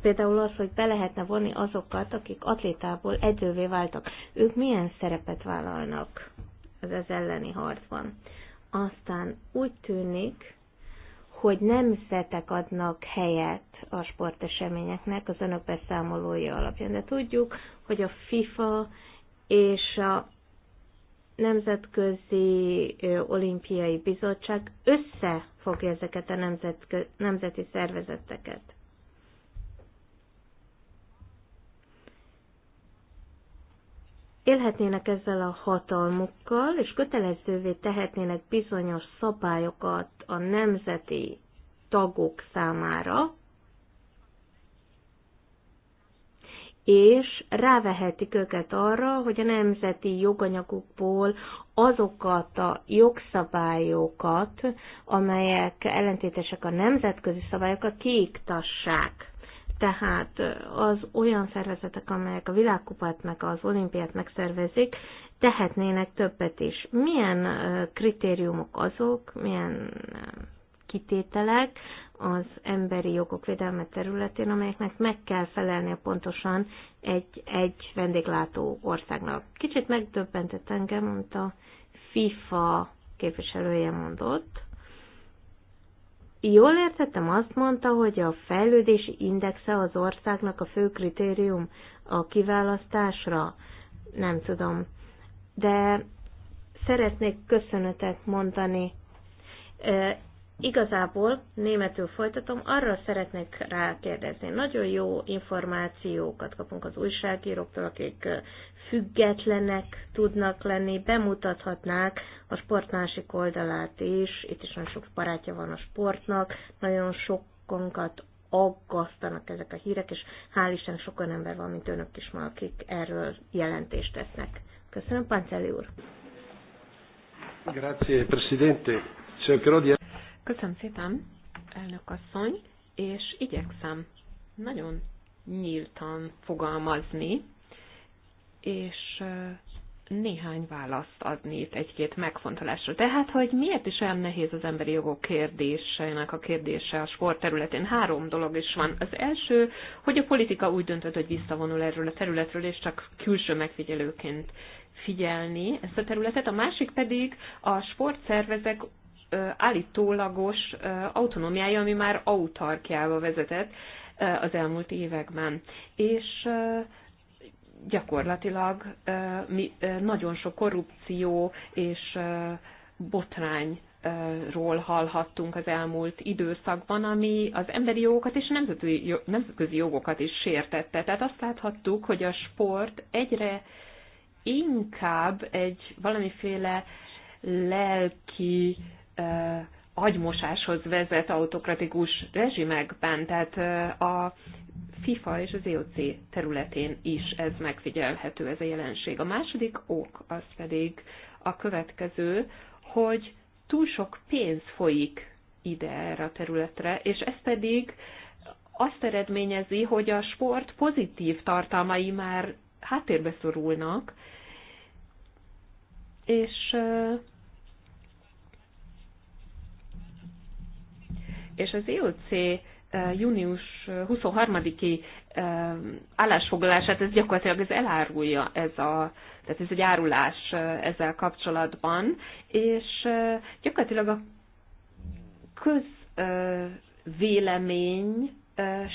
például az, hogy be lehetne vonni azokat, akik atlétából edzővé váltak. Ők milyen szerepet vállalnak az ez elleni harcban? Aztán úgy tűnik, hogy nemzetek adnak helyet a sporteseményeknek az önök beszámolója alapján. De tudjuk, hogy a FIFA és a Nemzetközi Olimpiai Bizottság összefogja ezeket a nemzetközi, nemzeti szervezeteket. élhetnének ezzel a hatalmukkal, és kötelezővé tehetnének bizonyos szabályokat a nemzeti tagok számára, és rávehetik őket arra, hogy a nemzeti joganyagukból azokat a jogszabályokat, amelyek ellentétesek a nemzetközi szabályokat, kiiktassák. Tehát az olyan szervezetek, amelyek a világkupát meg az olimpiát megszervezik, tehetnének többet is. Milyen kritériumok azok, milyen kitételek az emberi jogok védelme területén, amelyeknek meg kell felelnie pontosan egy, egy vendéglátó országnak. Kicsit megdöbbentett engem, amit a FIFA képviselője mondott, Jól értettem, azt mondta, hogy a fejlődési indexe az országnak a fő kritérium a kiválasztásra. Nem tudom. De szeretnék köszönetet mondani Igazából németül folytatom, arra szeretnék rákérdezni. Nagyon jó információkat kapunk az újságíróktól, akik függetlenek tudnak lenni, bemutathatnák a sport másik oldalát is. Itt is nagyon sok barátja van a sportnak, nagyon sokkonkat aggasztanak ezek a hírek, és hál' Isten sokan ember van, mint önök is ma, akik erről jelentést tesznek. Köszönöm, Panceli úr! Grazie, Presidente. Cercherò di... Köszönöm szépen, elnök asszony, és igyekszem nagyon nyíltan fogalmazni, és néhány választ adni itt egy-két megfontolásra. Tehát, hogy miért is olyan nehéz az emberi jogok kérdésének a kérdése a sport területén? Három dolog is van. Az első, hogy a politika úgy döntött, hogy visszavonul erről a területről, és csak külső megfigyelőként figyelni ezt a területet. A másik pedig a sportszervezek állítólagos autonómiája, ami már autarkiába vezetett az elmúlt években. És gyakorlatilag nagyon sok korrupció és botrány ról hallhattunk az elmúlt időszakban, ami az emberi jogokat és nemzetközi, nemzetközi jogokat is sértette. Tehát azt láthattuk, hogy a sport egyre inkább egy valamiféle lelki Eh, agymosáshoz vezet autokratikus rezsimekben, tehát eh, a FIFA és az EOC területén is ez megfigyelhető, ez a jelenség. A második ok az pedig a következő, hogy túl sok pénz folyik ide erre a területre, és ez pedig azt eredményezi, hogy a sport pozitív tartalmai már háttérbe szorulnak, és eh, és az IOC e június 23-i állásfoglalását, ez gyakorlatilag ez elárulja, ez a, tehát ez egy árulás ezzel kapcsolatban, és gyakorlatilag a közvélemény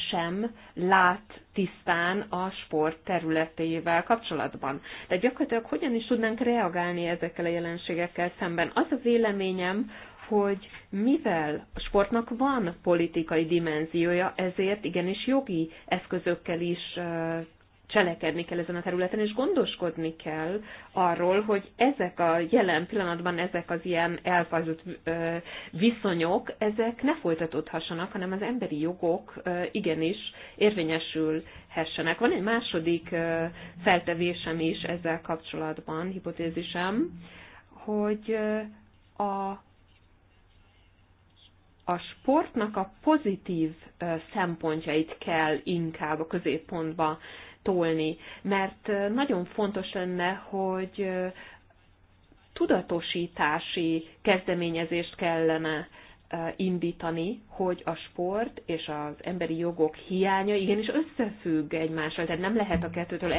sem lát tisztán a sport területével kapcsolatban. Tehát gyakorlatilag hogyan is tudnánk reagálni ezekkel a jelenségekkel szemben? Az a véleményem, hogy mivel a sportnak van politikai dimenziója, ezért igenis jogi eszközökkel is cselekedni kell ezen a területen, és gondoskodni kell arról, hogy ezek a jelen pillanatban ezek az ilyen elfajzott viszonyok, ezek ne folytatódhassanak, hanem az emberi jogok igenis érvényesülhessenek. Van egy második feltevésem is ezzel kapcsolatban, hipotézisem, hogy a a sportnak a pozitív szempontjait kell inkább a középpontba tolni, mert nagyon fontos lenne, hogy tudatosítási kezdeményezést kellene indítani, hogy a sport és az emberi jogok hiánya igenis összefügg egymással, tehát nem lehet a kettőtől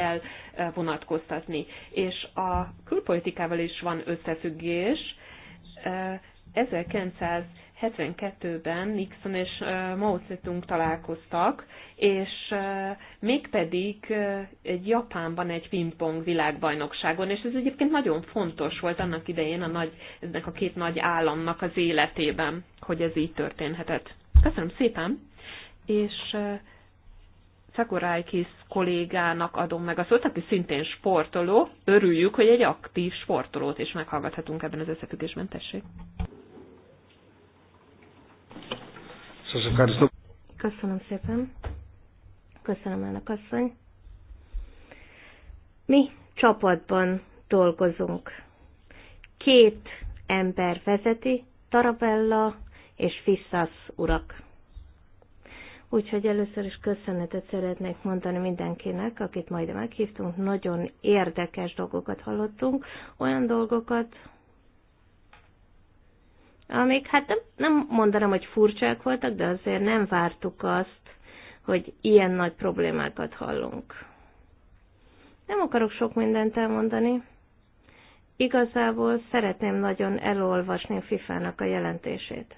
elvonatkoztatni. És a külpolitikával is van összefüggés. 72-ben Nixon és Mao Zedong találkoztak, és mégpedig egy Japánban egy pingpong világbajnokságon, és ez egyébként nagyon fontos volt annak idején a nagy, ennek a két nagy államnak az életében, hogy ez így történhetett. Köszönöm szépen, és Szakorájkis kollégának adom meg a szót, aki szintén sportoló. Örüljük, hogy egy aktív sportolót is meghallgathatunk ebben az összefüggésben, tessék. Köszönöm szépen. Köszönöm, elnök asszony. Mi csapatban dolgozunk. Két ember vezeti, Tarabella és Fissas urak. Úgyhogy először is köszönetet szeretnék mondani mindenkinek, akit majd meghívtunk. Nagyon érdekes dolgokat hallottunk, olyan dolgokat, amik hát nem, nem mondanám, hogy furcsák voltak, de azért nem vártuk azt, hogy ilyen nagy problémákat hallunk. Nem akarok sok mindent elmondani. Igazából szeretném nagyon elolvasni a FIFA-nak a jelentését.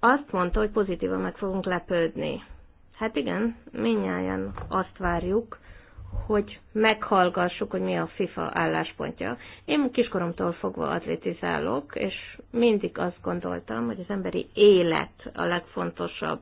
Azt mondta, hogy pozitívan meg fogunk lepődni. Hát igen, minnyáján azt várjuk, hogy meghallgassuk, hogy mi a FIFA álláspontja. Én kiskoromtól fogva atlétizálok, és mindig azt gondoltam, hogy az emberi élet a legfontosabb.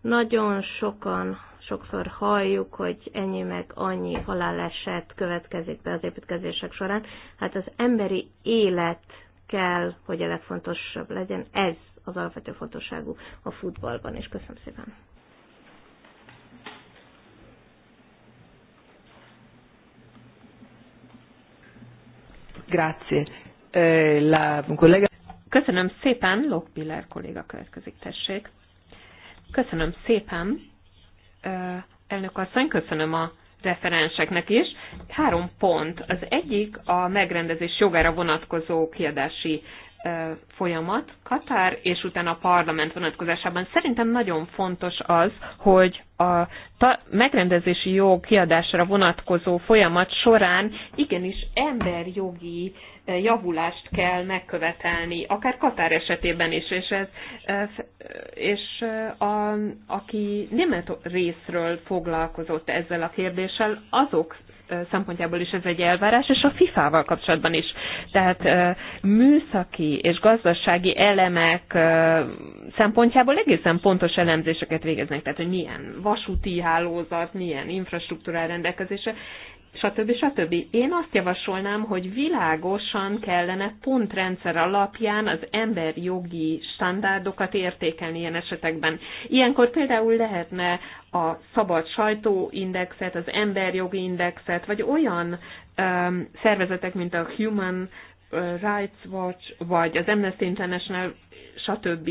Nagyon sokan sokszor halljuk, hogy ennyi meg annyi haláleset következik be az építkezések során. Hát az emberi élet kell, hogy a legfontosabb legyen. Ez az alapvető fontosságú a futballban, és köszönöm szépen. Grazie. Eh, la collega... Köszönöm szépen, Lokpiller kolléga következik, tessék. Köszönöm szépen, eh, elnök asszony, köszönöm a referenseknek is. Három pont. Az egyik a megrendezés jogára vonatkozó kiadási eh, folyamat, Katár, és utána a parlament vonatkozásában. Szerintem nagyon fontos az, hogy a megrendezési jog kiadásra vonatkozó folyamat során igenis emberjogi e, javulást kell megkövetelni, akár Katár esetében is, és, ez, e, e, és a, aki német részről foglalkozott ezzel a kérdéssel, azok szempontjából is ez egy elvárás, és a FIFA-val kapcsolatban is. Tehát műszaki és gazdasági elemek szempontjából egészen pontos elemzéseket végeznek, tehát hogy milyen vasúti hálózat, milyen infrastruktúrál rendelkezése, stb. stb. Én azt javasolnám, hogy világosan kellene pontrendszer alapján az emberjogi standardokat értékelni ilyen esetekben. Ilyenkor például lehetne a szabad sajtóindexet, az emberjogi indexet, vagy olyan um, szervezetek, mint a Human Rights Watch, vagy az Amnesty International, stb.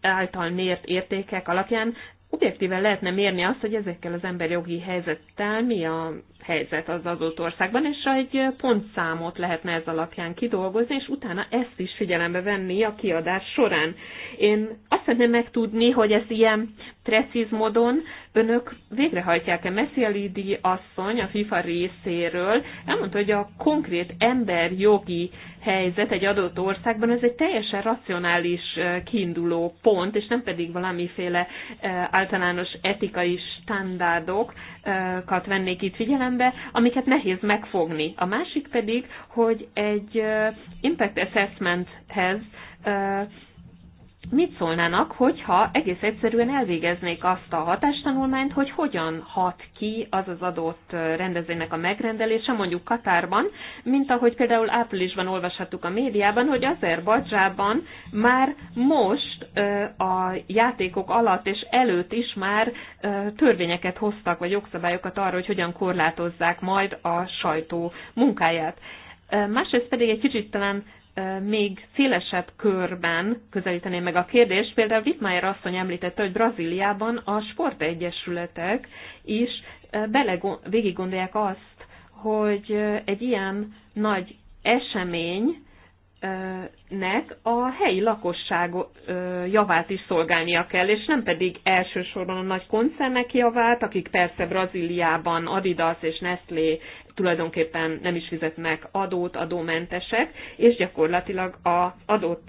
által mért értékek alapján objektíven lehetne mérni azt, hogy ezekkel az emberjogi helyzettel mi a helyzet az adott országban, és egy pontszámot lehetne ez alapján kidolgozni, és utána ezt is figyelembe venni a kiadás során. Én azt szeretném megtudni, hogy ez ilyen precíz módon önök végrehajtják-e. Messialidi asszony a FIFA részéről elmondta, hogy a konkrét emberjogi helyzet egy adott országban, ez egy teljesen racionális kiinduló pont, és nem pedig valamiféle általános etikai standardokat vennék itt figyelembe, figyelembe, amiket nehéz megfogni. A másik pedig, hogy egy impact assessmenthez mit szólnának, hogyha egész egyszerűen elvégeznék azt a hatástanulmányt, hogy hogyan hat ki az az adott rendezvénynek a megrendelése, mondjuk Katárban, mint ahogy például áprilisban olvashattuk a médiában, hogy Azerbajdzsában már most a játékok alatt és előtt is már törvényeket hoztak, vagy jogszabályokat arra, hogy hogyan korlátozzák majd a sajtó munkáját. Másrészt pedig egy kicsit talán még szélesebb körben közelíteném meg a kérdést. Például Wittmeier asszony említette, hogy Brazíliában a sportegyesületek is bele, végig azt, hogy egy ilyen nagy esemény, nek a helyi lakosság javát is szolgálnia kell, és nem pedig elsősorban a nagy koncernek javát, akik persze Brazíliában Adidas és Nestlé tulajdonképpen nem is fizetnek adót, adómentesek, és gyakorlatilag a adott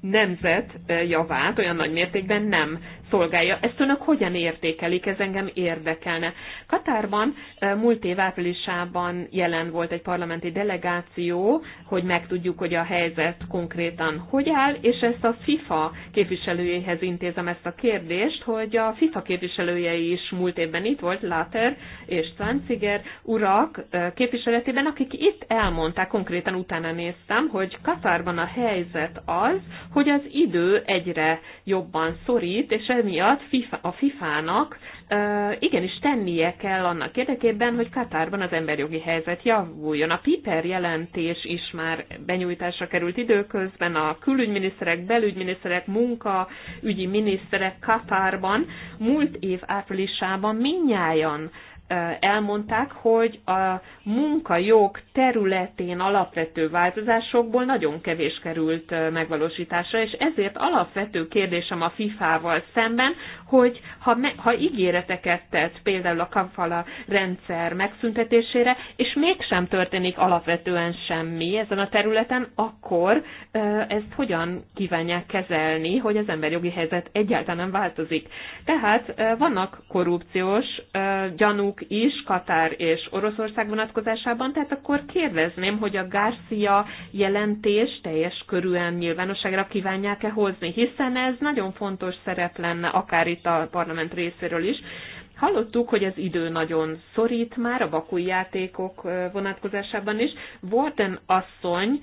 nemzet javát olyan nagy mértékben nem szolgálja. Ezt önök hogyan értékelik? Ez engem érdekelne. Katárban múlt év áprilisában jelen volt egy parlamenti delegáció, hogy megtudjuk, hogy a helyzet konkrétan hogy áll, és ezt a FIFA képviselőjéhez intézem ezt a kérdést, hogy a FIFA képviselője is múlt évben itt volt, Láter és Zanziger urak képviseletében, akik itt elmondták, konkrétan utána néztem, hogy Katárban a helyzet az, hogy az idő egyre jobban szorít, és ez emiatt a FIFA-nak igenis tennie kell annak érdekében, hogy Katárban az emberjogi helyzet javuljon. A PIPER jelentés is már benyújtásra került időközben, a külügyminiszterek, belügyminiszterek, munkaügyi miniszterek Katárban múlt év áprilisában minnyáján elmondták, hogy a munkajog területén alapvető változásokból nagyon kevés került megvalósításra, és ezért alapvető kérdésem a FIFA-val szemben, hogy ha, me, ha ígéreteket tett például a kamfala rendszer megszüntetésére, és mégsem történik alapvetően semmi ezen a területen, akkor ezt hogyan kívánják kezelni, hogy az emberjogi helyzet egyáltalán nem változik. Tehát vannak korrupciós gyanúk, is, Katár és Oroszország vonatkozásában, tehát akkor kérdezném, hogy a Garcia jelentés teljes körűen nyilvánosságra kívánják-e hozni, hiszen ez nagyon fontos szerep lenne, akár itt a parlament részéről is, Hallottuk, hogy az idő nagyon szorít már a bakúi játékok vonatkozásában is. Warden asszony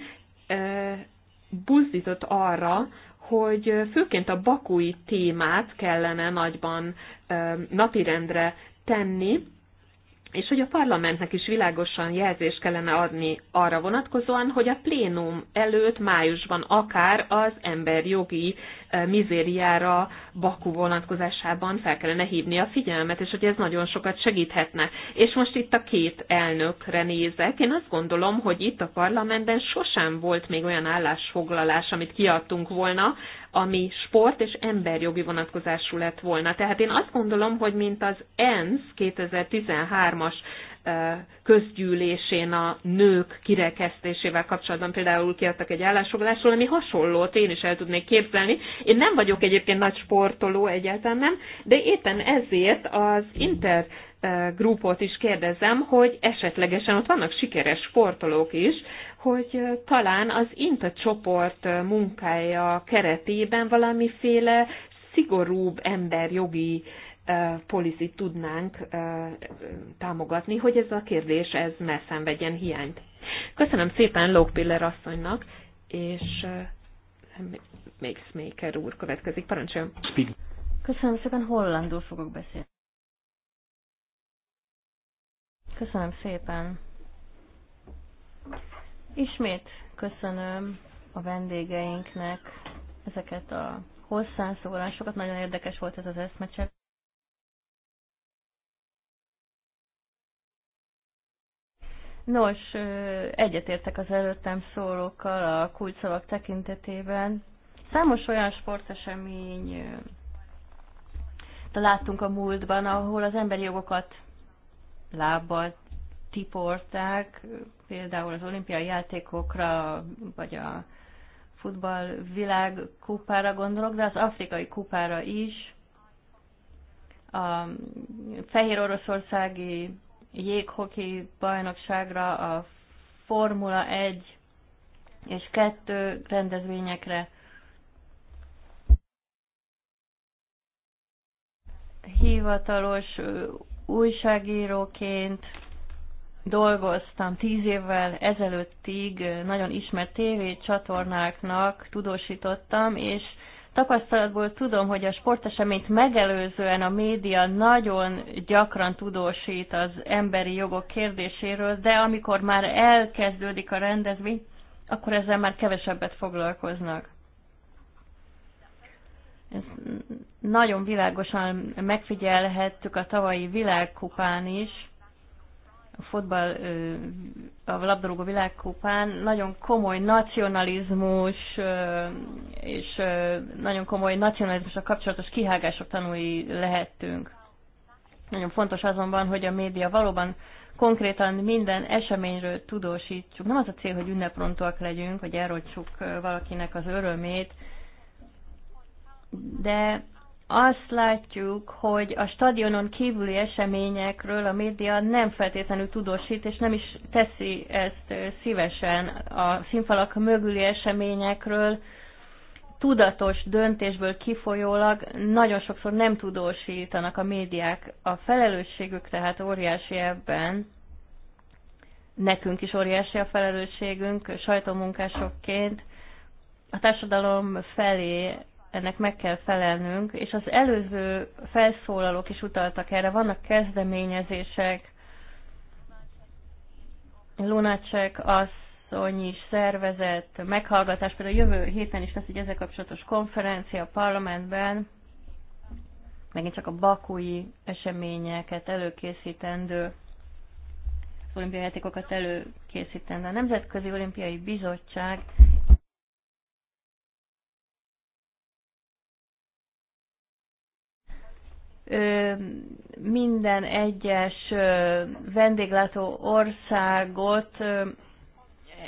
buzdított arra, hogy főként a bakúi témát kellene nagyban napirendre tenni, és hogy a parlamentnek is világosan jelzést kellene adni arra vonatkozóan, hogy a plénum előtt májusban akár az emberjogi eh, mizériára Baku vonatkozásában fel kellene hívni a figyelmet, és hogy ez nagyon sokat segíthetne. És most itt a két elnökre nézek. Én azt gondolom, hogy itt a parlamentben sosem volt még olyan állásfoglalás, amit kiadtunk volna, ami sport és emberjogi vonatkozású lett volna. Tehát én azt gondolom, hogy mint az ENSZ 2013-as közgyűlésén a nők kirekesztésével kapcsolatban például kiadtak egy állásfoglalásról, ami hasonlót én is el tudnék képzelni. Én nem vagyok egyébként nagy sportoló, egyáltalán nem, de éppen ezért az inter grupot is kérdezem, hogy esetlegesen ott vannak sikeres sportolók is, hogy talán az INTA csoport munkája keretében valamiféle szigorúbb emberjogi uh, policy tudnánk támogatni, hogy ez a kérdés ez ne szenvedjen hiányt. Köszönöm szépen Lókpiller asszonynak, és Smaker úr következik. Parancsoljon! Köszönöm szépen, hollandul fogok beszélni. Köszönöm szépen! Ismét köszönöm a vendégeinknek ezeket a szólásokat. nagyon érdekes volt ez az eszmecsek. Nos, egyetértek az előttem szólókkal a kulcsszavak tekintetében. Számos olyan sportesemény láttunk a múltban, ahol az emberi jogokat lábbal tiporták, például az olimpiai játékokra, vagy a futball világ kupára gondolok, de az afrikai kupára is, a fehér oroszországi jéghoki bajnokságra, a Formula 1 és 2 rendezvényekre. Hivatalos újságíróként dolgoztam tíz évvel ezelőttig nagyon ismert tévécsatornáknak tudósítottam, és Tapasztalatból tudom, hogy a sporteseményt megelőzően a média nagyon gyakran tudósít az emberi jogok kérdéséről, de amikor már elkezdődik a rendezvény, akkor ezzel már kevesebbet foglalkoznak. Ez nagyon világosan megfigyelhettük a tavalyi világkupán is, a fotball, a labdarúgó világkupán nagyon komoly nacionalizmus és nagyon komoly nacionalizmus a kapcsolatos kihágások tanúi lehettünk. Nagyon fontos azonban, hogy a média valóban konkrétan minden eseményről tudósítsuk. Nem az a cél, hogy ünneprontóak legyünk, hogy elrontsuk valakinek az örömét, de azt látjuk, hogy a stadionon kívüli eseményekről a média nem feltétlenül tudósít, és nem is teszi ezt szívesen a színfalak mögüli eseményekről. Tudatos döntésből kifolyólag nagyon sokszor nem tudósítanak a médiák. A felelősségük tehát óriási ebben, nekünk is óriási a felelősségünk sajtómunkásokként, a társadalom felé ennek meg kell felelnünk, és az előző felszólalók is utaltak erre, vannak kezdeményezések, Lunacek asszony is szervezett meghallgatás, például jövő héten is lesz egy ezzel kapcsolatos konferencia a parlamentben, megint csak a bakúi eseményeket előkészítendő, az olimpiai játékokat előkészítendő. A Nemzetközi Olimpiai Bizottság minden egyes vendéglátó országot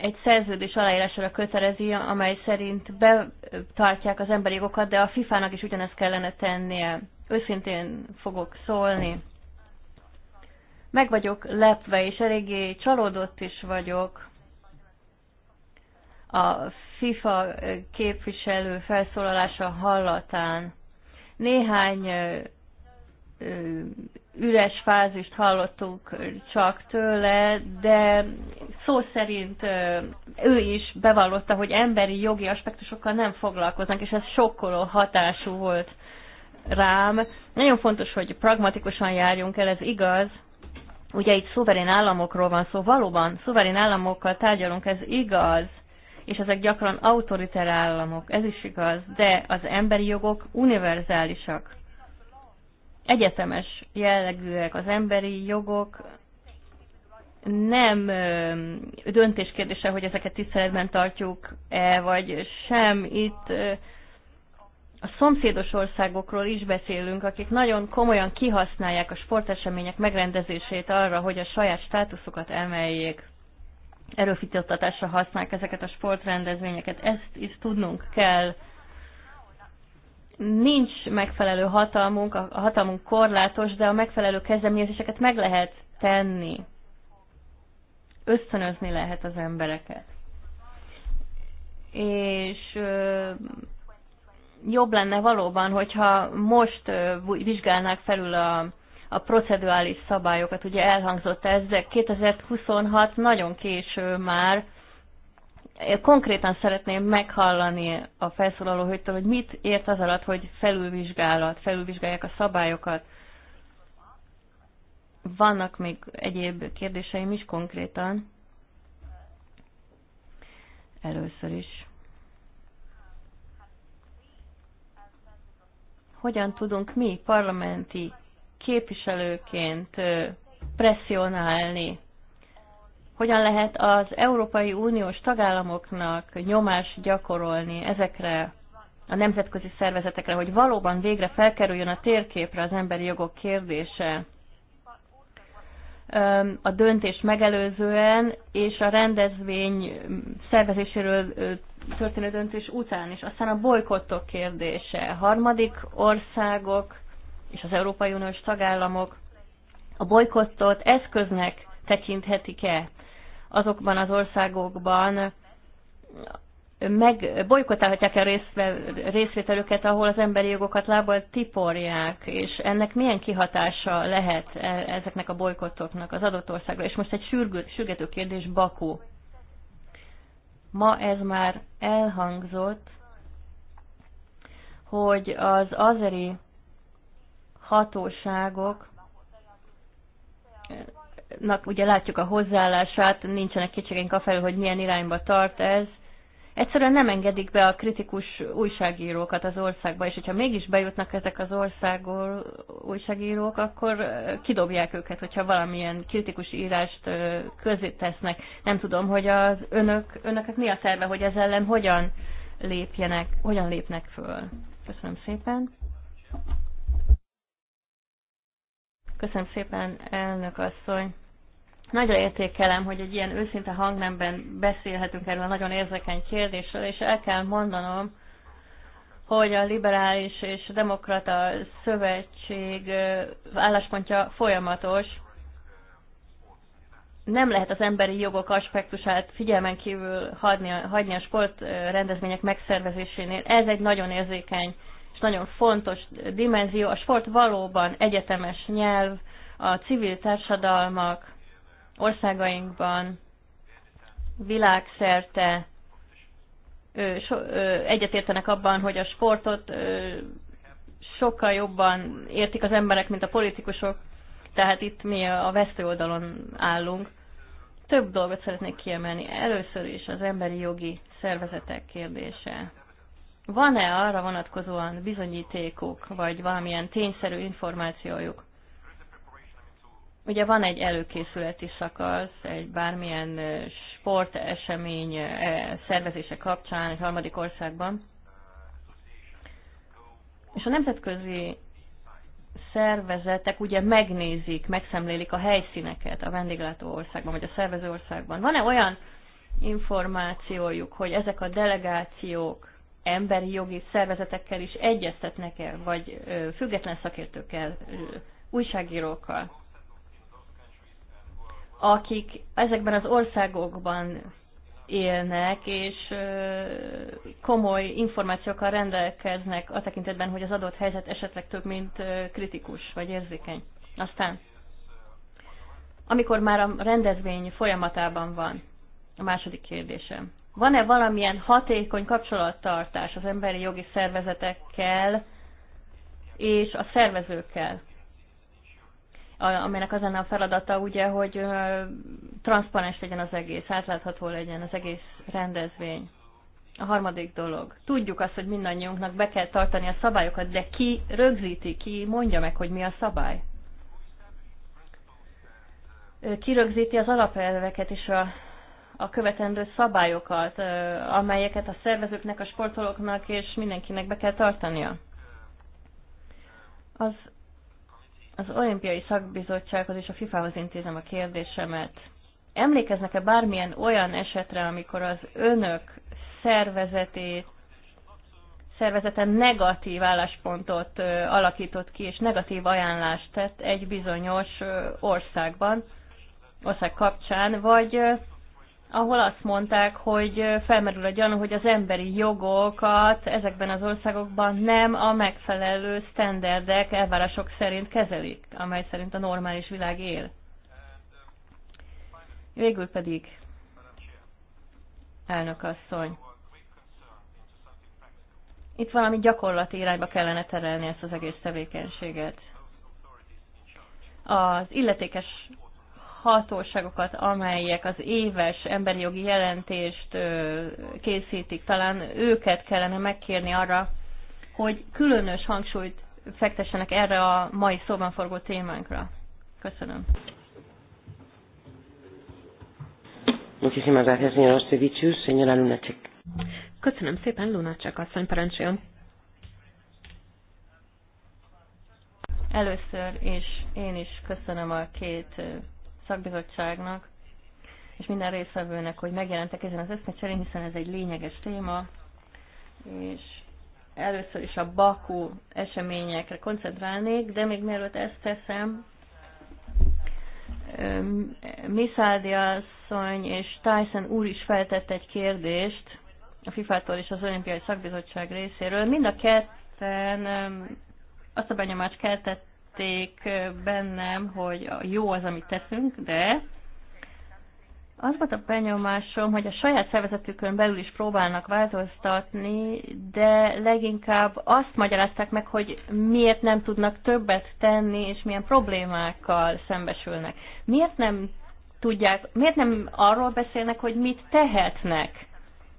egy szerződés aláírására kötelezi, amely szerint betartják az emberi jogokat, de a FIFA-nak is ugyanezt kellene tennie. Őszintén fogok szólni. Meg vagyok lepve, és eléggé csalódott is vagyok a FIFA képviselő felszólalása hallatán. Néhány üres fázist hallottuk csak tőle, de szó szerint ő is bevallotta, hogy emberi jogi aspektusokkal nem foglalkoznak, és ez sokkoló hatású volt rám. Nagyon fontos, hogy pragmatikusan járjunk el, ez igaz. Ugye itt szuverén államokról van szó, valóban szuverén államokkal tárgyalunk, ez igaz, és ezek gyakran autoriter államok, ez is igaz, de az emberi jogok univerzálisak egyetemes jellegűek az emberi jogok, nem döntéskérdése, hogy ezeket tiszteletben tartjuk-e, vagy sem. Itt a szomszédos országokról is beszélünk, akik nagyon komolyan kihasználják a sportesemények megrendezését arra, hogy a saját státuszukat emeljék, erőfitoktatásra használják ezeket a sportrendezvényeket. Ezt is tudnunk kell nincs megfelelő hatalmunk, a hatalmunk korlátos, de a megfelelő kezdeményezéseket meg lehet tenni. Ösztönözni lehet az embereket. És ö, jobb lenne valóban, hogyha most ö, vizsgálnák felül a, a proceduális szabályokat. Ugye elhangzott ez, de 2026 nagyon késő már, konkrétan szeretném meghallani a hőtől, hogy mit ért az alatt, hogy felülvizsgálat, felülvizsgálják a szabályokat. Vannak még egyéb kérdéseim is konkrétan. Először is. Hogyan tudunk mi parlamenti képviselőként presszionálni hogyan lehet az Európai Uniós tagállamoknak nyomást gyakorolni ezekre a nemzetközi szervezetekre, hogy valóban végre felkerüljön a térképre az emberi jogok kérdése a döntés megelőzően és a rendezvény szervezéséről történő döntés után is. Aztán a bolykottok kérdése. Harmadik országok és az Európai Uniós tagállamok a bolykottot eszköznek tekinthetik-e azokban az országokban meg bolykotálhatják a részvételüket, ahol az emberi jogokat lából tiporják, és ennek milyen kihatása lehet e, ezeknek a bolykottoknak az adott országra. És most egy sürgő, sürgető kérdés, Bakú. Ma ez már elhangzott, hogy az azeri hatóságok nak ugye látjuk a hozzáállását, nincsenek kétségeink a felül, hogy milyen irányba tart ez. Egyszerűen nem engedik be a kritikus újságírókat az országba, és hogyha mégis bejutnak ezek az országból újságírók, akkor kidobják őket, hogyha valamilyen kritikus írást közé tesznek. Nem tudom, hogy az önök, önöknek mi a terve, hogy ez ellen hogyan lépjenek, hogyan lépnek föl. Köszönöm szépen. Köszönöm szépen, elnök asszony. Nagyon értékelem, hogy egy ilyen őszinte hangnemben beszélhetünk erről a nagyon érzékeny kérdésről, és el kell mondanom, hogy a liberális és demokrata szövetség álláspontja folyamatos. Nem lehet az emberi jogok aspektusát figyelmen kívül hagyni, hagyni a sportrendezmények megszervezésénél. Ez egy nagyon érzékeny nagyon fontos dimenzió. A sport valóban egyetemes nyelv, a civil társadalmak országainkban világszerte egyetértenek abban, hogy a sportot sokkal jobban értik az emberek, mint a politikusok, tehát itt mi a vesztő oldalon állunk. Több dolgot szeretnék kiemelni. Először is az emberi jogi szervezetek kérdése van-e arra vonatkozóan bizonyítékuk, vagy valamilyen tényszerű információjuk? Ugye van egy előkészületi szakasz, egy bármilyen sportesemény szervezése kapcsán egy harmadik országban. És a nemzetközi szervezetek ugye megnézik, megszemlélik a helyszíneket a vendéglátó országban, vagy a szervező országban. Van-e olyan információjuk, hogy ezek a delegációk emberi jogi szervezetekkel is egyeztetnek-e, vagy független szakértőkkel, újságírókkal, akik ezekben az országokban élnek, és komoly információkkal rendelkeznek a tekintetben, hogy az adott helyzet esetleg több, mint kritikus vagy érzékeny. Aztán, amikor már a rendezvény folyamatában van, a második kérdésem. Van-e valamilyen hatékony kapcsolattartás az emberi jogi szervezetekkel és a szervezőkkel? amelynek az lenne a feladata, ugye, hogy ö, transzparens legyen az egész, átlátható legyen az egész rendezvény. A harmadik dolog. Tudjuk azt, hogy mindannyiunknak be kell tartani a szabályokat, de ki rögzíti, ki mondja meg, hogy mi a szabály? Ki rögzíti az alapelveket és a a követendő szabályokat, amelyeket a szervezőknek, a sportolóknak és mindenkinek be kell tartania. Az, az olimpiai szakbizottsághoz és a FIFA-hoz intézem a kérdésemet. Emlékeznek-e bármilyen olyan esetre, amikor az önök szervezetét szervezeten negatív álláspontot alakított ki, és negatív ajánlást tett egy bizonyos országban, ország kapcsán, vagy ahol azt mondták, hogy felmerül a gyanú, hogy az emberi jogokat ezekben az országokban nem a megfelelő sztenderdek, elvárások szerint kezelik, amely szerint a normális világ él. Végül pedig, elnök asszony, itt valami gyakorlati irányba kellene terelni ezt az egész tevékenységet. Az illetékes hatóságokat, amelyek az éves emberi jogi jelentést készítik, talán őket kellene megkérni arra, hogy különös hangsúlyt fektessenek erre a mai szóban forgó témánkra. Köszönöm. Köszönöm szépen, Lunacek asszony, parancsoljon. Először is én is köszönöm a két szakbizottságnak és minden részvevőnek, hogy megjelentek ezen az eszmecserén, hiszen ez egy lényeges téma, és először is a Baku eseményekre koncentrálnék, de még mielőtt ezt teszem, Miszáldi asszony és Tyson úr is feltett egy kérdést a FIFA-tól és az Olimpiai Szakbizottság részéről. Mind a ketten azt a benyomást keltett, érezték bennem, hogy jó az, amit teszünk, de az volt a benyomásom, hogy a saját szervezetükön belül is próbálnak változtatni, de leginkább azt magyarázták meg, hogy miért nem tudnak többet tenni, és milyen problémákkal szembesülnek. Miért nem tudják, miért nem arról beszélnek, hogy mit tehetnek?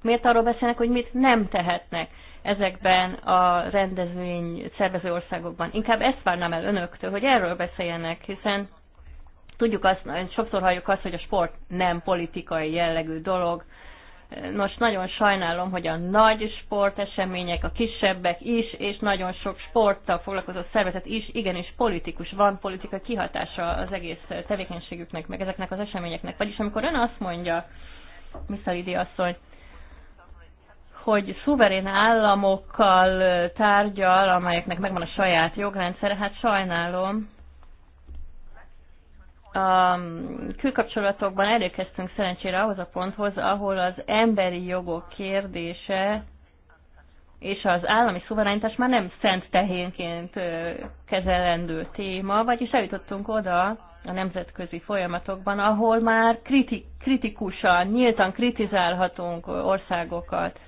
Miért arról beszélnek, hogy mit nem tehetnek? ezekben a rendezvény szervező országokban. Inkább ezt várnám el önöktől, hogy erről beszéljenek, hiszen tudjuk azt, sokszor halljuk azt, hogy a sport nem politikai jellegű dolog. Nos, nagyon sajnálom, hogy a nagy sportesemények, a kisebbek is, és nagyon sok sporttal foglalkozó szervezet is, igenis politikus, van politika kihatása az egész tevékenységüknek, meg ezeknek az eseményeknek. Vagyis amikor ön azt mondja, Misszalidi asszony, hogy szuverén államokkal tárgyal, amelyeknek megvan a saját jogrendszere, hát sajnálom, a mm, külkapcsolatokban előkeztünk szerencsére ahhoz a ponthoz, ahol az emberi jogok kérdése és az állami szuverenitás már nem szent tehénként kezelendő téma, vagyis eljutottunk oda a nemzetközi folyamatokban, ahol már kriti- kritikusan, nyíltan kritizálhatunk országokat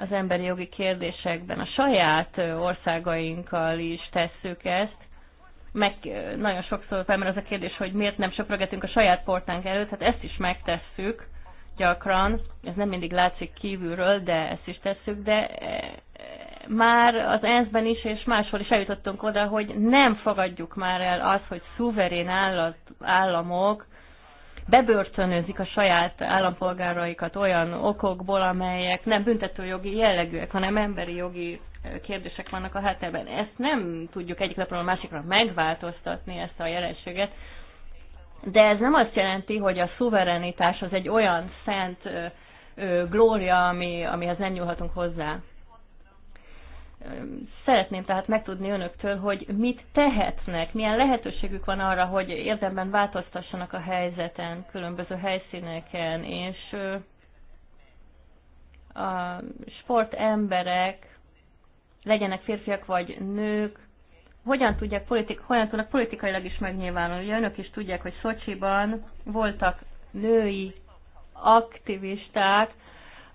az emberi jogi kérdésekben. A saját országainkkal is tesszük ezt, meg nagyon sokszor felmer az a kérdés, hogy miért nem söprögetünk a saját portánk előtt, hát ezt is megtesszük gyakran, ez nem mindig látszik kívülről, de ezt is tesszük, de már az ENSZ-ben is és máshol is eljutottunk oda, hogy nem fogadjuk már el azt, hogy szuverén állat, államok bebörtönözik a saját állampolgáraikat olyan okokból, amelyek nem büntetőjogi jellegűek, hanem emberi jogi kérdések vannak a háttérben. Ezt nem tudjuk egyik napról a másikra megváltoztatni, ezt a jelenséget, de ez nem azt jelenti, hogy a szuverenitás az egy olyan szent glória, ami, amihez nem nyúlhatunk hozzá. Szeretném tehát megtudni önöktől, hogy mit tehetnek, milyen lehetőségük van arra, hogy érdemben változtassanak a helyzeten, különböző helyszíneken, és a sportemberek, legyenek férfiak vagy nők, hogyan, tudják politik, hogyan tudnak politikailag is megnyilvánulni. Ugye önök is tudják, hogy Szocsiban voltak női aktivisták,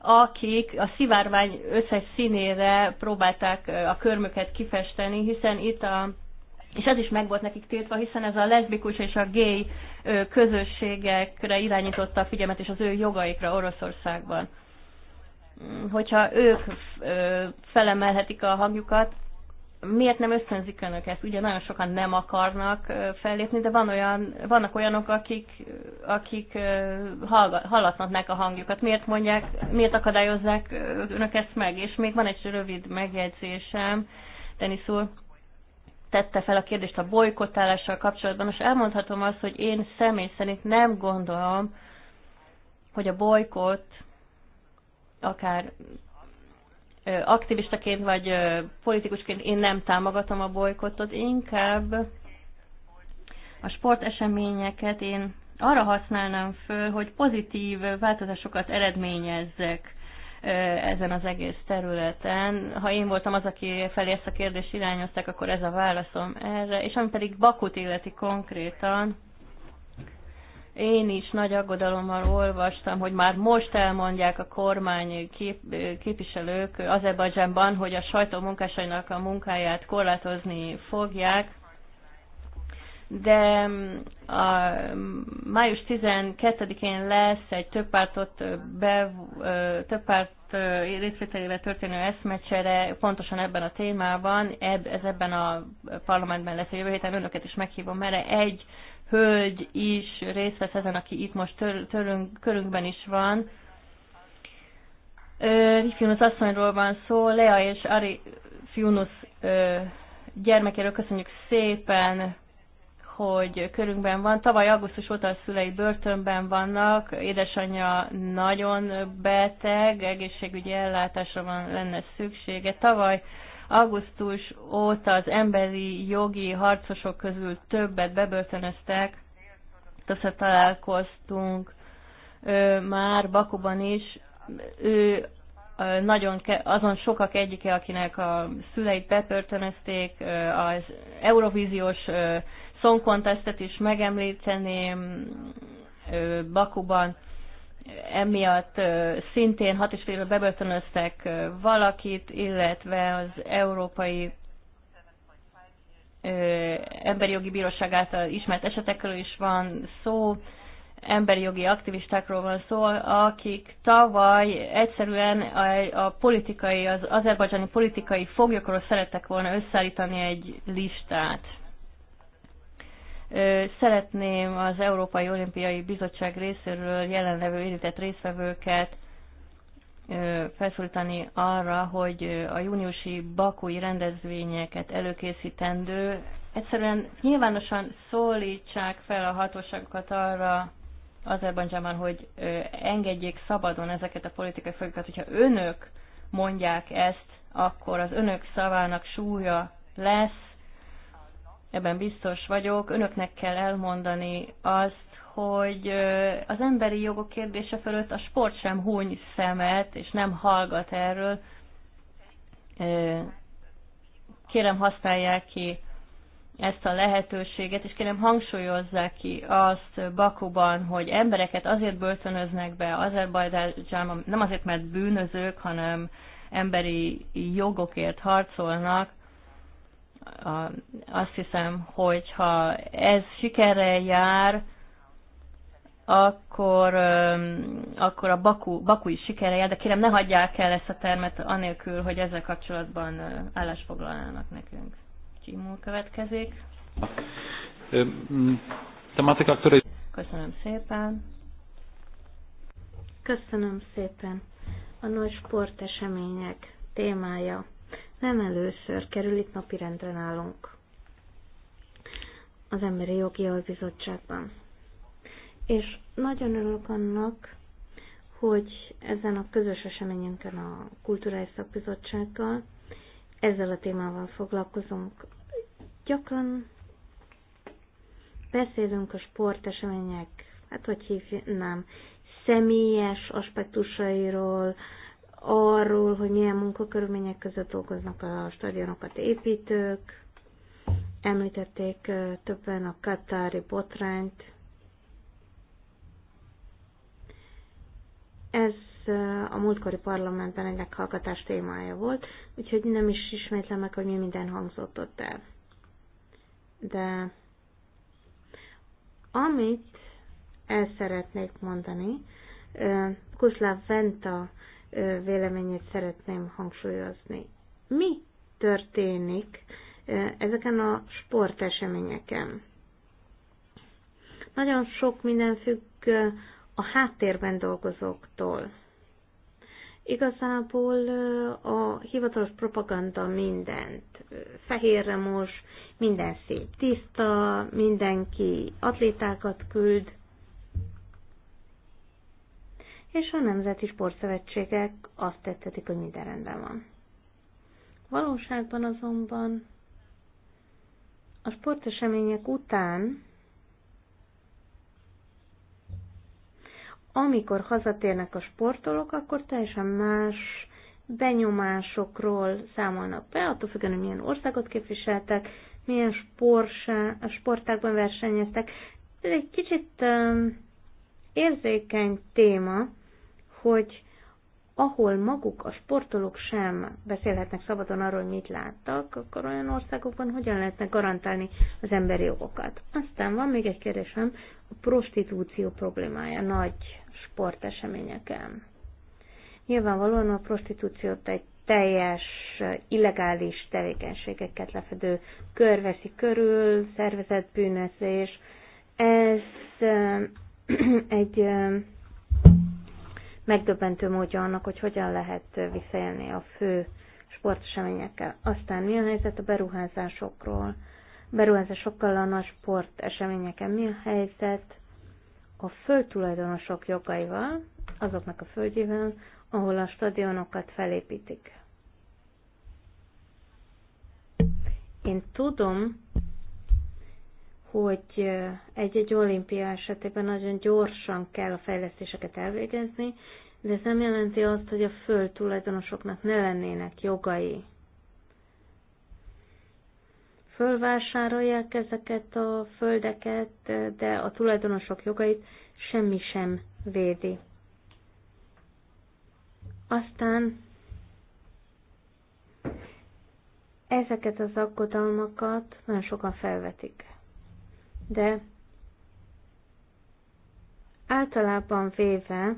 akik a szivárvány összes színére próbálták a körmöket kifesteni, hiszen itt a és ez is meg volt nekik tiltva, hiszen ez a leszbikus és a gay közösségekre irányította a figyelmet, és az ő jogaikra Oroszországban. Hm, hogyha ők felemelhetik a hangjukat, miért nem ösztönzik önök ezt? Ugye nagyon sokan nem akarnak fellépni, de van olyan, vannak olyanok, akik, akik hallatnak a hangjukat. Miért mondják, miért akadályozzák önök ezt meg? És még van egy rövid megjegyzésem, Denis úr tette fel a kérdést a bolykottálással kapcsolatban. Most elmondhatom azt, hogy én személy szerint nem gondolom, hogy a bolykott akár aktivistaként vagy politikusként én nem támogatom a bolykottot, inkább a sporteseményeket én arra használnám föl, hogy pozitív változásokat eredményezzek ezen az egész területen. Ha én voltam az, aki felé ezt a kérdést irányozták, akkor ez a válaszom erre. És ami pedig Bakut illeti konkrétan, én is nagy aggodalommal olvastam, hogy már most elmondják a kormány kép, képviselők Azerbajdzsánban, hogy a sajtó munkásainak a munkáját korlátozni fogják, de mm, a mm, május 12-én lesz egy több pártot be, több párt részvételével történő eszmecsere pontosan ebben a témában, ez ebben a parlamentben lesz a jövő héten, önöket is meghívom mert Egy hölgy is részt vesz ezen, aki itt most tör, törünk, körünkben is van. Rifiunus asszonyról van szó, Lea és Ari Fiunus gyermekéről köszönjük szépen, hogy körünkben van. Tavaly augusztus óta a szülei börtönben vannak, édesanyja nagyon beteg, egészségügyi ellátásra van, lenne szüksége. Tavaly Augusztus óta az emberi jogi harcosok közül többet bebörtönöztek, többször találkoztunk ö, már Bakuban is. Ő ö, nagyon ke, azon sokak egyike, akinek a szüleit bebörtönözték, ö, az Eurovíziós szonkontesztet is megemlíteném ö, Bakuban emiatt szintén hat és fél évre bebörtönöztek valakit, illetve az Európai Emberi Jogi Bíróság által ismert esetekről is van szó, emberi jogi aktivistákról van szó, akik tavaly egyszerűen a, a politikai, az azerbajdzsáni politikai foglyokról szerettek volna összeállítani egy listát Szeretném az Európai Olimpiai Bizottság részéről jelenlevő érintett részvevőket felszólítani arra, hogy a júniusi bakói rendezvényeket előkészítendő egyszerűen nyilvánosan szólítsák fel a hatóságokat arra Azerbajdzsánban, hogy engedjék szabadon ezeket a politikai folyókat, hogyha önök mondják ezt, akkor az önök szavának súlya lesz, ebben biztos vagyok, önöknek kell elmondani azt, hogy az emberi jogok kérdése fölött a sport sem húny szemet, és nem hallgat erről. Kérem, használják ki ezt a lehetőséget, és kérem hangsúlyozzák ki azt Bakuban, hogy embereket azért börtönöznek be Azerbajdzsában, nem azért, mert bűnözők, hanem emberi jogokért harcolnak, a, azt hiszem, hogy ha ez sikerrel jár, akkor, akkor a Baku, Baku is sikere jár, de kérem ne hagyják el ezt a termet anélkül, hogy ezzel kapcsolatban állásfoglalának nekünk. Csimul következik. Köszönöm szépen. Köszönöm szépen. A nagy sportesemények témája nem először kerül itt napirendre nálunk az Emberi Jogi Albizottságban. És nagyon örülök annak, hogy ezen a közös eseményünkön a Kulturális Szakbizottsággal ezzel a témával foglalkozunk. Gyakran beszélünk a sportesemények, hát hogy hívnám, személyes aspektusairól, arról, hogy milyen munkakörülmények között dolgoznak a stadionokat építők, említették többen a katári botrányt. Ez a múltkori parlamentben egy meghallgatás témája volt, úgyhogy nem is ismétlem meg, hogy mi minden hangzott ott el. De amit el szeretnék mondani, Kuszláv Venta véleményét szeretném hangsúlyozni. Mi történik ezeken a sporteseményeken? Nagyon sok minden függ a háttérben dolgozóktól. Igazából a hivatalos propaganda mindent fehérre mos, minden szép tiszta, mindenki atlétákat küld, és a nemzeti sportszövetségek azt tettetik, hogy minden rendben van. Valóságban azonban a sportesemények után, amikor hazatérnek a sportolók, akkor teljesen más benyomásokról számolnak be, attól függően, hogy milyen országot képviseltek, milyen sporsa, sportákban versenyeztek. Ez egy kicsit um, érzékeny téma, hogy ahol maguk a sportolók sem beszélhetnek szabadon arról, hogy mit láttak, akkor olyan országokban hogyan lehetne garantálni az emberi jogokat. Aztán van még egy kérdésem, a prostitúció problémája nagy sporteseményeken. Nyilvánvalóan a prostitúciót egy teljes illegális tevékenységeket lefedő kör veszi körül, szervezett bűnözés. Ez egy megdöbbentő módja annak, hogy hogyan lehet visszaélni a fő sporteseményekkel. Aztán mi a helyzet a beruházásokról? Beruházásokkal a nagy sporteseményeken mi a helyzet? A földtulajdonosok jogaival, azoknak a földjével, ahol a stadionokat felépítik. Én tudom, hogy egy-egy olimpia esetében nagyon gyorsan kell a fejlesztéseket elvégezni, de ez nem jelenti azt, hogy a föld tulajdonosoknak ne lennének jogai. Fölvásárolják ezeket a földeket, de a tulajdonosok jogait semmi sem védi. Aztán ezeket az aggodalmakat nagyon sokan felvetik de általában véve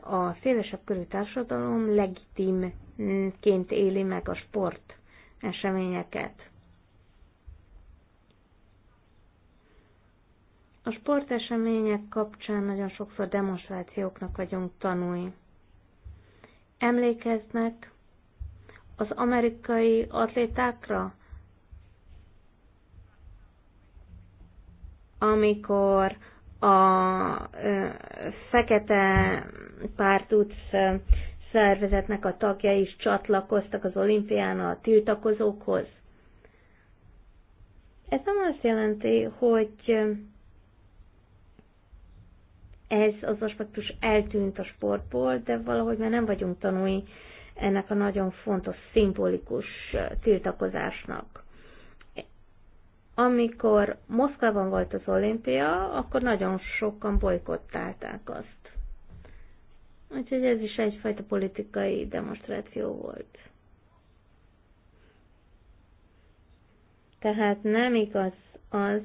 a szélesebb körű társadalom legitimként éli meg a sport eseményeket. A sportesemények kapcsán nagyon sokszor demonstrációknak vagyunk tanulni. Emlékeznek az amerikai atlétákra, amikor a fekete pártúc szervezetnek a tagjai is csatlakoztak az olimpián a tiltakozókhoz. Ez nem azt jelenti, hogy ez az aspektus eltűnt a sportból, de valahogy már nem vagyunk tanulni ennek a nagyon fontos, szimbolikus tiltakozásnak. Amikor Moszkvában volt az olimpia, akkor nagyon sokan bolykottálták azt. Úgyhogy ez is egyfajta politikai demonstráció volt. Tehát nem igaz az,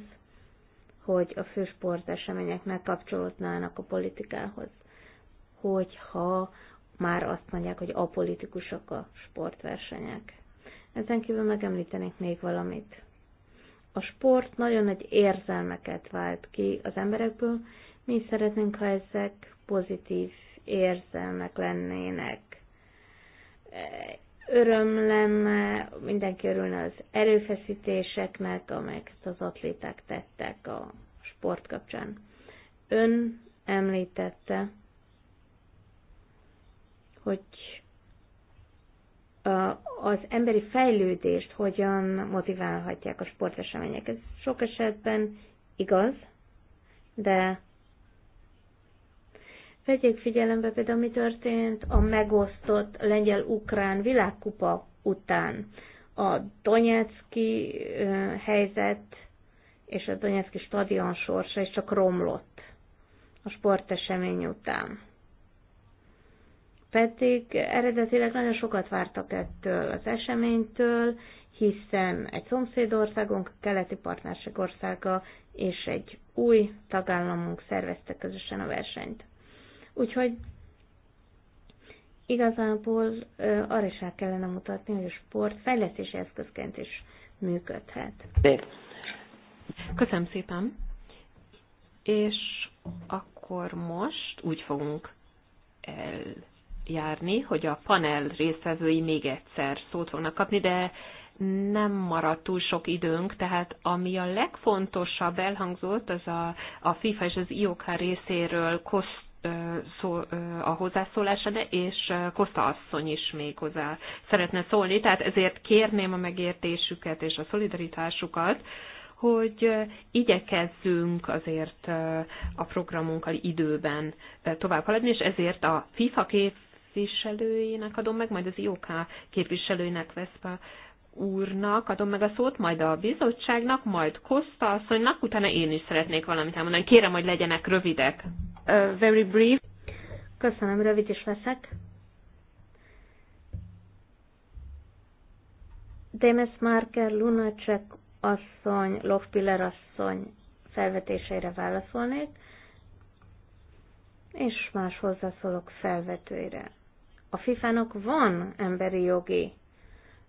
hogy a fősport események megkapcsolódnának a politikához, hogyha már azt mondják, hogy apolitikusak a sportversenyek. Ezen kívül megemlítenék még valamit. A sport nagyon nagy érzelmeket vált ki az emberekből, mi is szeretnénk, ha ezek pozitív érzelmek lennének. E, öröm lenne, mindenki örülne az erőfeszítéseknek, amelyeket az atléták tettek a sport kapcsán. Ön említette, hogy az emberi fejlődést hogyan motiválhatják a sportesemények. Ez sok esetben igaz, de vegyék figyelembe például, mi történt a megosztott lengyel-ukrán világkupa után. A Donetszki helyzet és a Donetszki stadion sorsa is csak romlott a sportesemény után pedig eredetileg nagyon sokat vártak ettől az eseménytől, hiszen egy szomszédországunk, keleti partnerség országa és egy új tagállamunk szervezte közösen a versenyt. Úgyhogy igazából arra is el kellene mutatni, hogy a sport fejlesztési eszközként is működhet. Köszönöm szépen! És akkor most úgy fogunk el járni, hogy a panel résztvevői még egyszer szót fognak kapni, de nem maradt túl sok időnk, tehát ami a legfontosabb elhangzott, az a, a FIFA és az IOK részéről koszt szó, a hozzászólása, de és Kosta asszony is még hozzá szeretne szólni, tehát ezért kérném a megértésüket és a szolidaritásukat, hogy igyekezzünk azért a programunkkal időben tovább haladni, és ezért a FIFA kép képviselőjének adom meg, majd az IOK képviselőjének Veszpa úrnak adom meg a szót, majd a bizottságnak, majd Kosta asszonynak, utána én is szeretnék valamit elmondani. Kérem, hogy legyenek rövidek. Uh, very brief. Köszönöm, rövid is leszek. Demes Marker, Lunacek asszony, Lofpiller asszony felvetéseire válaszolnék, és más hozzászólók felvetőire. A FIFA-nak van emberi jogi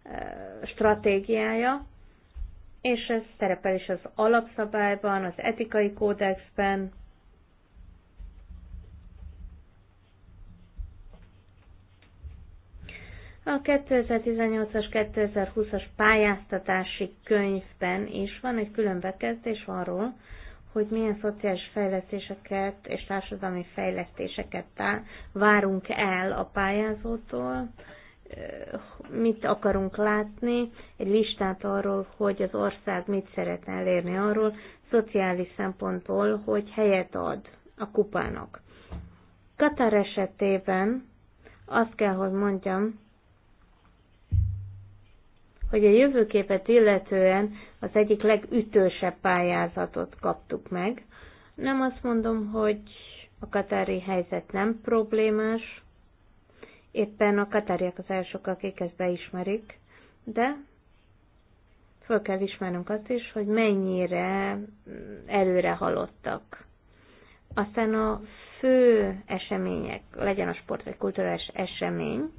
e, stratégiája, és ez szerepel is az alapszabályban, az etikai kódexben. A 2018-as, 2020-as pályáztatási könyvben is van egy külön bekezdés arról, hogy milyen szociális fejlesztéseket és társadalmi fejlesztéseket várunk el a pályázótól, mit akarunk látni, egy listát arról, hogy az ország mit szeretne elérni arról, szociális szempontból, hogy helyet ad a kupának. Katar esetében azt kell, hogy mondjam, hogy a jövőképet illetően az egyik legütősebb pályázatot kaptuk meg. Nem azt mondom, hogy a katári helyzet nem problémás, éppen a katáriak az elsők, akik ezt beismerik, de föl kell ismernünk azt is, hogy mennyire előre halottak. Aztán a fő események, legyen a sport vagy kulturális esemény,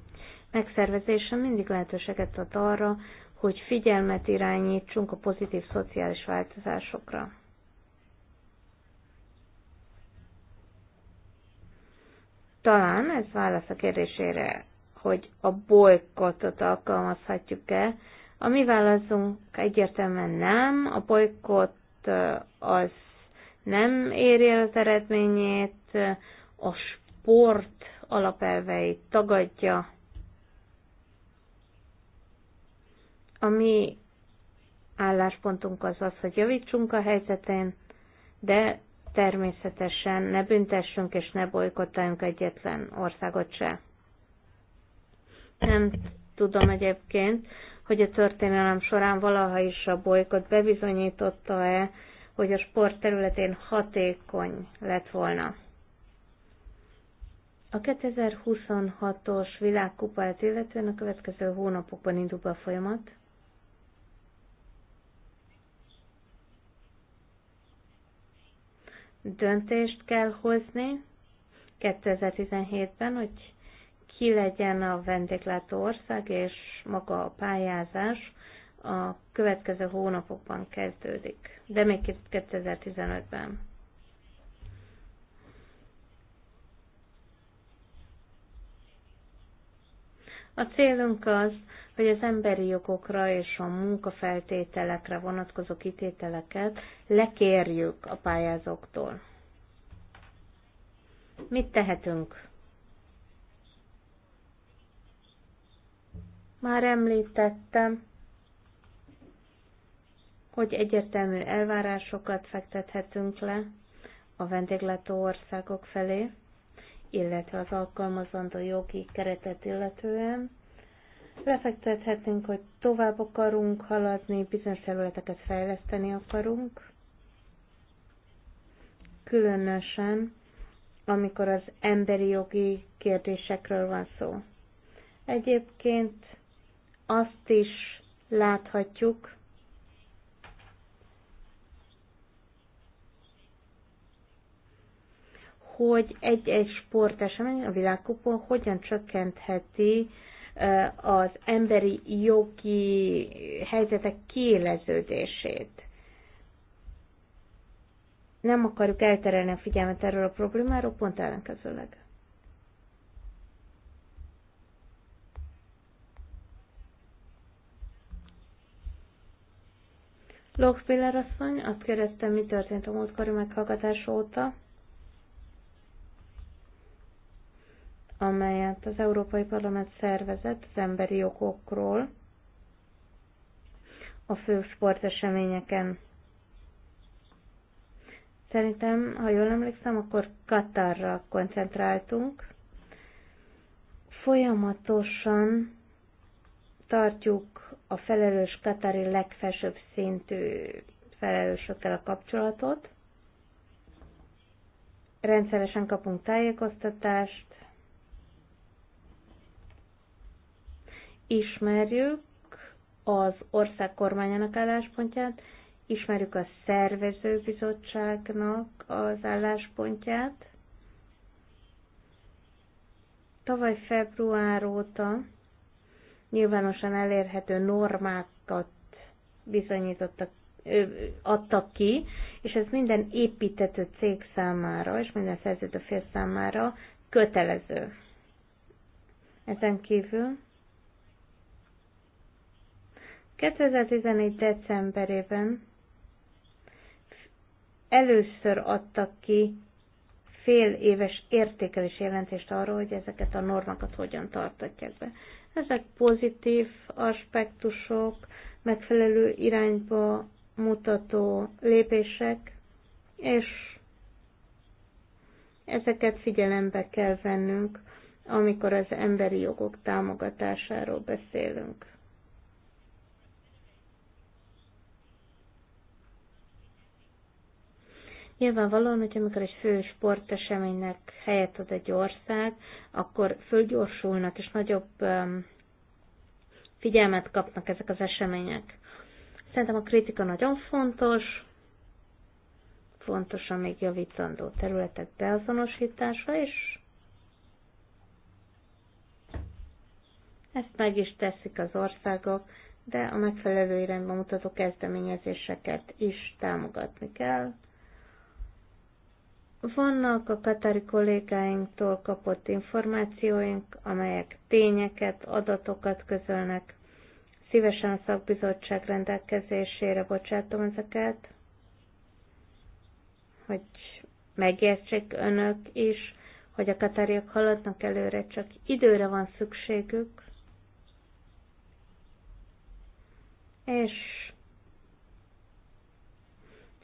megszervezése mindig lehetőséget ad arra, hogy figyelmet irányítsunk a pozitív szociális változásokra. Talán ez válasz a kérdésére, hogy a bolykottot alkalmazhatjuk-e. A mi válaszunk egyértelműen nem, a bolykott az nem éri el az eredményét, a sport alapelveit tagadja, A mi álláspontunk az az, hogy javítsunk a helyzetén, de természetesen ne büntessünk és ne bolykottáljunk egyetlen országot se. Nem tudom egyébként, hogy a történelem során valaha is a bolykot bebizonyította-e, hogy a sport területén hatékony lett volna. A 2026-os világkupát illetően a következő hónapokban indul be a folyamat. döntést kell hozni 2017-ben, hogy ki legyen a vendéglátó ország, és maga a pályázás a következő hónapokban kezdődik, de még 2015-ben. A célunk az, hogy az emberi jogokra és a munkafeltételekre vonatkozó kitételeket lekérjük a pályázóktól. Mit tehetünk? Már említettem, hogy egyértelmű elvárásokat fektethetünk le a vendéglátó országok felé, illetve az alkalmazandó jogi keretet illetően. Lefektethetünk, hogy tovább akarunk haladni, bizonyos területeket fejleszteni akarunk, különösen amikor az emberi jogi kérdésekről van szó. Egyébként azt is láthatjuk, hogy egy-egy sportesemény a világkupon hogyan csökkentheti az emberi jogi helyzetek kéleződését. Nem akarjuk elterelni a figyelmet erről a problémáról, pont ellenkezőleg. Lockpiller asszony azt kérdeztem, mi történt a múltkori meghallgatás óta. amelyet az Európai Parlament szervezett az emberi jogokról a fő sporteseményeken. Szerintem, ha jól emlékszem, akkor Katarra koncentráltunk. Folyamatosan tartjuk a felelős Katari legfelsőbb szintű felelősökkel a kapcsolatot. Rendszeresen kapunk tájékoztatást, ismerjük az ország kormányának álláspontját, ismerjük a szervezőbizottságnak az álláspontját. Tavaly február óta nyilvánosan elérhető normákat bizonyítottak adtak ki, és ez minden építető cég számára, és minden szerződő fél számára kötelező. Ezen kívül 2014. decemberében először adtak ki fél éves értékelés jelentést arról, hogy ezeket a normákat hogyan tartatják be. Ezek pozitív aspektusok, megfelelő irányba mutató lépések, és ezeket figyelembe kell vennünk, amikor az emberi jogok támogatásáról beszélünk. Nyilvánvalóan, hogy amikor egy fő sporteseménynek helyet ad egy ország, akkor fölgyorsulnak és nagyobb figyelmet kapnak ezek az események. Szerintem a kritika nagyon fontos, fontos a még javítandó területek beazonosítása, és ezt meg is teszik az országok, de a megfelelő irányba mutató kezdeményezéseket is támogatni kell. Vannak a katari kollégáinktól kapott információink, amelyek tényeket, adatokat közölnek. Szívesen a szakbizottság rendelkezésére bocsátom ezeket, hogy megértsék önök is, hogy a katariak haladnak előre, csak időre van szükségük, és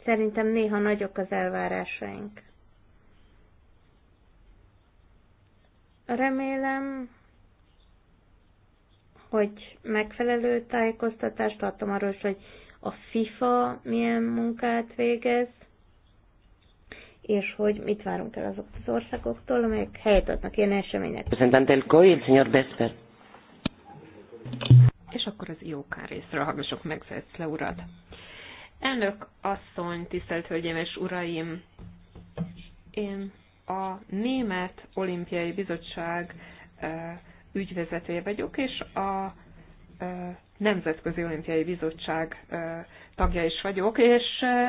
szerintem néha nagyok az elvárásaink. Remélem, hogy megfelelő tájékoztatást adtam arról is, hogy a FIFA milyen munkát végez, és hogy mit várunk el azok az országoktól, amelyek helyet adnak ilyen események. És akkor az IOK részről hallgassuk meg le urad. Elnök asszony, tisztelt hölgyeim és uraim, én a Német Olimpiai Bizottság ügyvezetője vagyok, és a Nemzetközi Olimpiai Bizottság tagja is vagyok, és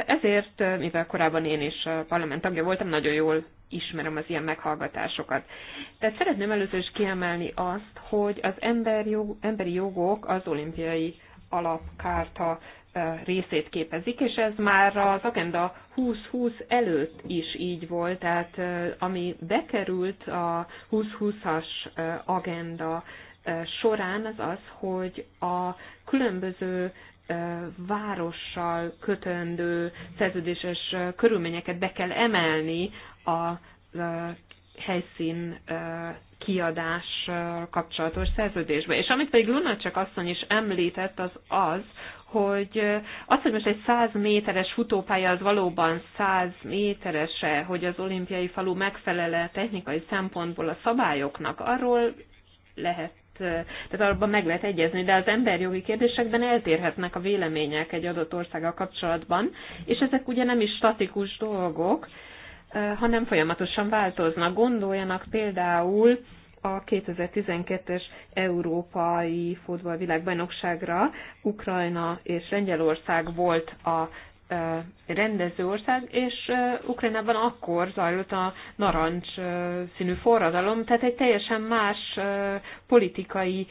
ezért, mivel korábban én is parlament tagja voltam, nagyon jól ismerem az ilyen meghallgatásokat. Tehát szeretném először is kiemelni azt, hogy az emberi jogok az olimpiai alapkárta részét képezik, és ez már az Agenda 2020 előtt is így volt, tehát ami bekerült a 2020-as agenda során az az, hogy a különböző várossal kötendő szerződéses körülményeket be kell emelni a helyszín kiadás kapcsolatos szerződésbe. És amit pedig Luna csak asszony is említett, az az, hogy az, hogy most egy 100 méteres futópálya az valóban 100 méterese, hogy az olimpiai falu megfelele technikai szempontból a szabályoknak, arról lehet tehát abban meg lehet egyezni, de az emberjogi kérdésekben eltérhetnek a vélemények egy adott országgal kapcsolatban, és ezek ugye nem is statikus dolgok, hanem folyamatosan változnak. Gondoljanak például a 2012-es Európai Világbajnokságra Ukrajna és Lengyelország volt a rendező ország, és Ukrajnában akkor zajlott a narancs színű forradalom, tehát egy teljesen más politikai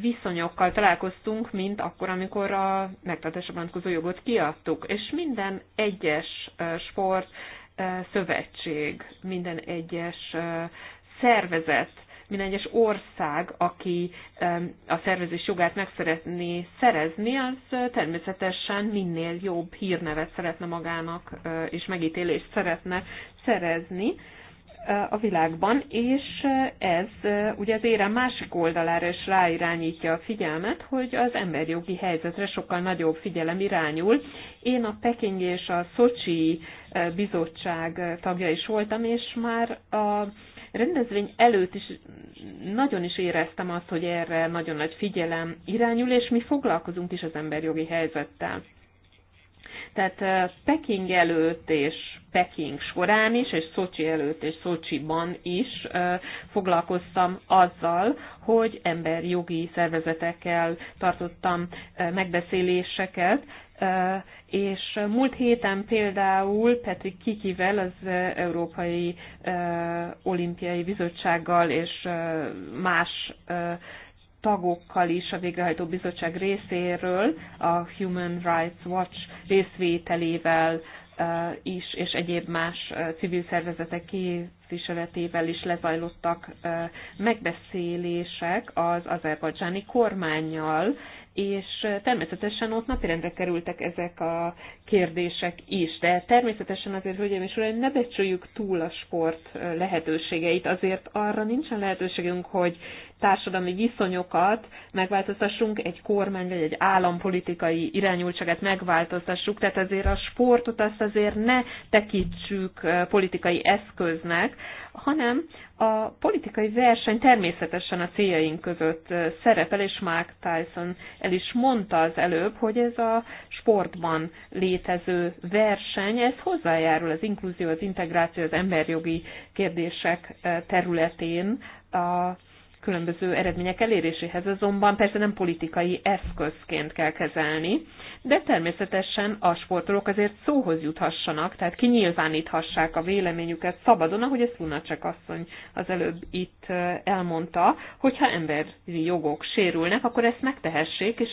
viszonyokkal találkoztunk, mint akkor, amikor a megtartásra vonatkozó jogot kiadtuk. És minden egyes sport szövetség, minden egyes szervezet minden egyes ország, aki a szervezés jogát meg szeretné szerezni, az természetesen minél jobb hírnevet szeretne magának, és megítélést szeretne szerezni a világban, és ez ugye az érem másik oldalára is ráirányítja a figyelmet, hogy az emberjogi helyzetre sokkal nagyobb figyelem irányul. Én a Peking és a Szocsi bizottság tagja is voltam, és már a rendezvény előtt is nagyon is éreztem azt, hogy erre nagyon nagy figyelem irányul, és mi foglalkozunk is az emberjogi helyzettel. Tehát Peking előtt és Peking során is, és Szocsi előtt és Szocsiban is foglalkoztam azzal, hogy emberjogi szervezetekkel tartottam megbeszéléseket, és múlt héten például Patrick Kikivel, az Európai Olimpiai Bizottsággal és más tagokkal is a végrehajtó bizottság részéről, a Human Rights Watch részvételével is, és egyéb más civil szervezetek képviseletével is lezajlottak megbeszélések az azerbajdzsáni kormányjal, és természetesen ott napirendre kerültek ezek a kérdések is, de természetesen azért, hölgyeim és uraim, ne becsüljük túl a sport lehetőségeit, azért arra nincsen lehetőségünk, hogy társadalmi viszonyokat megváltoztassunk, egy kormány vagy egy állampolitikai irányultságát megváltoztassuk, tehát azért a sportot azt azért ne tekintsük politikai eszköznek, hanem a politikai verseny természetesen a céljaink között eh, szerepel, és Mark Tyson el is mondta az előbb, hogy ez a sportban létező verseny, ez hozzájárul az inkluzió, az integráció, az emberjogi kérdések eh, területén a különböző eredmények eléréséhez azonban persze nem politikai eszközként kell kezelni, de természetesen a sportolók azért szóhoz juthassanak, tehát kinyilváníthassák a véleményüket szabadon, ahogy ezt csak asszony az előbb itt elmondta, hogyha emberi jogok sérülnek, akkor ezt megtehessék, és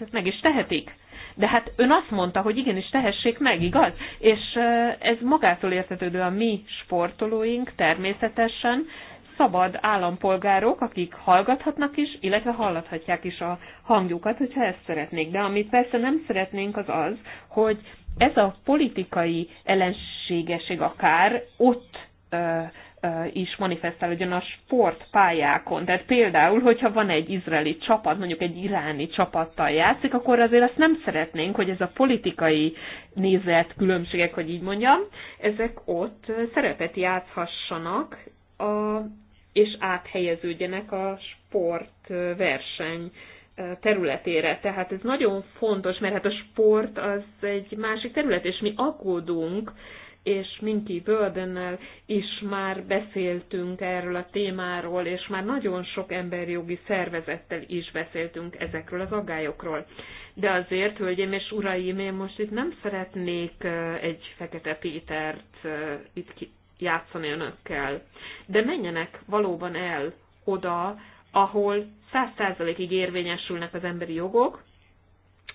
ezt meg is tehetik. De hát ön azt mondta, hogy igenis tehessék meg, igaz? És ez magától értetődő a mi sportolóink természetesen szabad állampolgárok, akik hallgathatnak is, illetve hallathatják is a hangjukat, hogyha ezt szeretnék. De amit persze nem szeretnénk az az, hogy ez a politikai ellenségesség akár ott ö, ö, is manifestálódjon a sportpályákon. Tehát például, hogyha van egy izraeli csapat, mondjuk egy iráni csapattal játszik, akkor azért azt nem szeretnénk, hogy ez a politikai nézet különbségek, hogy így mondjam, ezek ott szerepet játszhassanak a és áthelyeződjenek a sportverseny területére. Tehát ez nagyon fontos, mert hát a sport az egy másik terület, és mi aggódunk, és Minky Bördennel is már beszéltünk erről a témáról, és már nagyon sok emberjogi szervezettel is beszéltünk ezekről az aggályokról. De azért, hölgyeim és uraim, én most itt nem szeretnék egy Fekete Pétert itt játszani önökkel. De menjenek valóban el oda, ahol száz százalékig érvényesülnek az emberi jogok,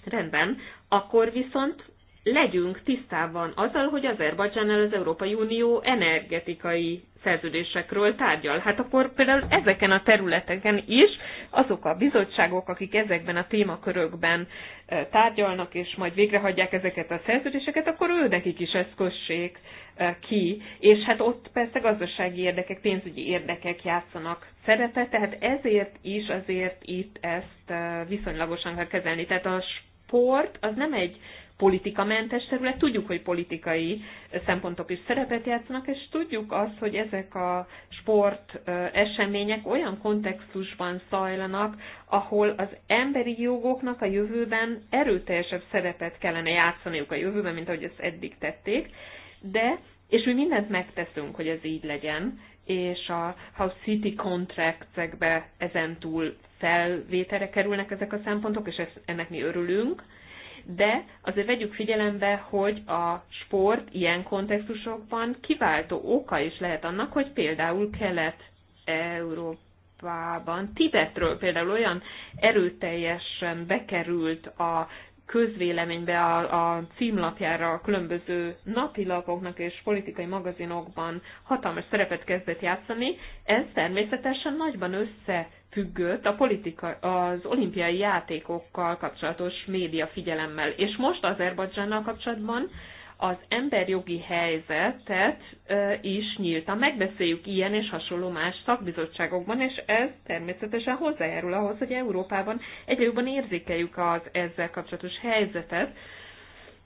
rendben, akkor viszont legyünk tisztában azzal, hogy Azerbajdzsánnal az Európai Unió energetikai szerződésekről tárgyal. Hát akkor például ezeken a területeken is azok a bizottságok, akik ezekben a témakörökben eh, tárgyalnak, és majd végrehajtják ezeket a szerződéseket, akkor ő nekik is ezt kössék eh, ki, és hát ott persze gazdasági érdekek, pénzügyi érdekek játszanak szerepe, tehát ezért is azért itt ezt eh, viszonylagosan kell kezelni. Tehát a sport az nem egy politikamentes terület. Tudjuk, hogy politikai szempontok is szerepet játszanak, és tudjuk azt, hogy ezek a sport események olyan kontextusban zajlanak, ahol az emberi jogoknak a jövőben erőteljesebb szerepet kellene játszaniuk a jövőben, mint ahogy ezt eddig tették, de és mi mindent megteszünk, hogy ez így legyen, és a House City Contracts-ekbe ezentúl felvételre kerülnek ezek a szempontok, és ezt, ennek mi örülünk, de azért vegyük figyelembe, hogy a sport ilyen kontextusokban kiváltó oka is lehet annak, hogy például Kelet-Európa Európában, Tibetről például olyan erőteljesen bekerült a közvéleménybe, a, a címlapjára a különböző napilapoknak és politikai magazinokban hatalmas szerepet kezdett játszani, ez természetesen nagyban össze függött a politika, az olimpiai játékokkal kapcsolatos média figyelemmel. És most Azerbajdzsánnal kapcsolatban az emberjogi helyzetet is nyílt. megbeszéljük ilyen és hasonló más szakbizottságokban, és ez természetesen hozzájárul ahhoz, hogy Európában egyre jobban érzékeljük az ezzel kapcsolatos helyzetet,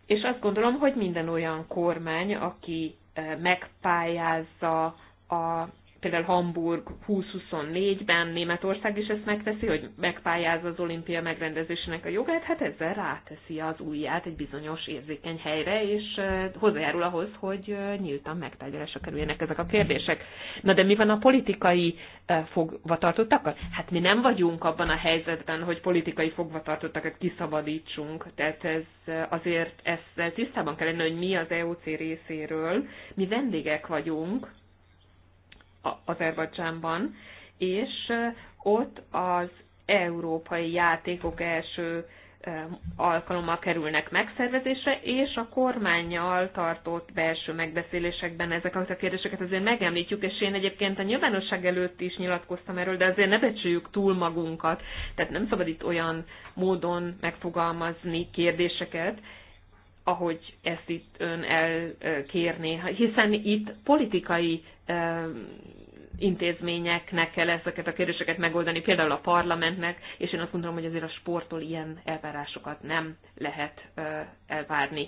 és azt gondolom, hogy minden olyan kormány, aki megpályázza a például Hamburg 2024-ben Németország is ezt megteszi, hogy megpályázza az olimpia megrendezésének a jogát, hát ezzel ráteszi az újját egy bizonyos érzékeny helyre, és hozzájárul ahhoz, hogy nyíltan megtárgyalásra kerüljenek ezek a kérdések. Na de mi van a politikai fogvatartottakkal? Hát mi nem vagyunk abban a helyzetben, hogy politikai fogvatartottakat kiszabadítsunk, tehát ez azért ezzel tisztában kell lenni, hogy mi az EOC részéről, mi vendégek vagyunk, Azerbajdzsánban, és ott az európai játékok első alkalommal kerülnek megszervezésre, és a kormányjal tartott belső megbeszélésekben ezeket a kérdéseket azért megemlítjük, és én egyébként a nyilvánosság előtt is nyilatkoztam erről, de azért ne becsüljük túl magunkat, tehát nem szabad itt olyan módon megfogalmazni kérdéseket, ahogy ezt itt ön elkérné, hiszen itt politikai intézményeknek kell ezeket a kérdéseket megoldani, például a parlamentnek, és én azt gondolom, hogy azért a sporttól ilyen elvárásokat nem lehet elvárni.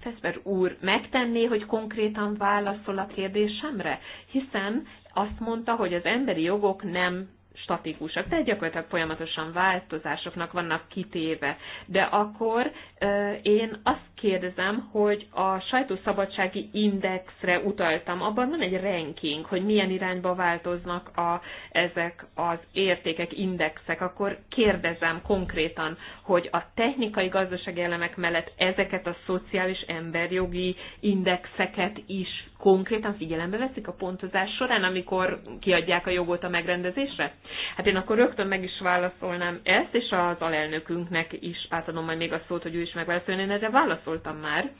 Feszber úr megtenné, hogy konkrétan válaszol a kérdésemre, hiszen azt mondta, hogy az emberi jogok nem statikusak, tehát gyakorlatilag folyamatosan változásoknak vannak kitéve. De akkor én azt kérdezem, hogy a sajtószabadsági indexre utaltam, abban van egy ranking, hogy milyen irányba változnak a, ezek az értékek, indexek, akkor kérdezem konkrétan, hogy a technikai gazdasági elemek mellett ezeket a szociális emberjogi indexeket is konkrétan figyelembe veszik a pontozás során, amikor kiadják a jogot a megrendezésre? Hát én akkor rögtön meg is válaszolnám ezt, és az alelnökünknek is átadom majd még a szót, hogy ő is megválaszoljon, én erre válaszoltam már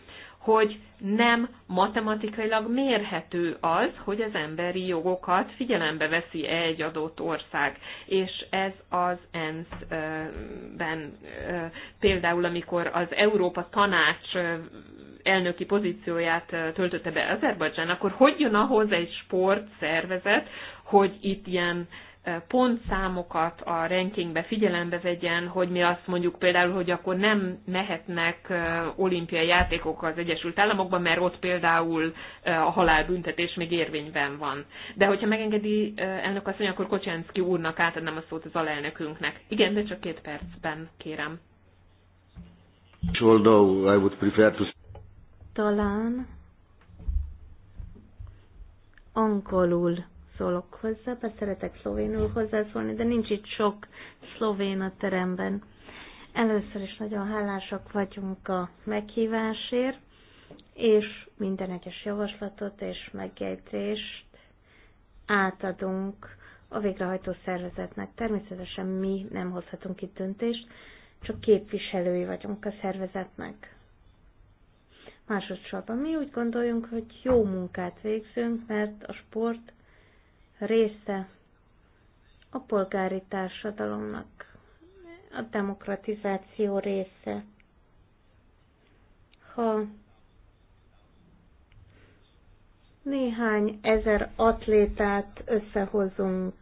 hogy nem matematikailag mérhető az, hogy az emberi jogokat figyelembe veszi -e egy adott ország. És ez az ENSZ-ben például, amikor az Európa Tanács elnöki pozícióját töltötte be Azerbajdzsán, akkor hogy jön ahhoz egy sportszervezet, hogy itt ilyen pontszámokat a rankingbe figyelembe vegyen, hogy mi azt mondjuk például, hogy akkor nem mehetnek olimpiai játékok az Egyesült Államokban, mert ott például a halálbüntetés még érvényben van. De hogyha megengedi elnök asszony, akkor Kocsenszki úrnak átadnám a szót az alelnökünknek. Igen, de csak két percben kérem. I would prefer to... Talán angolul szólok hozzá, be szeretek szlovénul hozzászólni, de nincs itt sok szlovén a teremben. Először is nagyon hálásak vagyunk a meghívásért, és minden egyes javaslatot és megjegyzést átadunk a végrehajtó szervezetnek. Természetesen mi nem hozhatunk itt döntést, csak képviselői vagyunk a szervezetnek. Másodszorban mi úgy gondoljunk, hogy jó munkát végzünk, mert a sport része a polgári társadalomnak, a demokratizáció része. Ha néhány ezer atlétát összehozunk,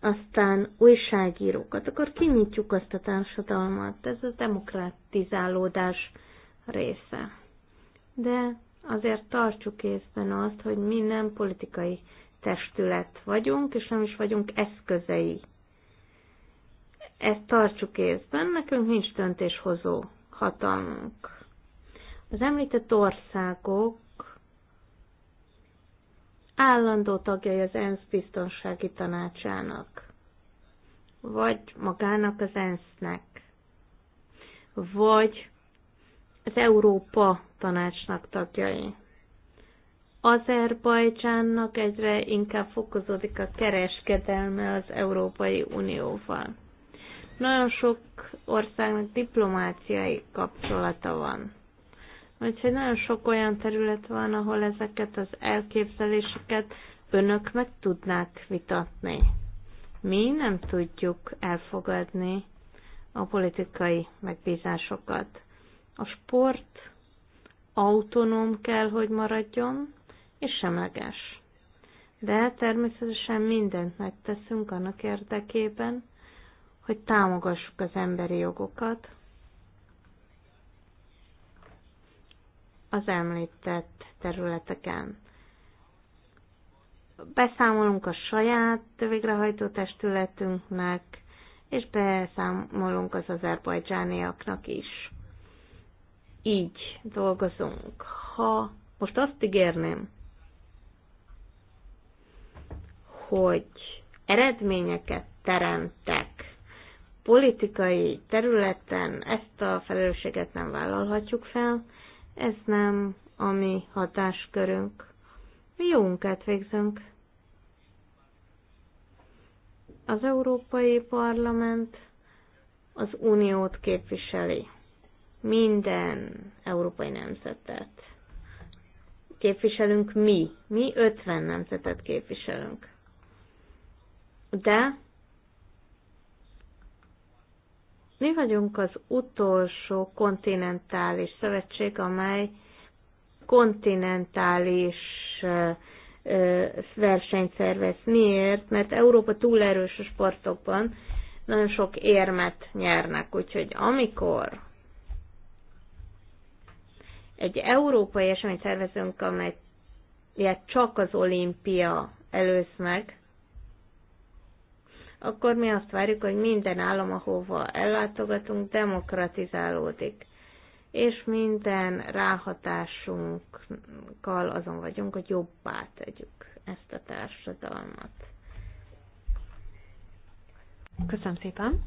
aztán újságírókat, akkor kinyitjuk azt a társadalmat. Ez a demokratizálódás része. De azért tartsuk észben azt, hogy mi nem politikai testület vagyunk, és nem is vagyunk eszközei. Ezt tartsuk észben, nekünk nincs döntéshozó hatalmunk. Az említett országok állandó tagjai az ENSZ biztonsági tanácsának, vagy magának az ENSZ-nek, vagy az Európa tanácsnak tagjai. Azerbajcsánnak egyre inkább fokozódik a kereskedelme az Európai Unióval. Nagyon sok országnak diplomáciai kapcsolata van. Úgyhogy nagyon sok olyan terület van, ahol ezeket az elképzeléseket önök meg tudnák vitatni. Mi nem tudjuk elfogadni a politikai megbízásokat. A sport autonóm kell, hogy maradjon, és semleges. De természetesen mindent megteszünk annak érdekében, hogy támogassuk az emberi jogokat, az említett területeken. Beszámolunk a saját végrehajtó testületünknek, és beszámolunk az azerbajdzsániaknak is. Így dolgozunk. Ha most azt ígérném, hogy eredményeket teremtek politikai területen, ezt a felelősséget nem vállalhatjuk fel, ez nem a mi hatáskörünk. Mi jó munkát végzünk. Az Európai Parlament az Uniót képviseli. Minden európai nemzetet képviselünk mi. Mi 50 nemzetet képviselünk de mi vagyunk az utolsó kontinentális szövetség, amely kontinentális versenyt szervez. Miért? Mert Európa túl erős a sportokban, nagyon sok érmet nyernek, úgyhogy amikor egy európai eseményt szervezünk, amelyet csak az olimpia előz meg, akkor mi azt várjuk, hogy minden állam, ahova ellátogatunk, demokratizálódik. És minden ráhatásunkkal azon vagyunk, hogy jobbá tegyük ezt a társadalmat. Köszönöm szépen,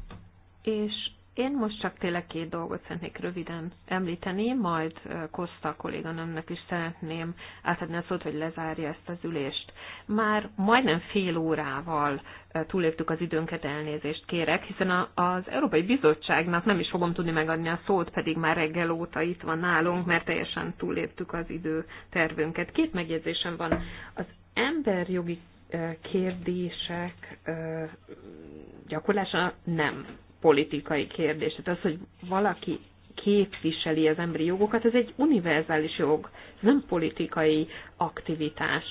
és én most csak tényleg két dolgot szeretnék röviden említeni, majd Koszta kolléganőmnek is szeretném átadni a szót, hogy lezárja ezt az ülést. Már majdnem fél órával túléptük az időnket, elnézést kérek, hiszen az Európai Bizottságnak nem is fogom tudni megadni a szót, pedig már reggel óta itt van nálunk, mert teljesen túléptük az időtervünket. Két megjegyzésem van. Az emberjogi kérdések gyakorlása nem politikai kérdés. Tehát az, hogy valaki képviseli az emberi jogokat, ez egy univerzális jog, ez nem politikai aktivitás.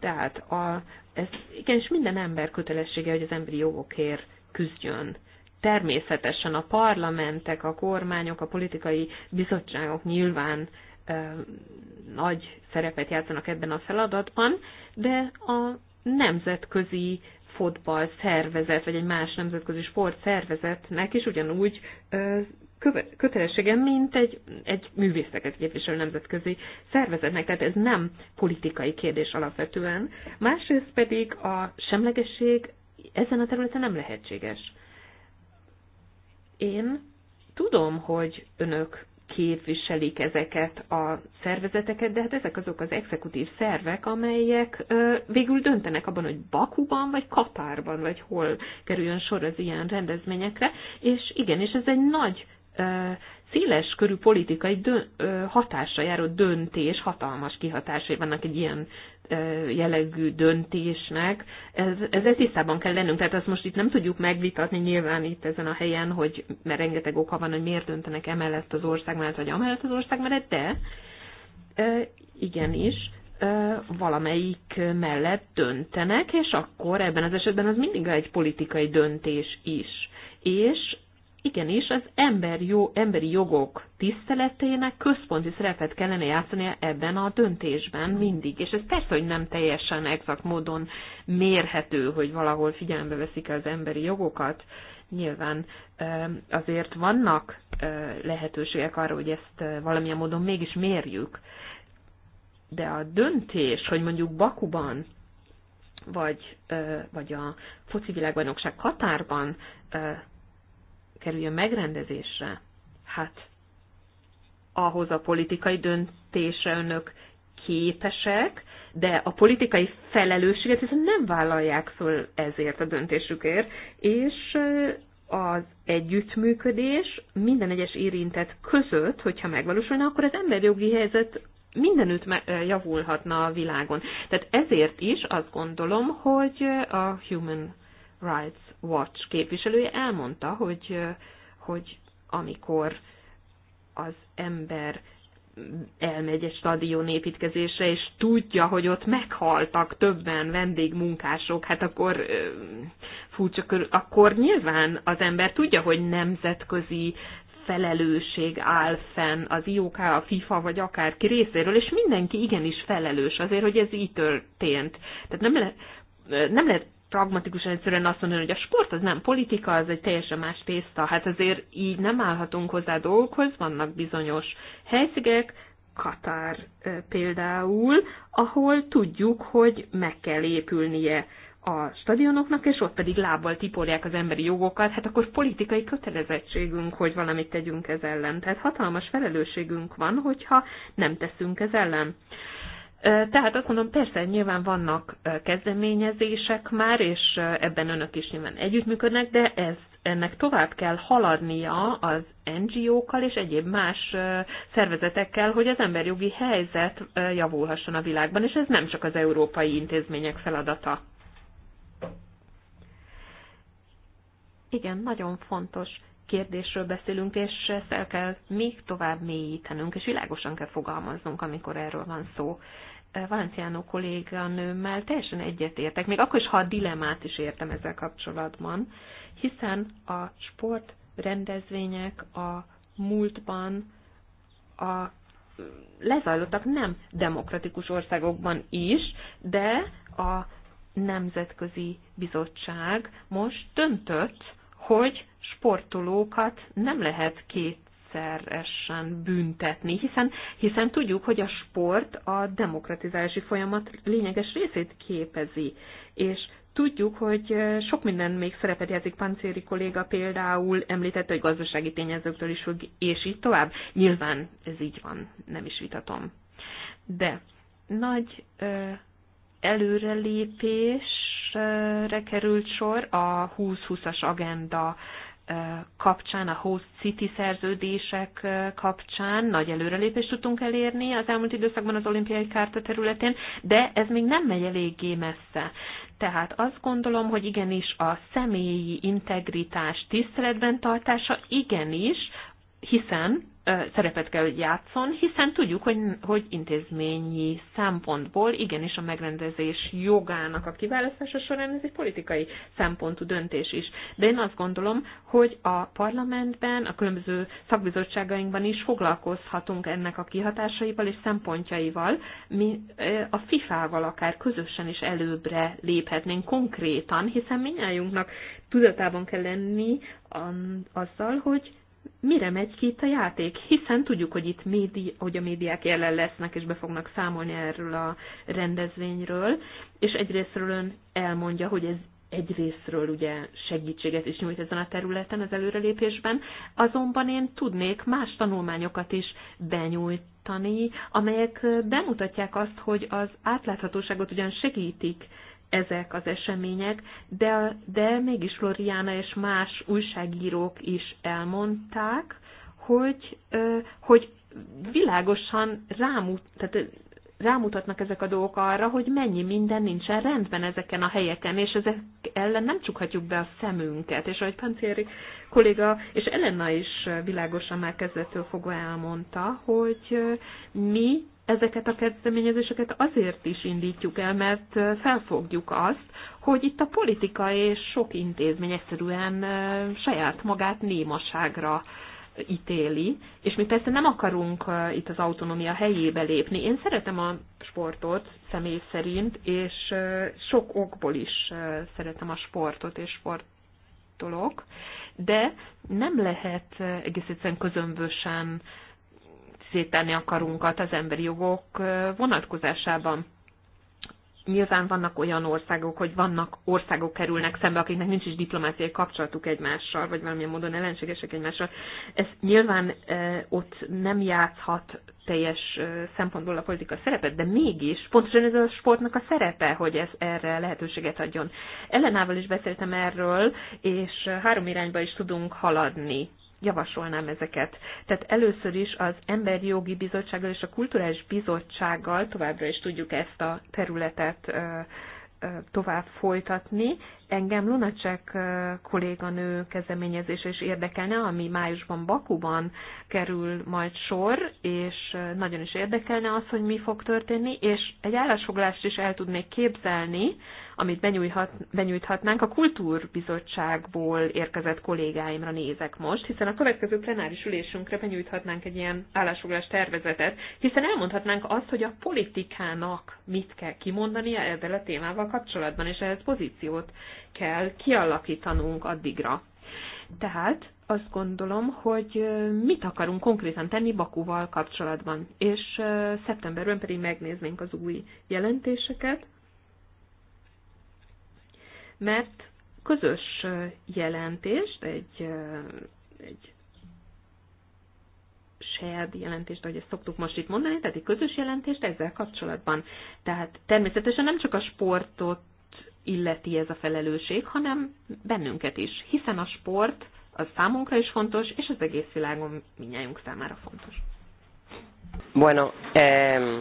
Tehát a, ez igenis minden ember kötelessége, hogy az emberi jogokért küzdjön. Természetesen a parlamentek, a kormányok, a politikai bizottságok nyilván ö, nagy szerepet játszanak ebben a feladatban, de a nemzetközi fotball szervezet, vagy egy más nemzetközi sport szervezetnek is ugyanúgy kötelessége, mint egy, egy művészeket képviselő nemzetközi szervezetnek. Tehát ez nem politikai kérdés alapvetően. Másrészt pedig a semlegesség ezen a területen nem lehetséges. Én tudom, hogy önök képviselik ezeket a szervezeteket, de hát ezek azok az exekutív szervek, amelyek ö, végül döntenek abban, hogy Bakuban, vagy Katárban, vagy hol kerüljön sor az ilyen rendezményekre, és igen, és ez egy nagy széles körű politikai dö- hatásra járó döntés, hatalmas kihatásai vannak egy ilyen jellegű döntésnek. Ez, ezzel tisztában kell lennünk, tehát azt most itt nem tudjuk megvitatni nyilván itt ezen a helyen, hogy mert rengeteg oka van, hogy miért döntenek emellett az ország mellett, vagy amellett az ország mellett, de igenis, valamelyik mellett döntenek, és akkor ebben az esetben az mindig egy politikai döntés is. És igenis az ember jó, emberi jogok tiszteletének központi szerepet kellene játszania ebben a döntésben mindig. És ez persze, hogy nem teljesen exakt módon mérhető, hogy valahol figyelembe veszik az emberi jogokat. Nyilván azért vannak lehetőségek arra, hogy ezt valamilyen módon mégis mérjük. De a döntés, hogy mondjuk Bakuban vagy, vagy a foci világbajnokság Katárban kerüljön megrendezésre? Hát, ahhoz a politikai döntésre önök képesek, de a politikai felelősséget hiszen nem vállalják föl ezért a döntésükért, és az együttműködés minden egyes érintett között, hogyha megvalósulna, akkor az emberjogi helyzet mindenütt javulhatna a világon. Tehát ezért is azt gondolom, hogy a Human Rights Watch képviselője elmondta, hogy, hogy amikor az ember elmegy egy stadion építkezésre, és tudja, hogy ott meghaltak többen vendégmunkások, hát akkor csak akkor nyilván az ember tudja, hogy nemzetközi felelősség áll fenn az IOK, a FIFA vagy akárki részéről, és mindenki igenis felelős azért, hogy ez így történt. Tehát nem, le, nem lehet pragmatikusan egyszerűen azt mondani, hogy a sport az nem politika, az egy teljesen más tészta. Hát azért így nem állhatunk hozzá dolgokhoz, vannak bizonyos helyszígek, Katár például, ahol tudjuk, hogy meg kell épülnie a stadionoknak, és ott pedig lábbal tiporják az emberi jogokat, hát akkor politikai kötelezettségünk, hogy valamit tegyünk ez ellen. Tehát hatalmas felelősségünk van, hogyha nem teszünk ez ellen. Tehát azt mondom, persze, nyilván vannak kezdeményezések már, és ebben önök is nyilván együttműködnek, de ez ennek tovább kell haladnia az NGO-kkal és egyéb más szervezetekkel, hogy az emberjogi helyzet javulhasson a világban, és ez nem csak az európai intézmények feladata. Igen, nagyon fontos kérdésről beszélünk, és ezt el kell még tovább mélyítenünk, és világosan kell fogalmaznunk, amikor erről van szó. Valenciánó kolléganőmmel teljesen egyetértek, még akkor is, ha a dilemát is értem ezzel kapcsolatban, hiszen a sport rendezvények a múltban a lezajlottak nem demokratikus országokban is, de a Nemzetközi Bizottság most döntött, hogy sportolókat nem lehet két rendszeresen büntetni, hiszen, hiszen tudjuk, hogy a sport a demokratizálási folyamat lényeges részét képezi, és tudjuk, hogy sok minden még szerepet játszik Pancéri kolléga például, említette, hogy gazdasági tényezőktől is függ, és így tovább. Nyilván ez így van, nem is vitatom. De nagy ö, előrelépésre került sor a 20-20-as agenda kapcsán, a host city szerződések kapcsán nagy előrelépést tudtunk elérni az elmúlt időszakban az olimpiai kárta területén, de ez még nem megy eléggé messze. Tehát azt gondolom, hogy igenis a személyi integritás tiszteletben tartása igenis, hiszen szerepet kell, hogy játszon, hiszen tudjuk, hogy, hogy intézményi szempontból igenis a megrendezés jogának a kiválasztása során ez egy politikai szempontú döntés is. De én azt gondolom, hogy a parlamentben, a különböző szakbizottságainkban is foglalkozhatunk ennek a kihatásaival és szempontjaival, mi a FIFA-val akár közösen is előbbre léphetnénk konkrétan, hiszen minnyájunknak tudatában kell lenni azzal, hogy mire megy ki itt a játék, hiszen tudjuk, hogy itt médi, hogy a médiák jelen lesznek, és be fognak számolni erről a rendezvényről, és egyrésztről ön elmondja, hogy ez egyrésztről ugye segítséget is nyújt ezen a területen az előrelépésben, azonban én tudnék más tanulmányokat is benyújtani, amelyek bemutatják azt, hogy az átláthatóságot ugyan segítik ezek az események, de, de mégis Floriana és más újságírók is elmondták, hogy, hogy világosan rámut, tehát rámutatnak ezek a dolgok arra, hogy mennyi minden nincsen rendben ezeken a helyeken, és ezek ellen nem csukhatjuk be a szemünket. És ahogy Pancieri kolléga és Elena is világosan már kezdettől fogva elmondta, hogy mi ezeket a kezdeményezéseket azért is indítjuk el, mert felfogjuk azt, hogy itt a politika és sok intézmény egyszerűen saját magát némaságra ítéli, és mi persze nem akarunk itt az autonómia helyébe lépni. Én szeretem a sportot személy szerint, és sok okból is szeretem a sportot és sportolok, de nem lehet egész egyszerűen közömbösen széttenni a karunkat az emberi jogok vonatkozásában. Nyilván vannak olyan országok, hogy vannak országok kerülnek szembe, akiknek nincs is diplomáciai kapcsolatuk egymással, vagy valamilyen módon ellenségesek egymással. Ez nyilván ott nem játszhat teljes szempontból a politika szerepet, de mégis pontosan ez a sportnak a szerepe, hogy ez erre lehetőséget adjon. Ellenával is beszéltem erről, és három irányba is tudunk haladni javasolnám ezeket. Tehát először is az Emberi Jogi Bizottsággal és a Kulturális Bizottsággal továbbra is tudjuk ezt a területet tovább folytatni. Engem Lunacek kolléganő kezdeményezése is érdekelne, ami májusban Bakuban kerül majd sor, és nagyon is érdekelne az, hogy mi fog történni, és egy állásfoglást is el tudnék képzelni, amit benyújhat, benyújthatnánk. A Kultúrbizottságból érkezett kollégáimra nézek most, hiszen a következő plenáris ülésünkre benyújthatnánk egy ilyen állásfoglalás tervezetet, hiszen elmondhatnánk azt, hogy a politikának mit kell kimondania ezzel a témával kapcsolatban, és ehhez pozíciót kell kialakítanunk addigra. Tehát azt gondolom, hogy mit akarunk konkrétan tenni Bakúval kapcsolatban, és szeptemberben pedig megnéznénk az új jelentéseket, mert közös jelentést, egy, egy shared jelentést, ahogy ezt szoktuk most itt mondani, tehát egy közös jelentést ezzel kapcsolatban. Tehát természetesen nem csak a sportot illeti ez a felelősség, hanem bennünket is, hiszen a sport az számunkra is fontos, és az egész világon minnyájunk számára fontos. Bueno, eh,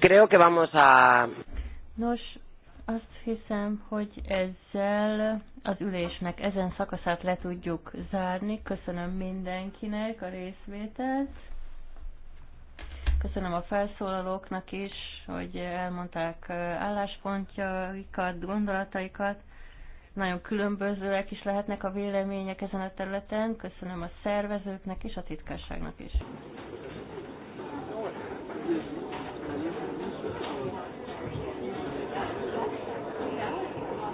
creo que vamos a... Nos, azt hiszem, hogy ezzel az ülésnek ezen szakaszát le tudjuk zárni. Köszönöm mindenkinek a részvételt. Köszönöm a felszólalóknak is, hogy elmondták álláspontjaikat, gondolataikat. Nagyon különbözőek is lehetnek a vélemények ezen a területen. Köszönöm a szervezőknek és a titkárságnak is.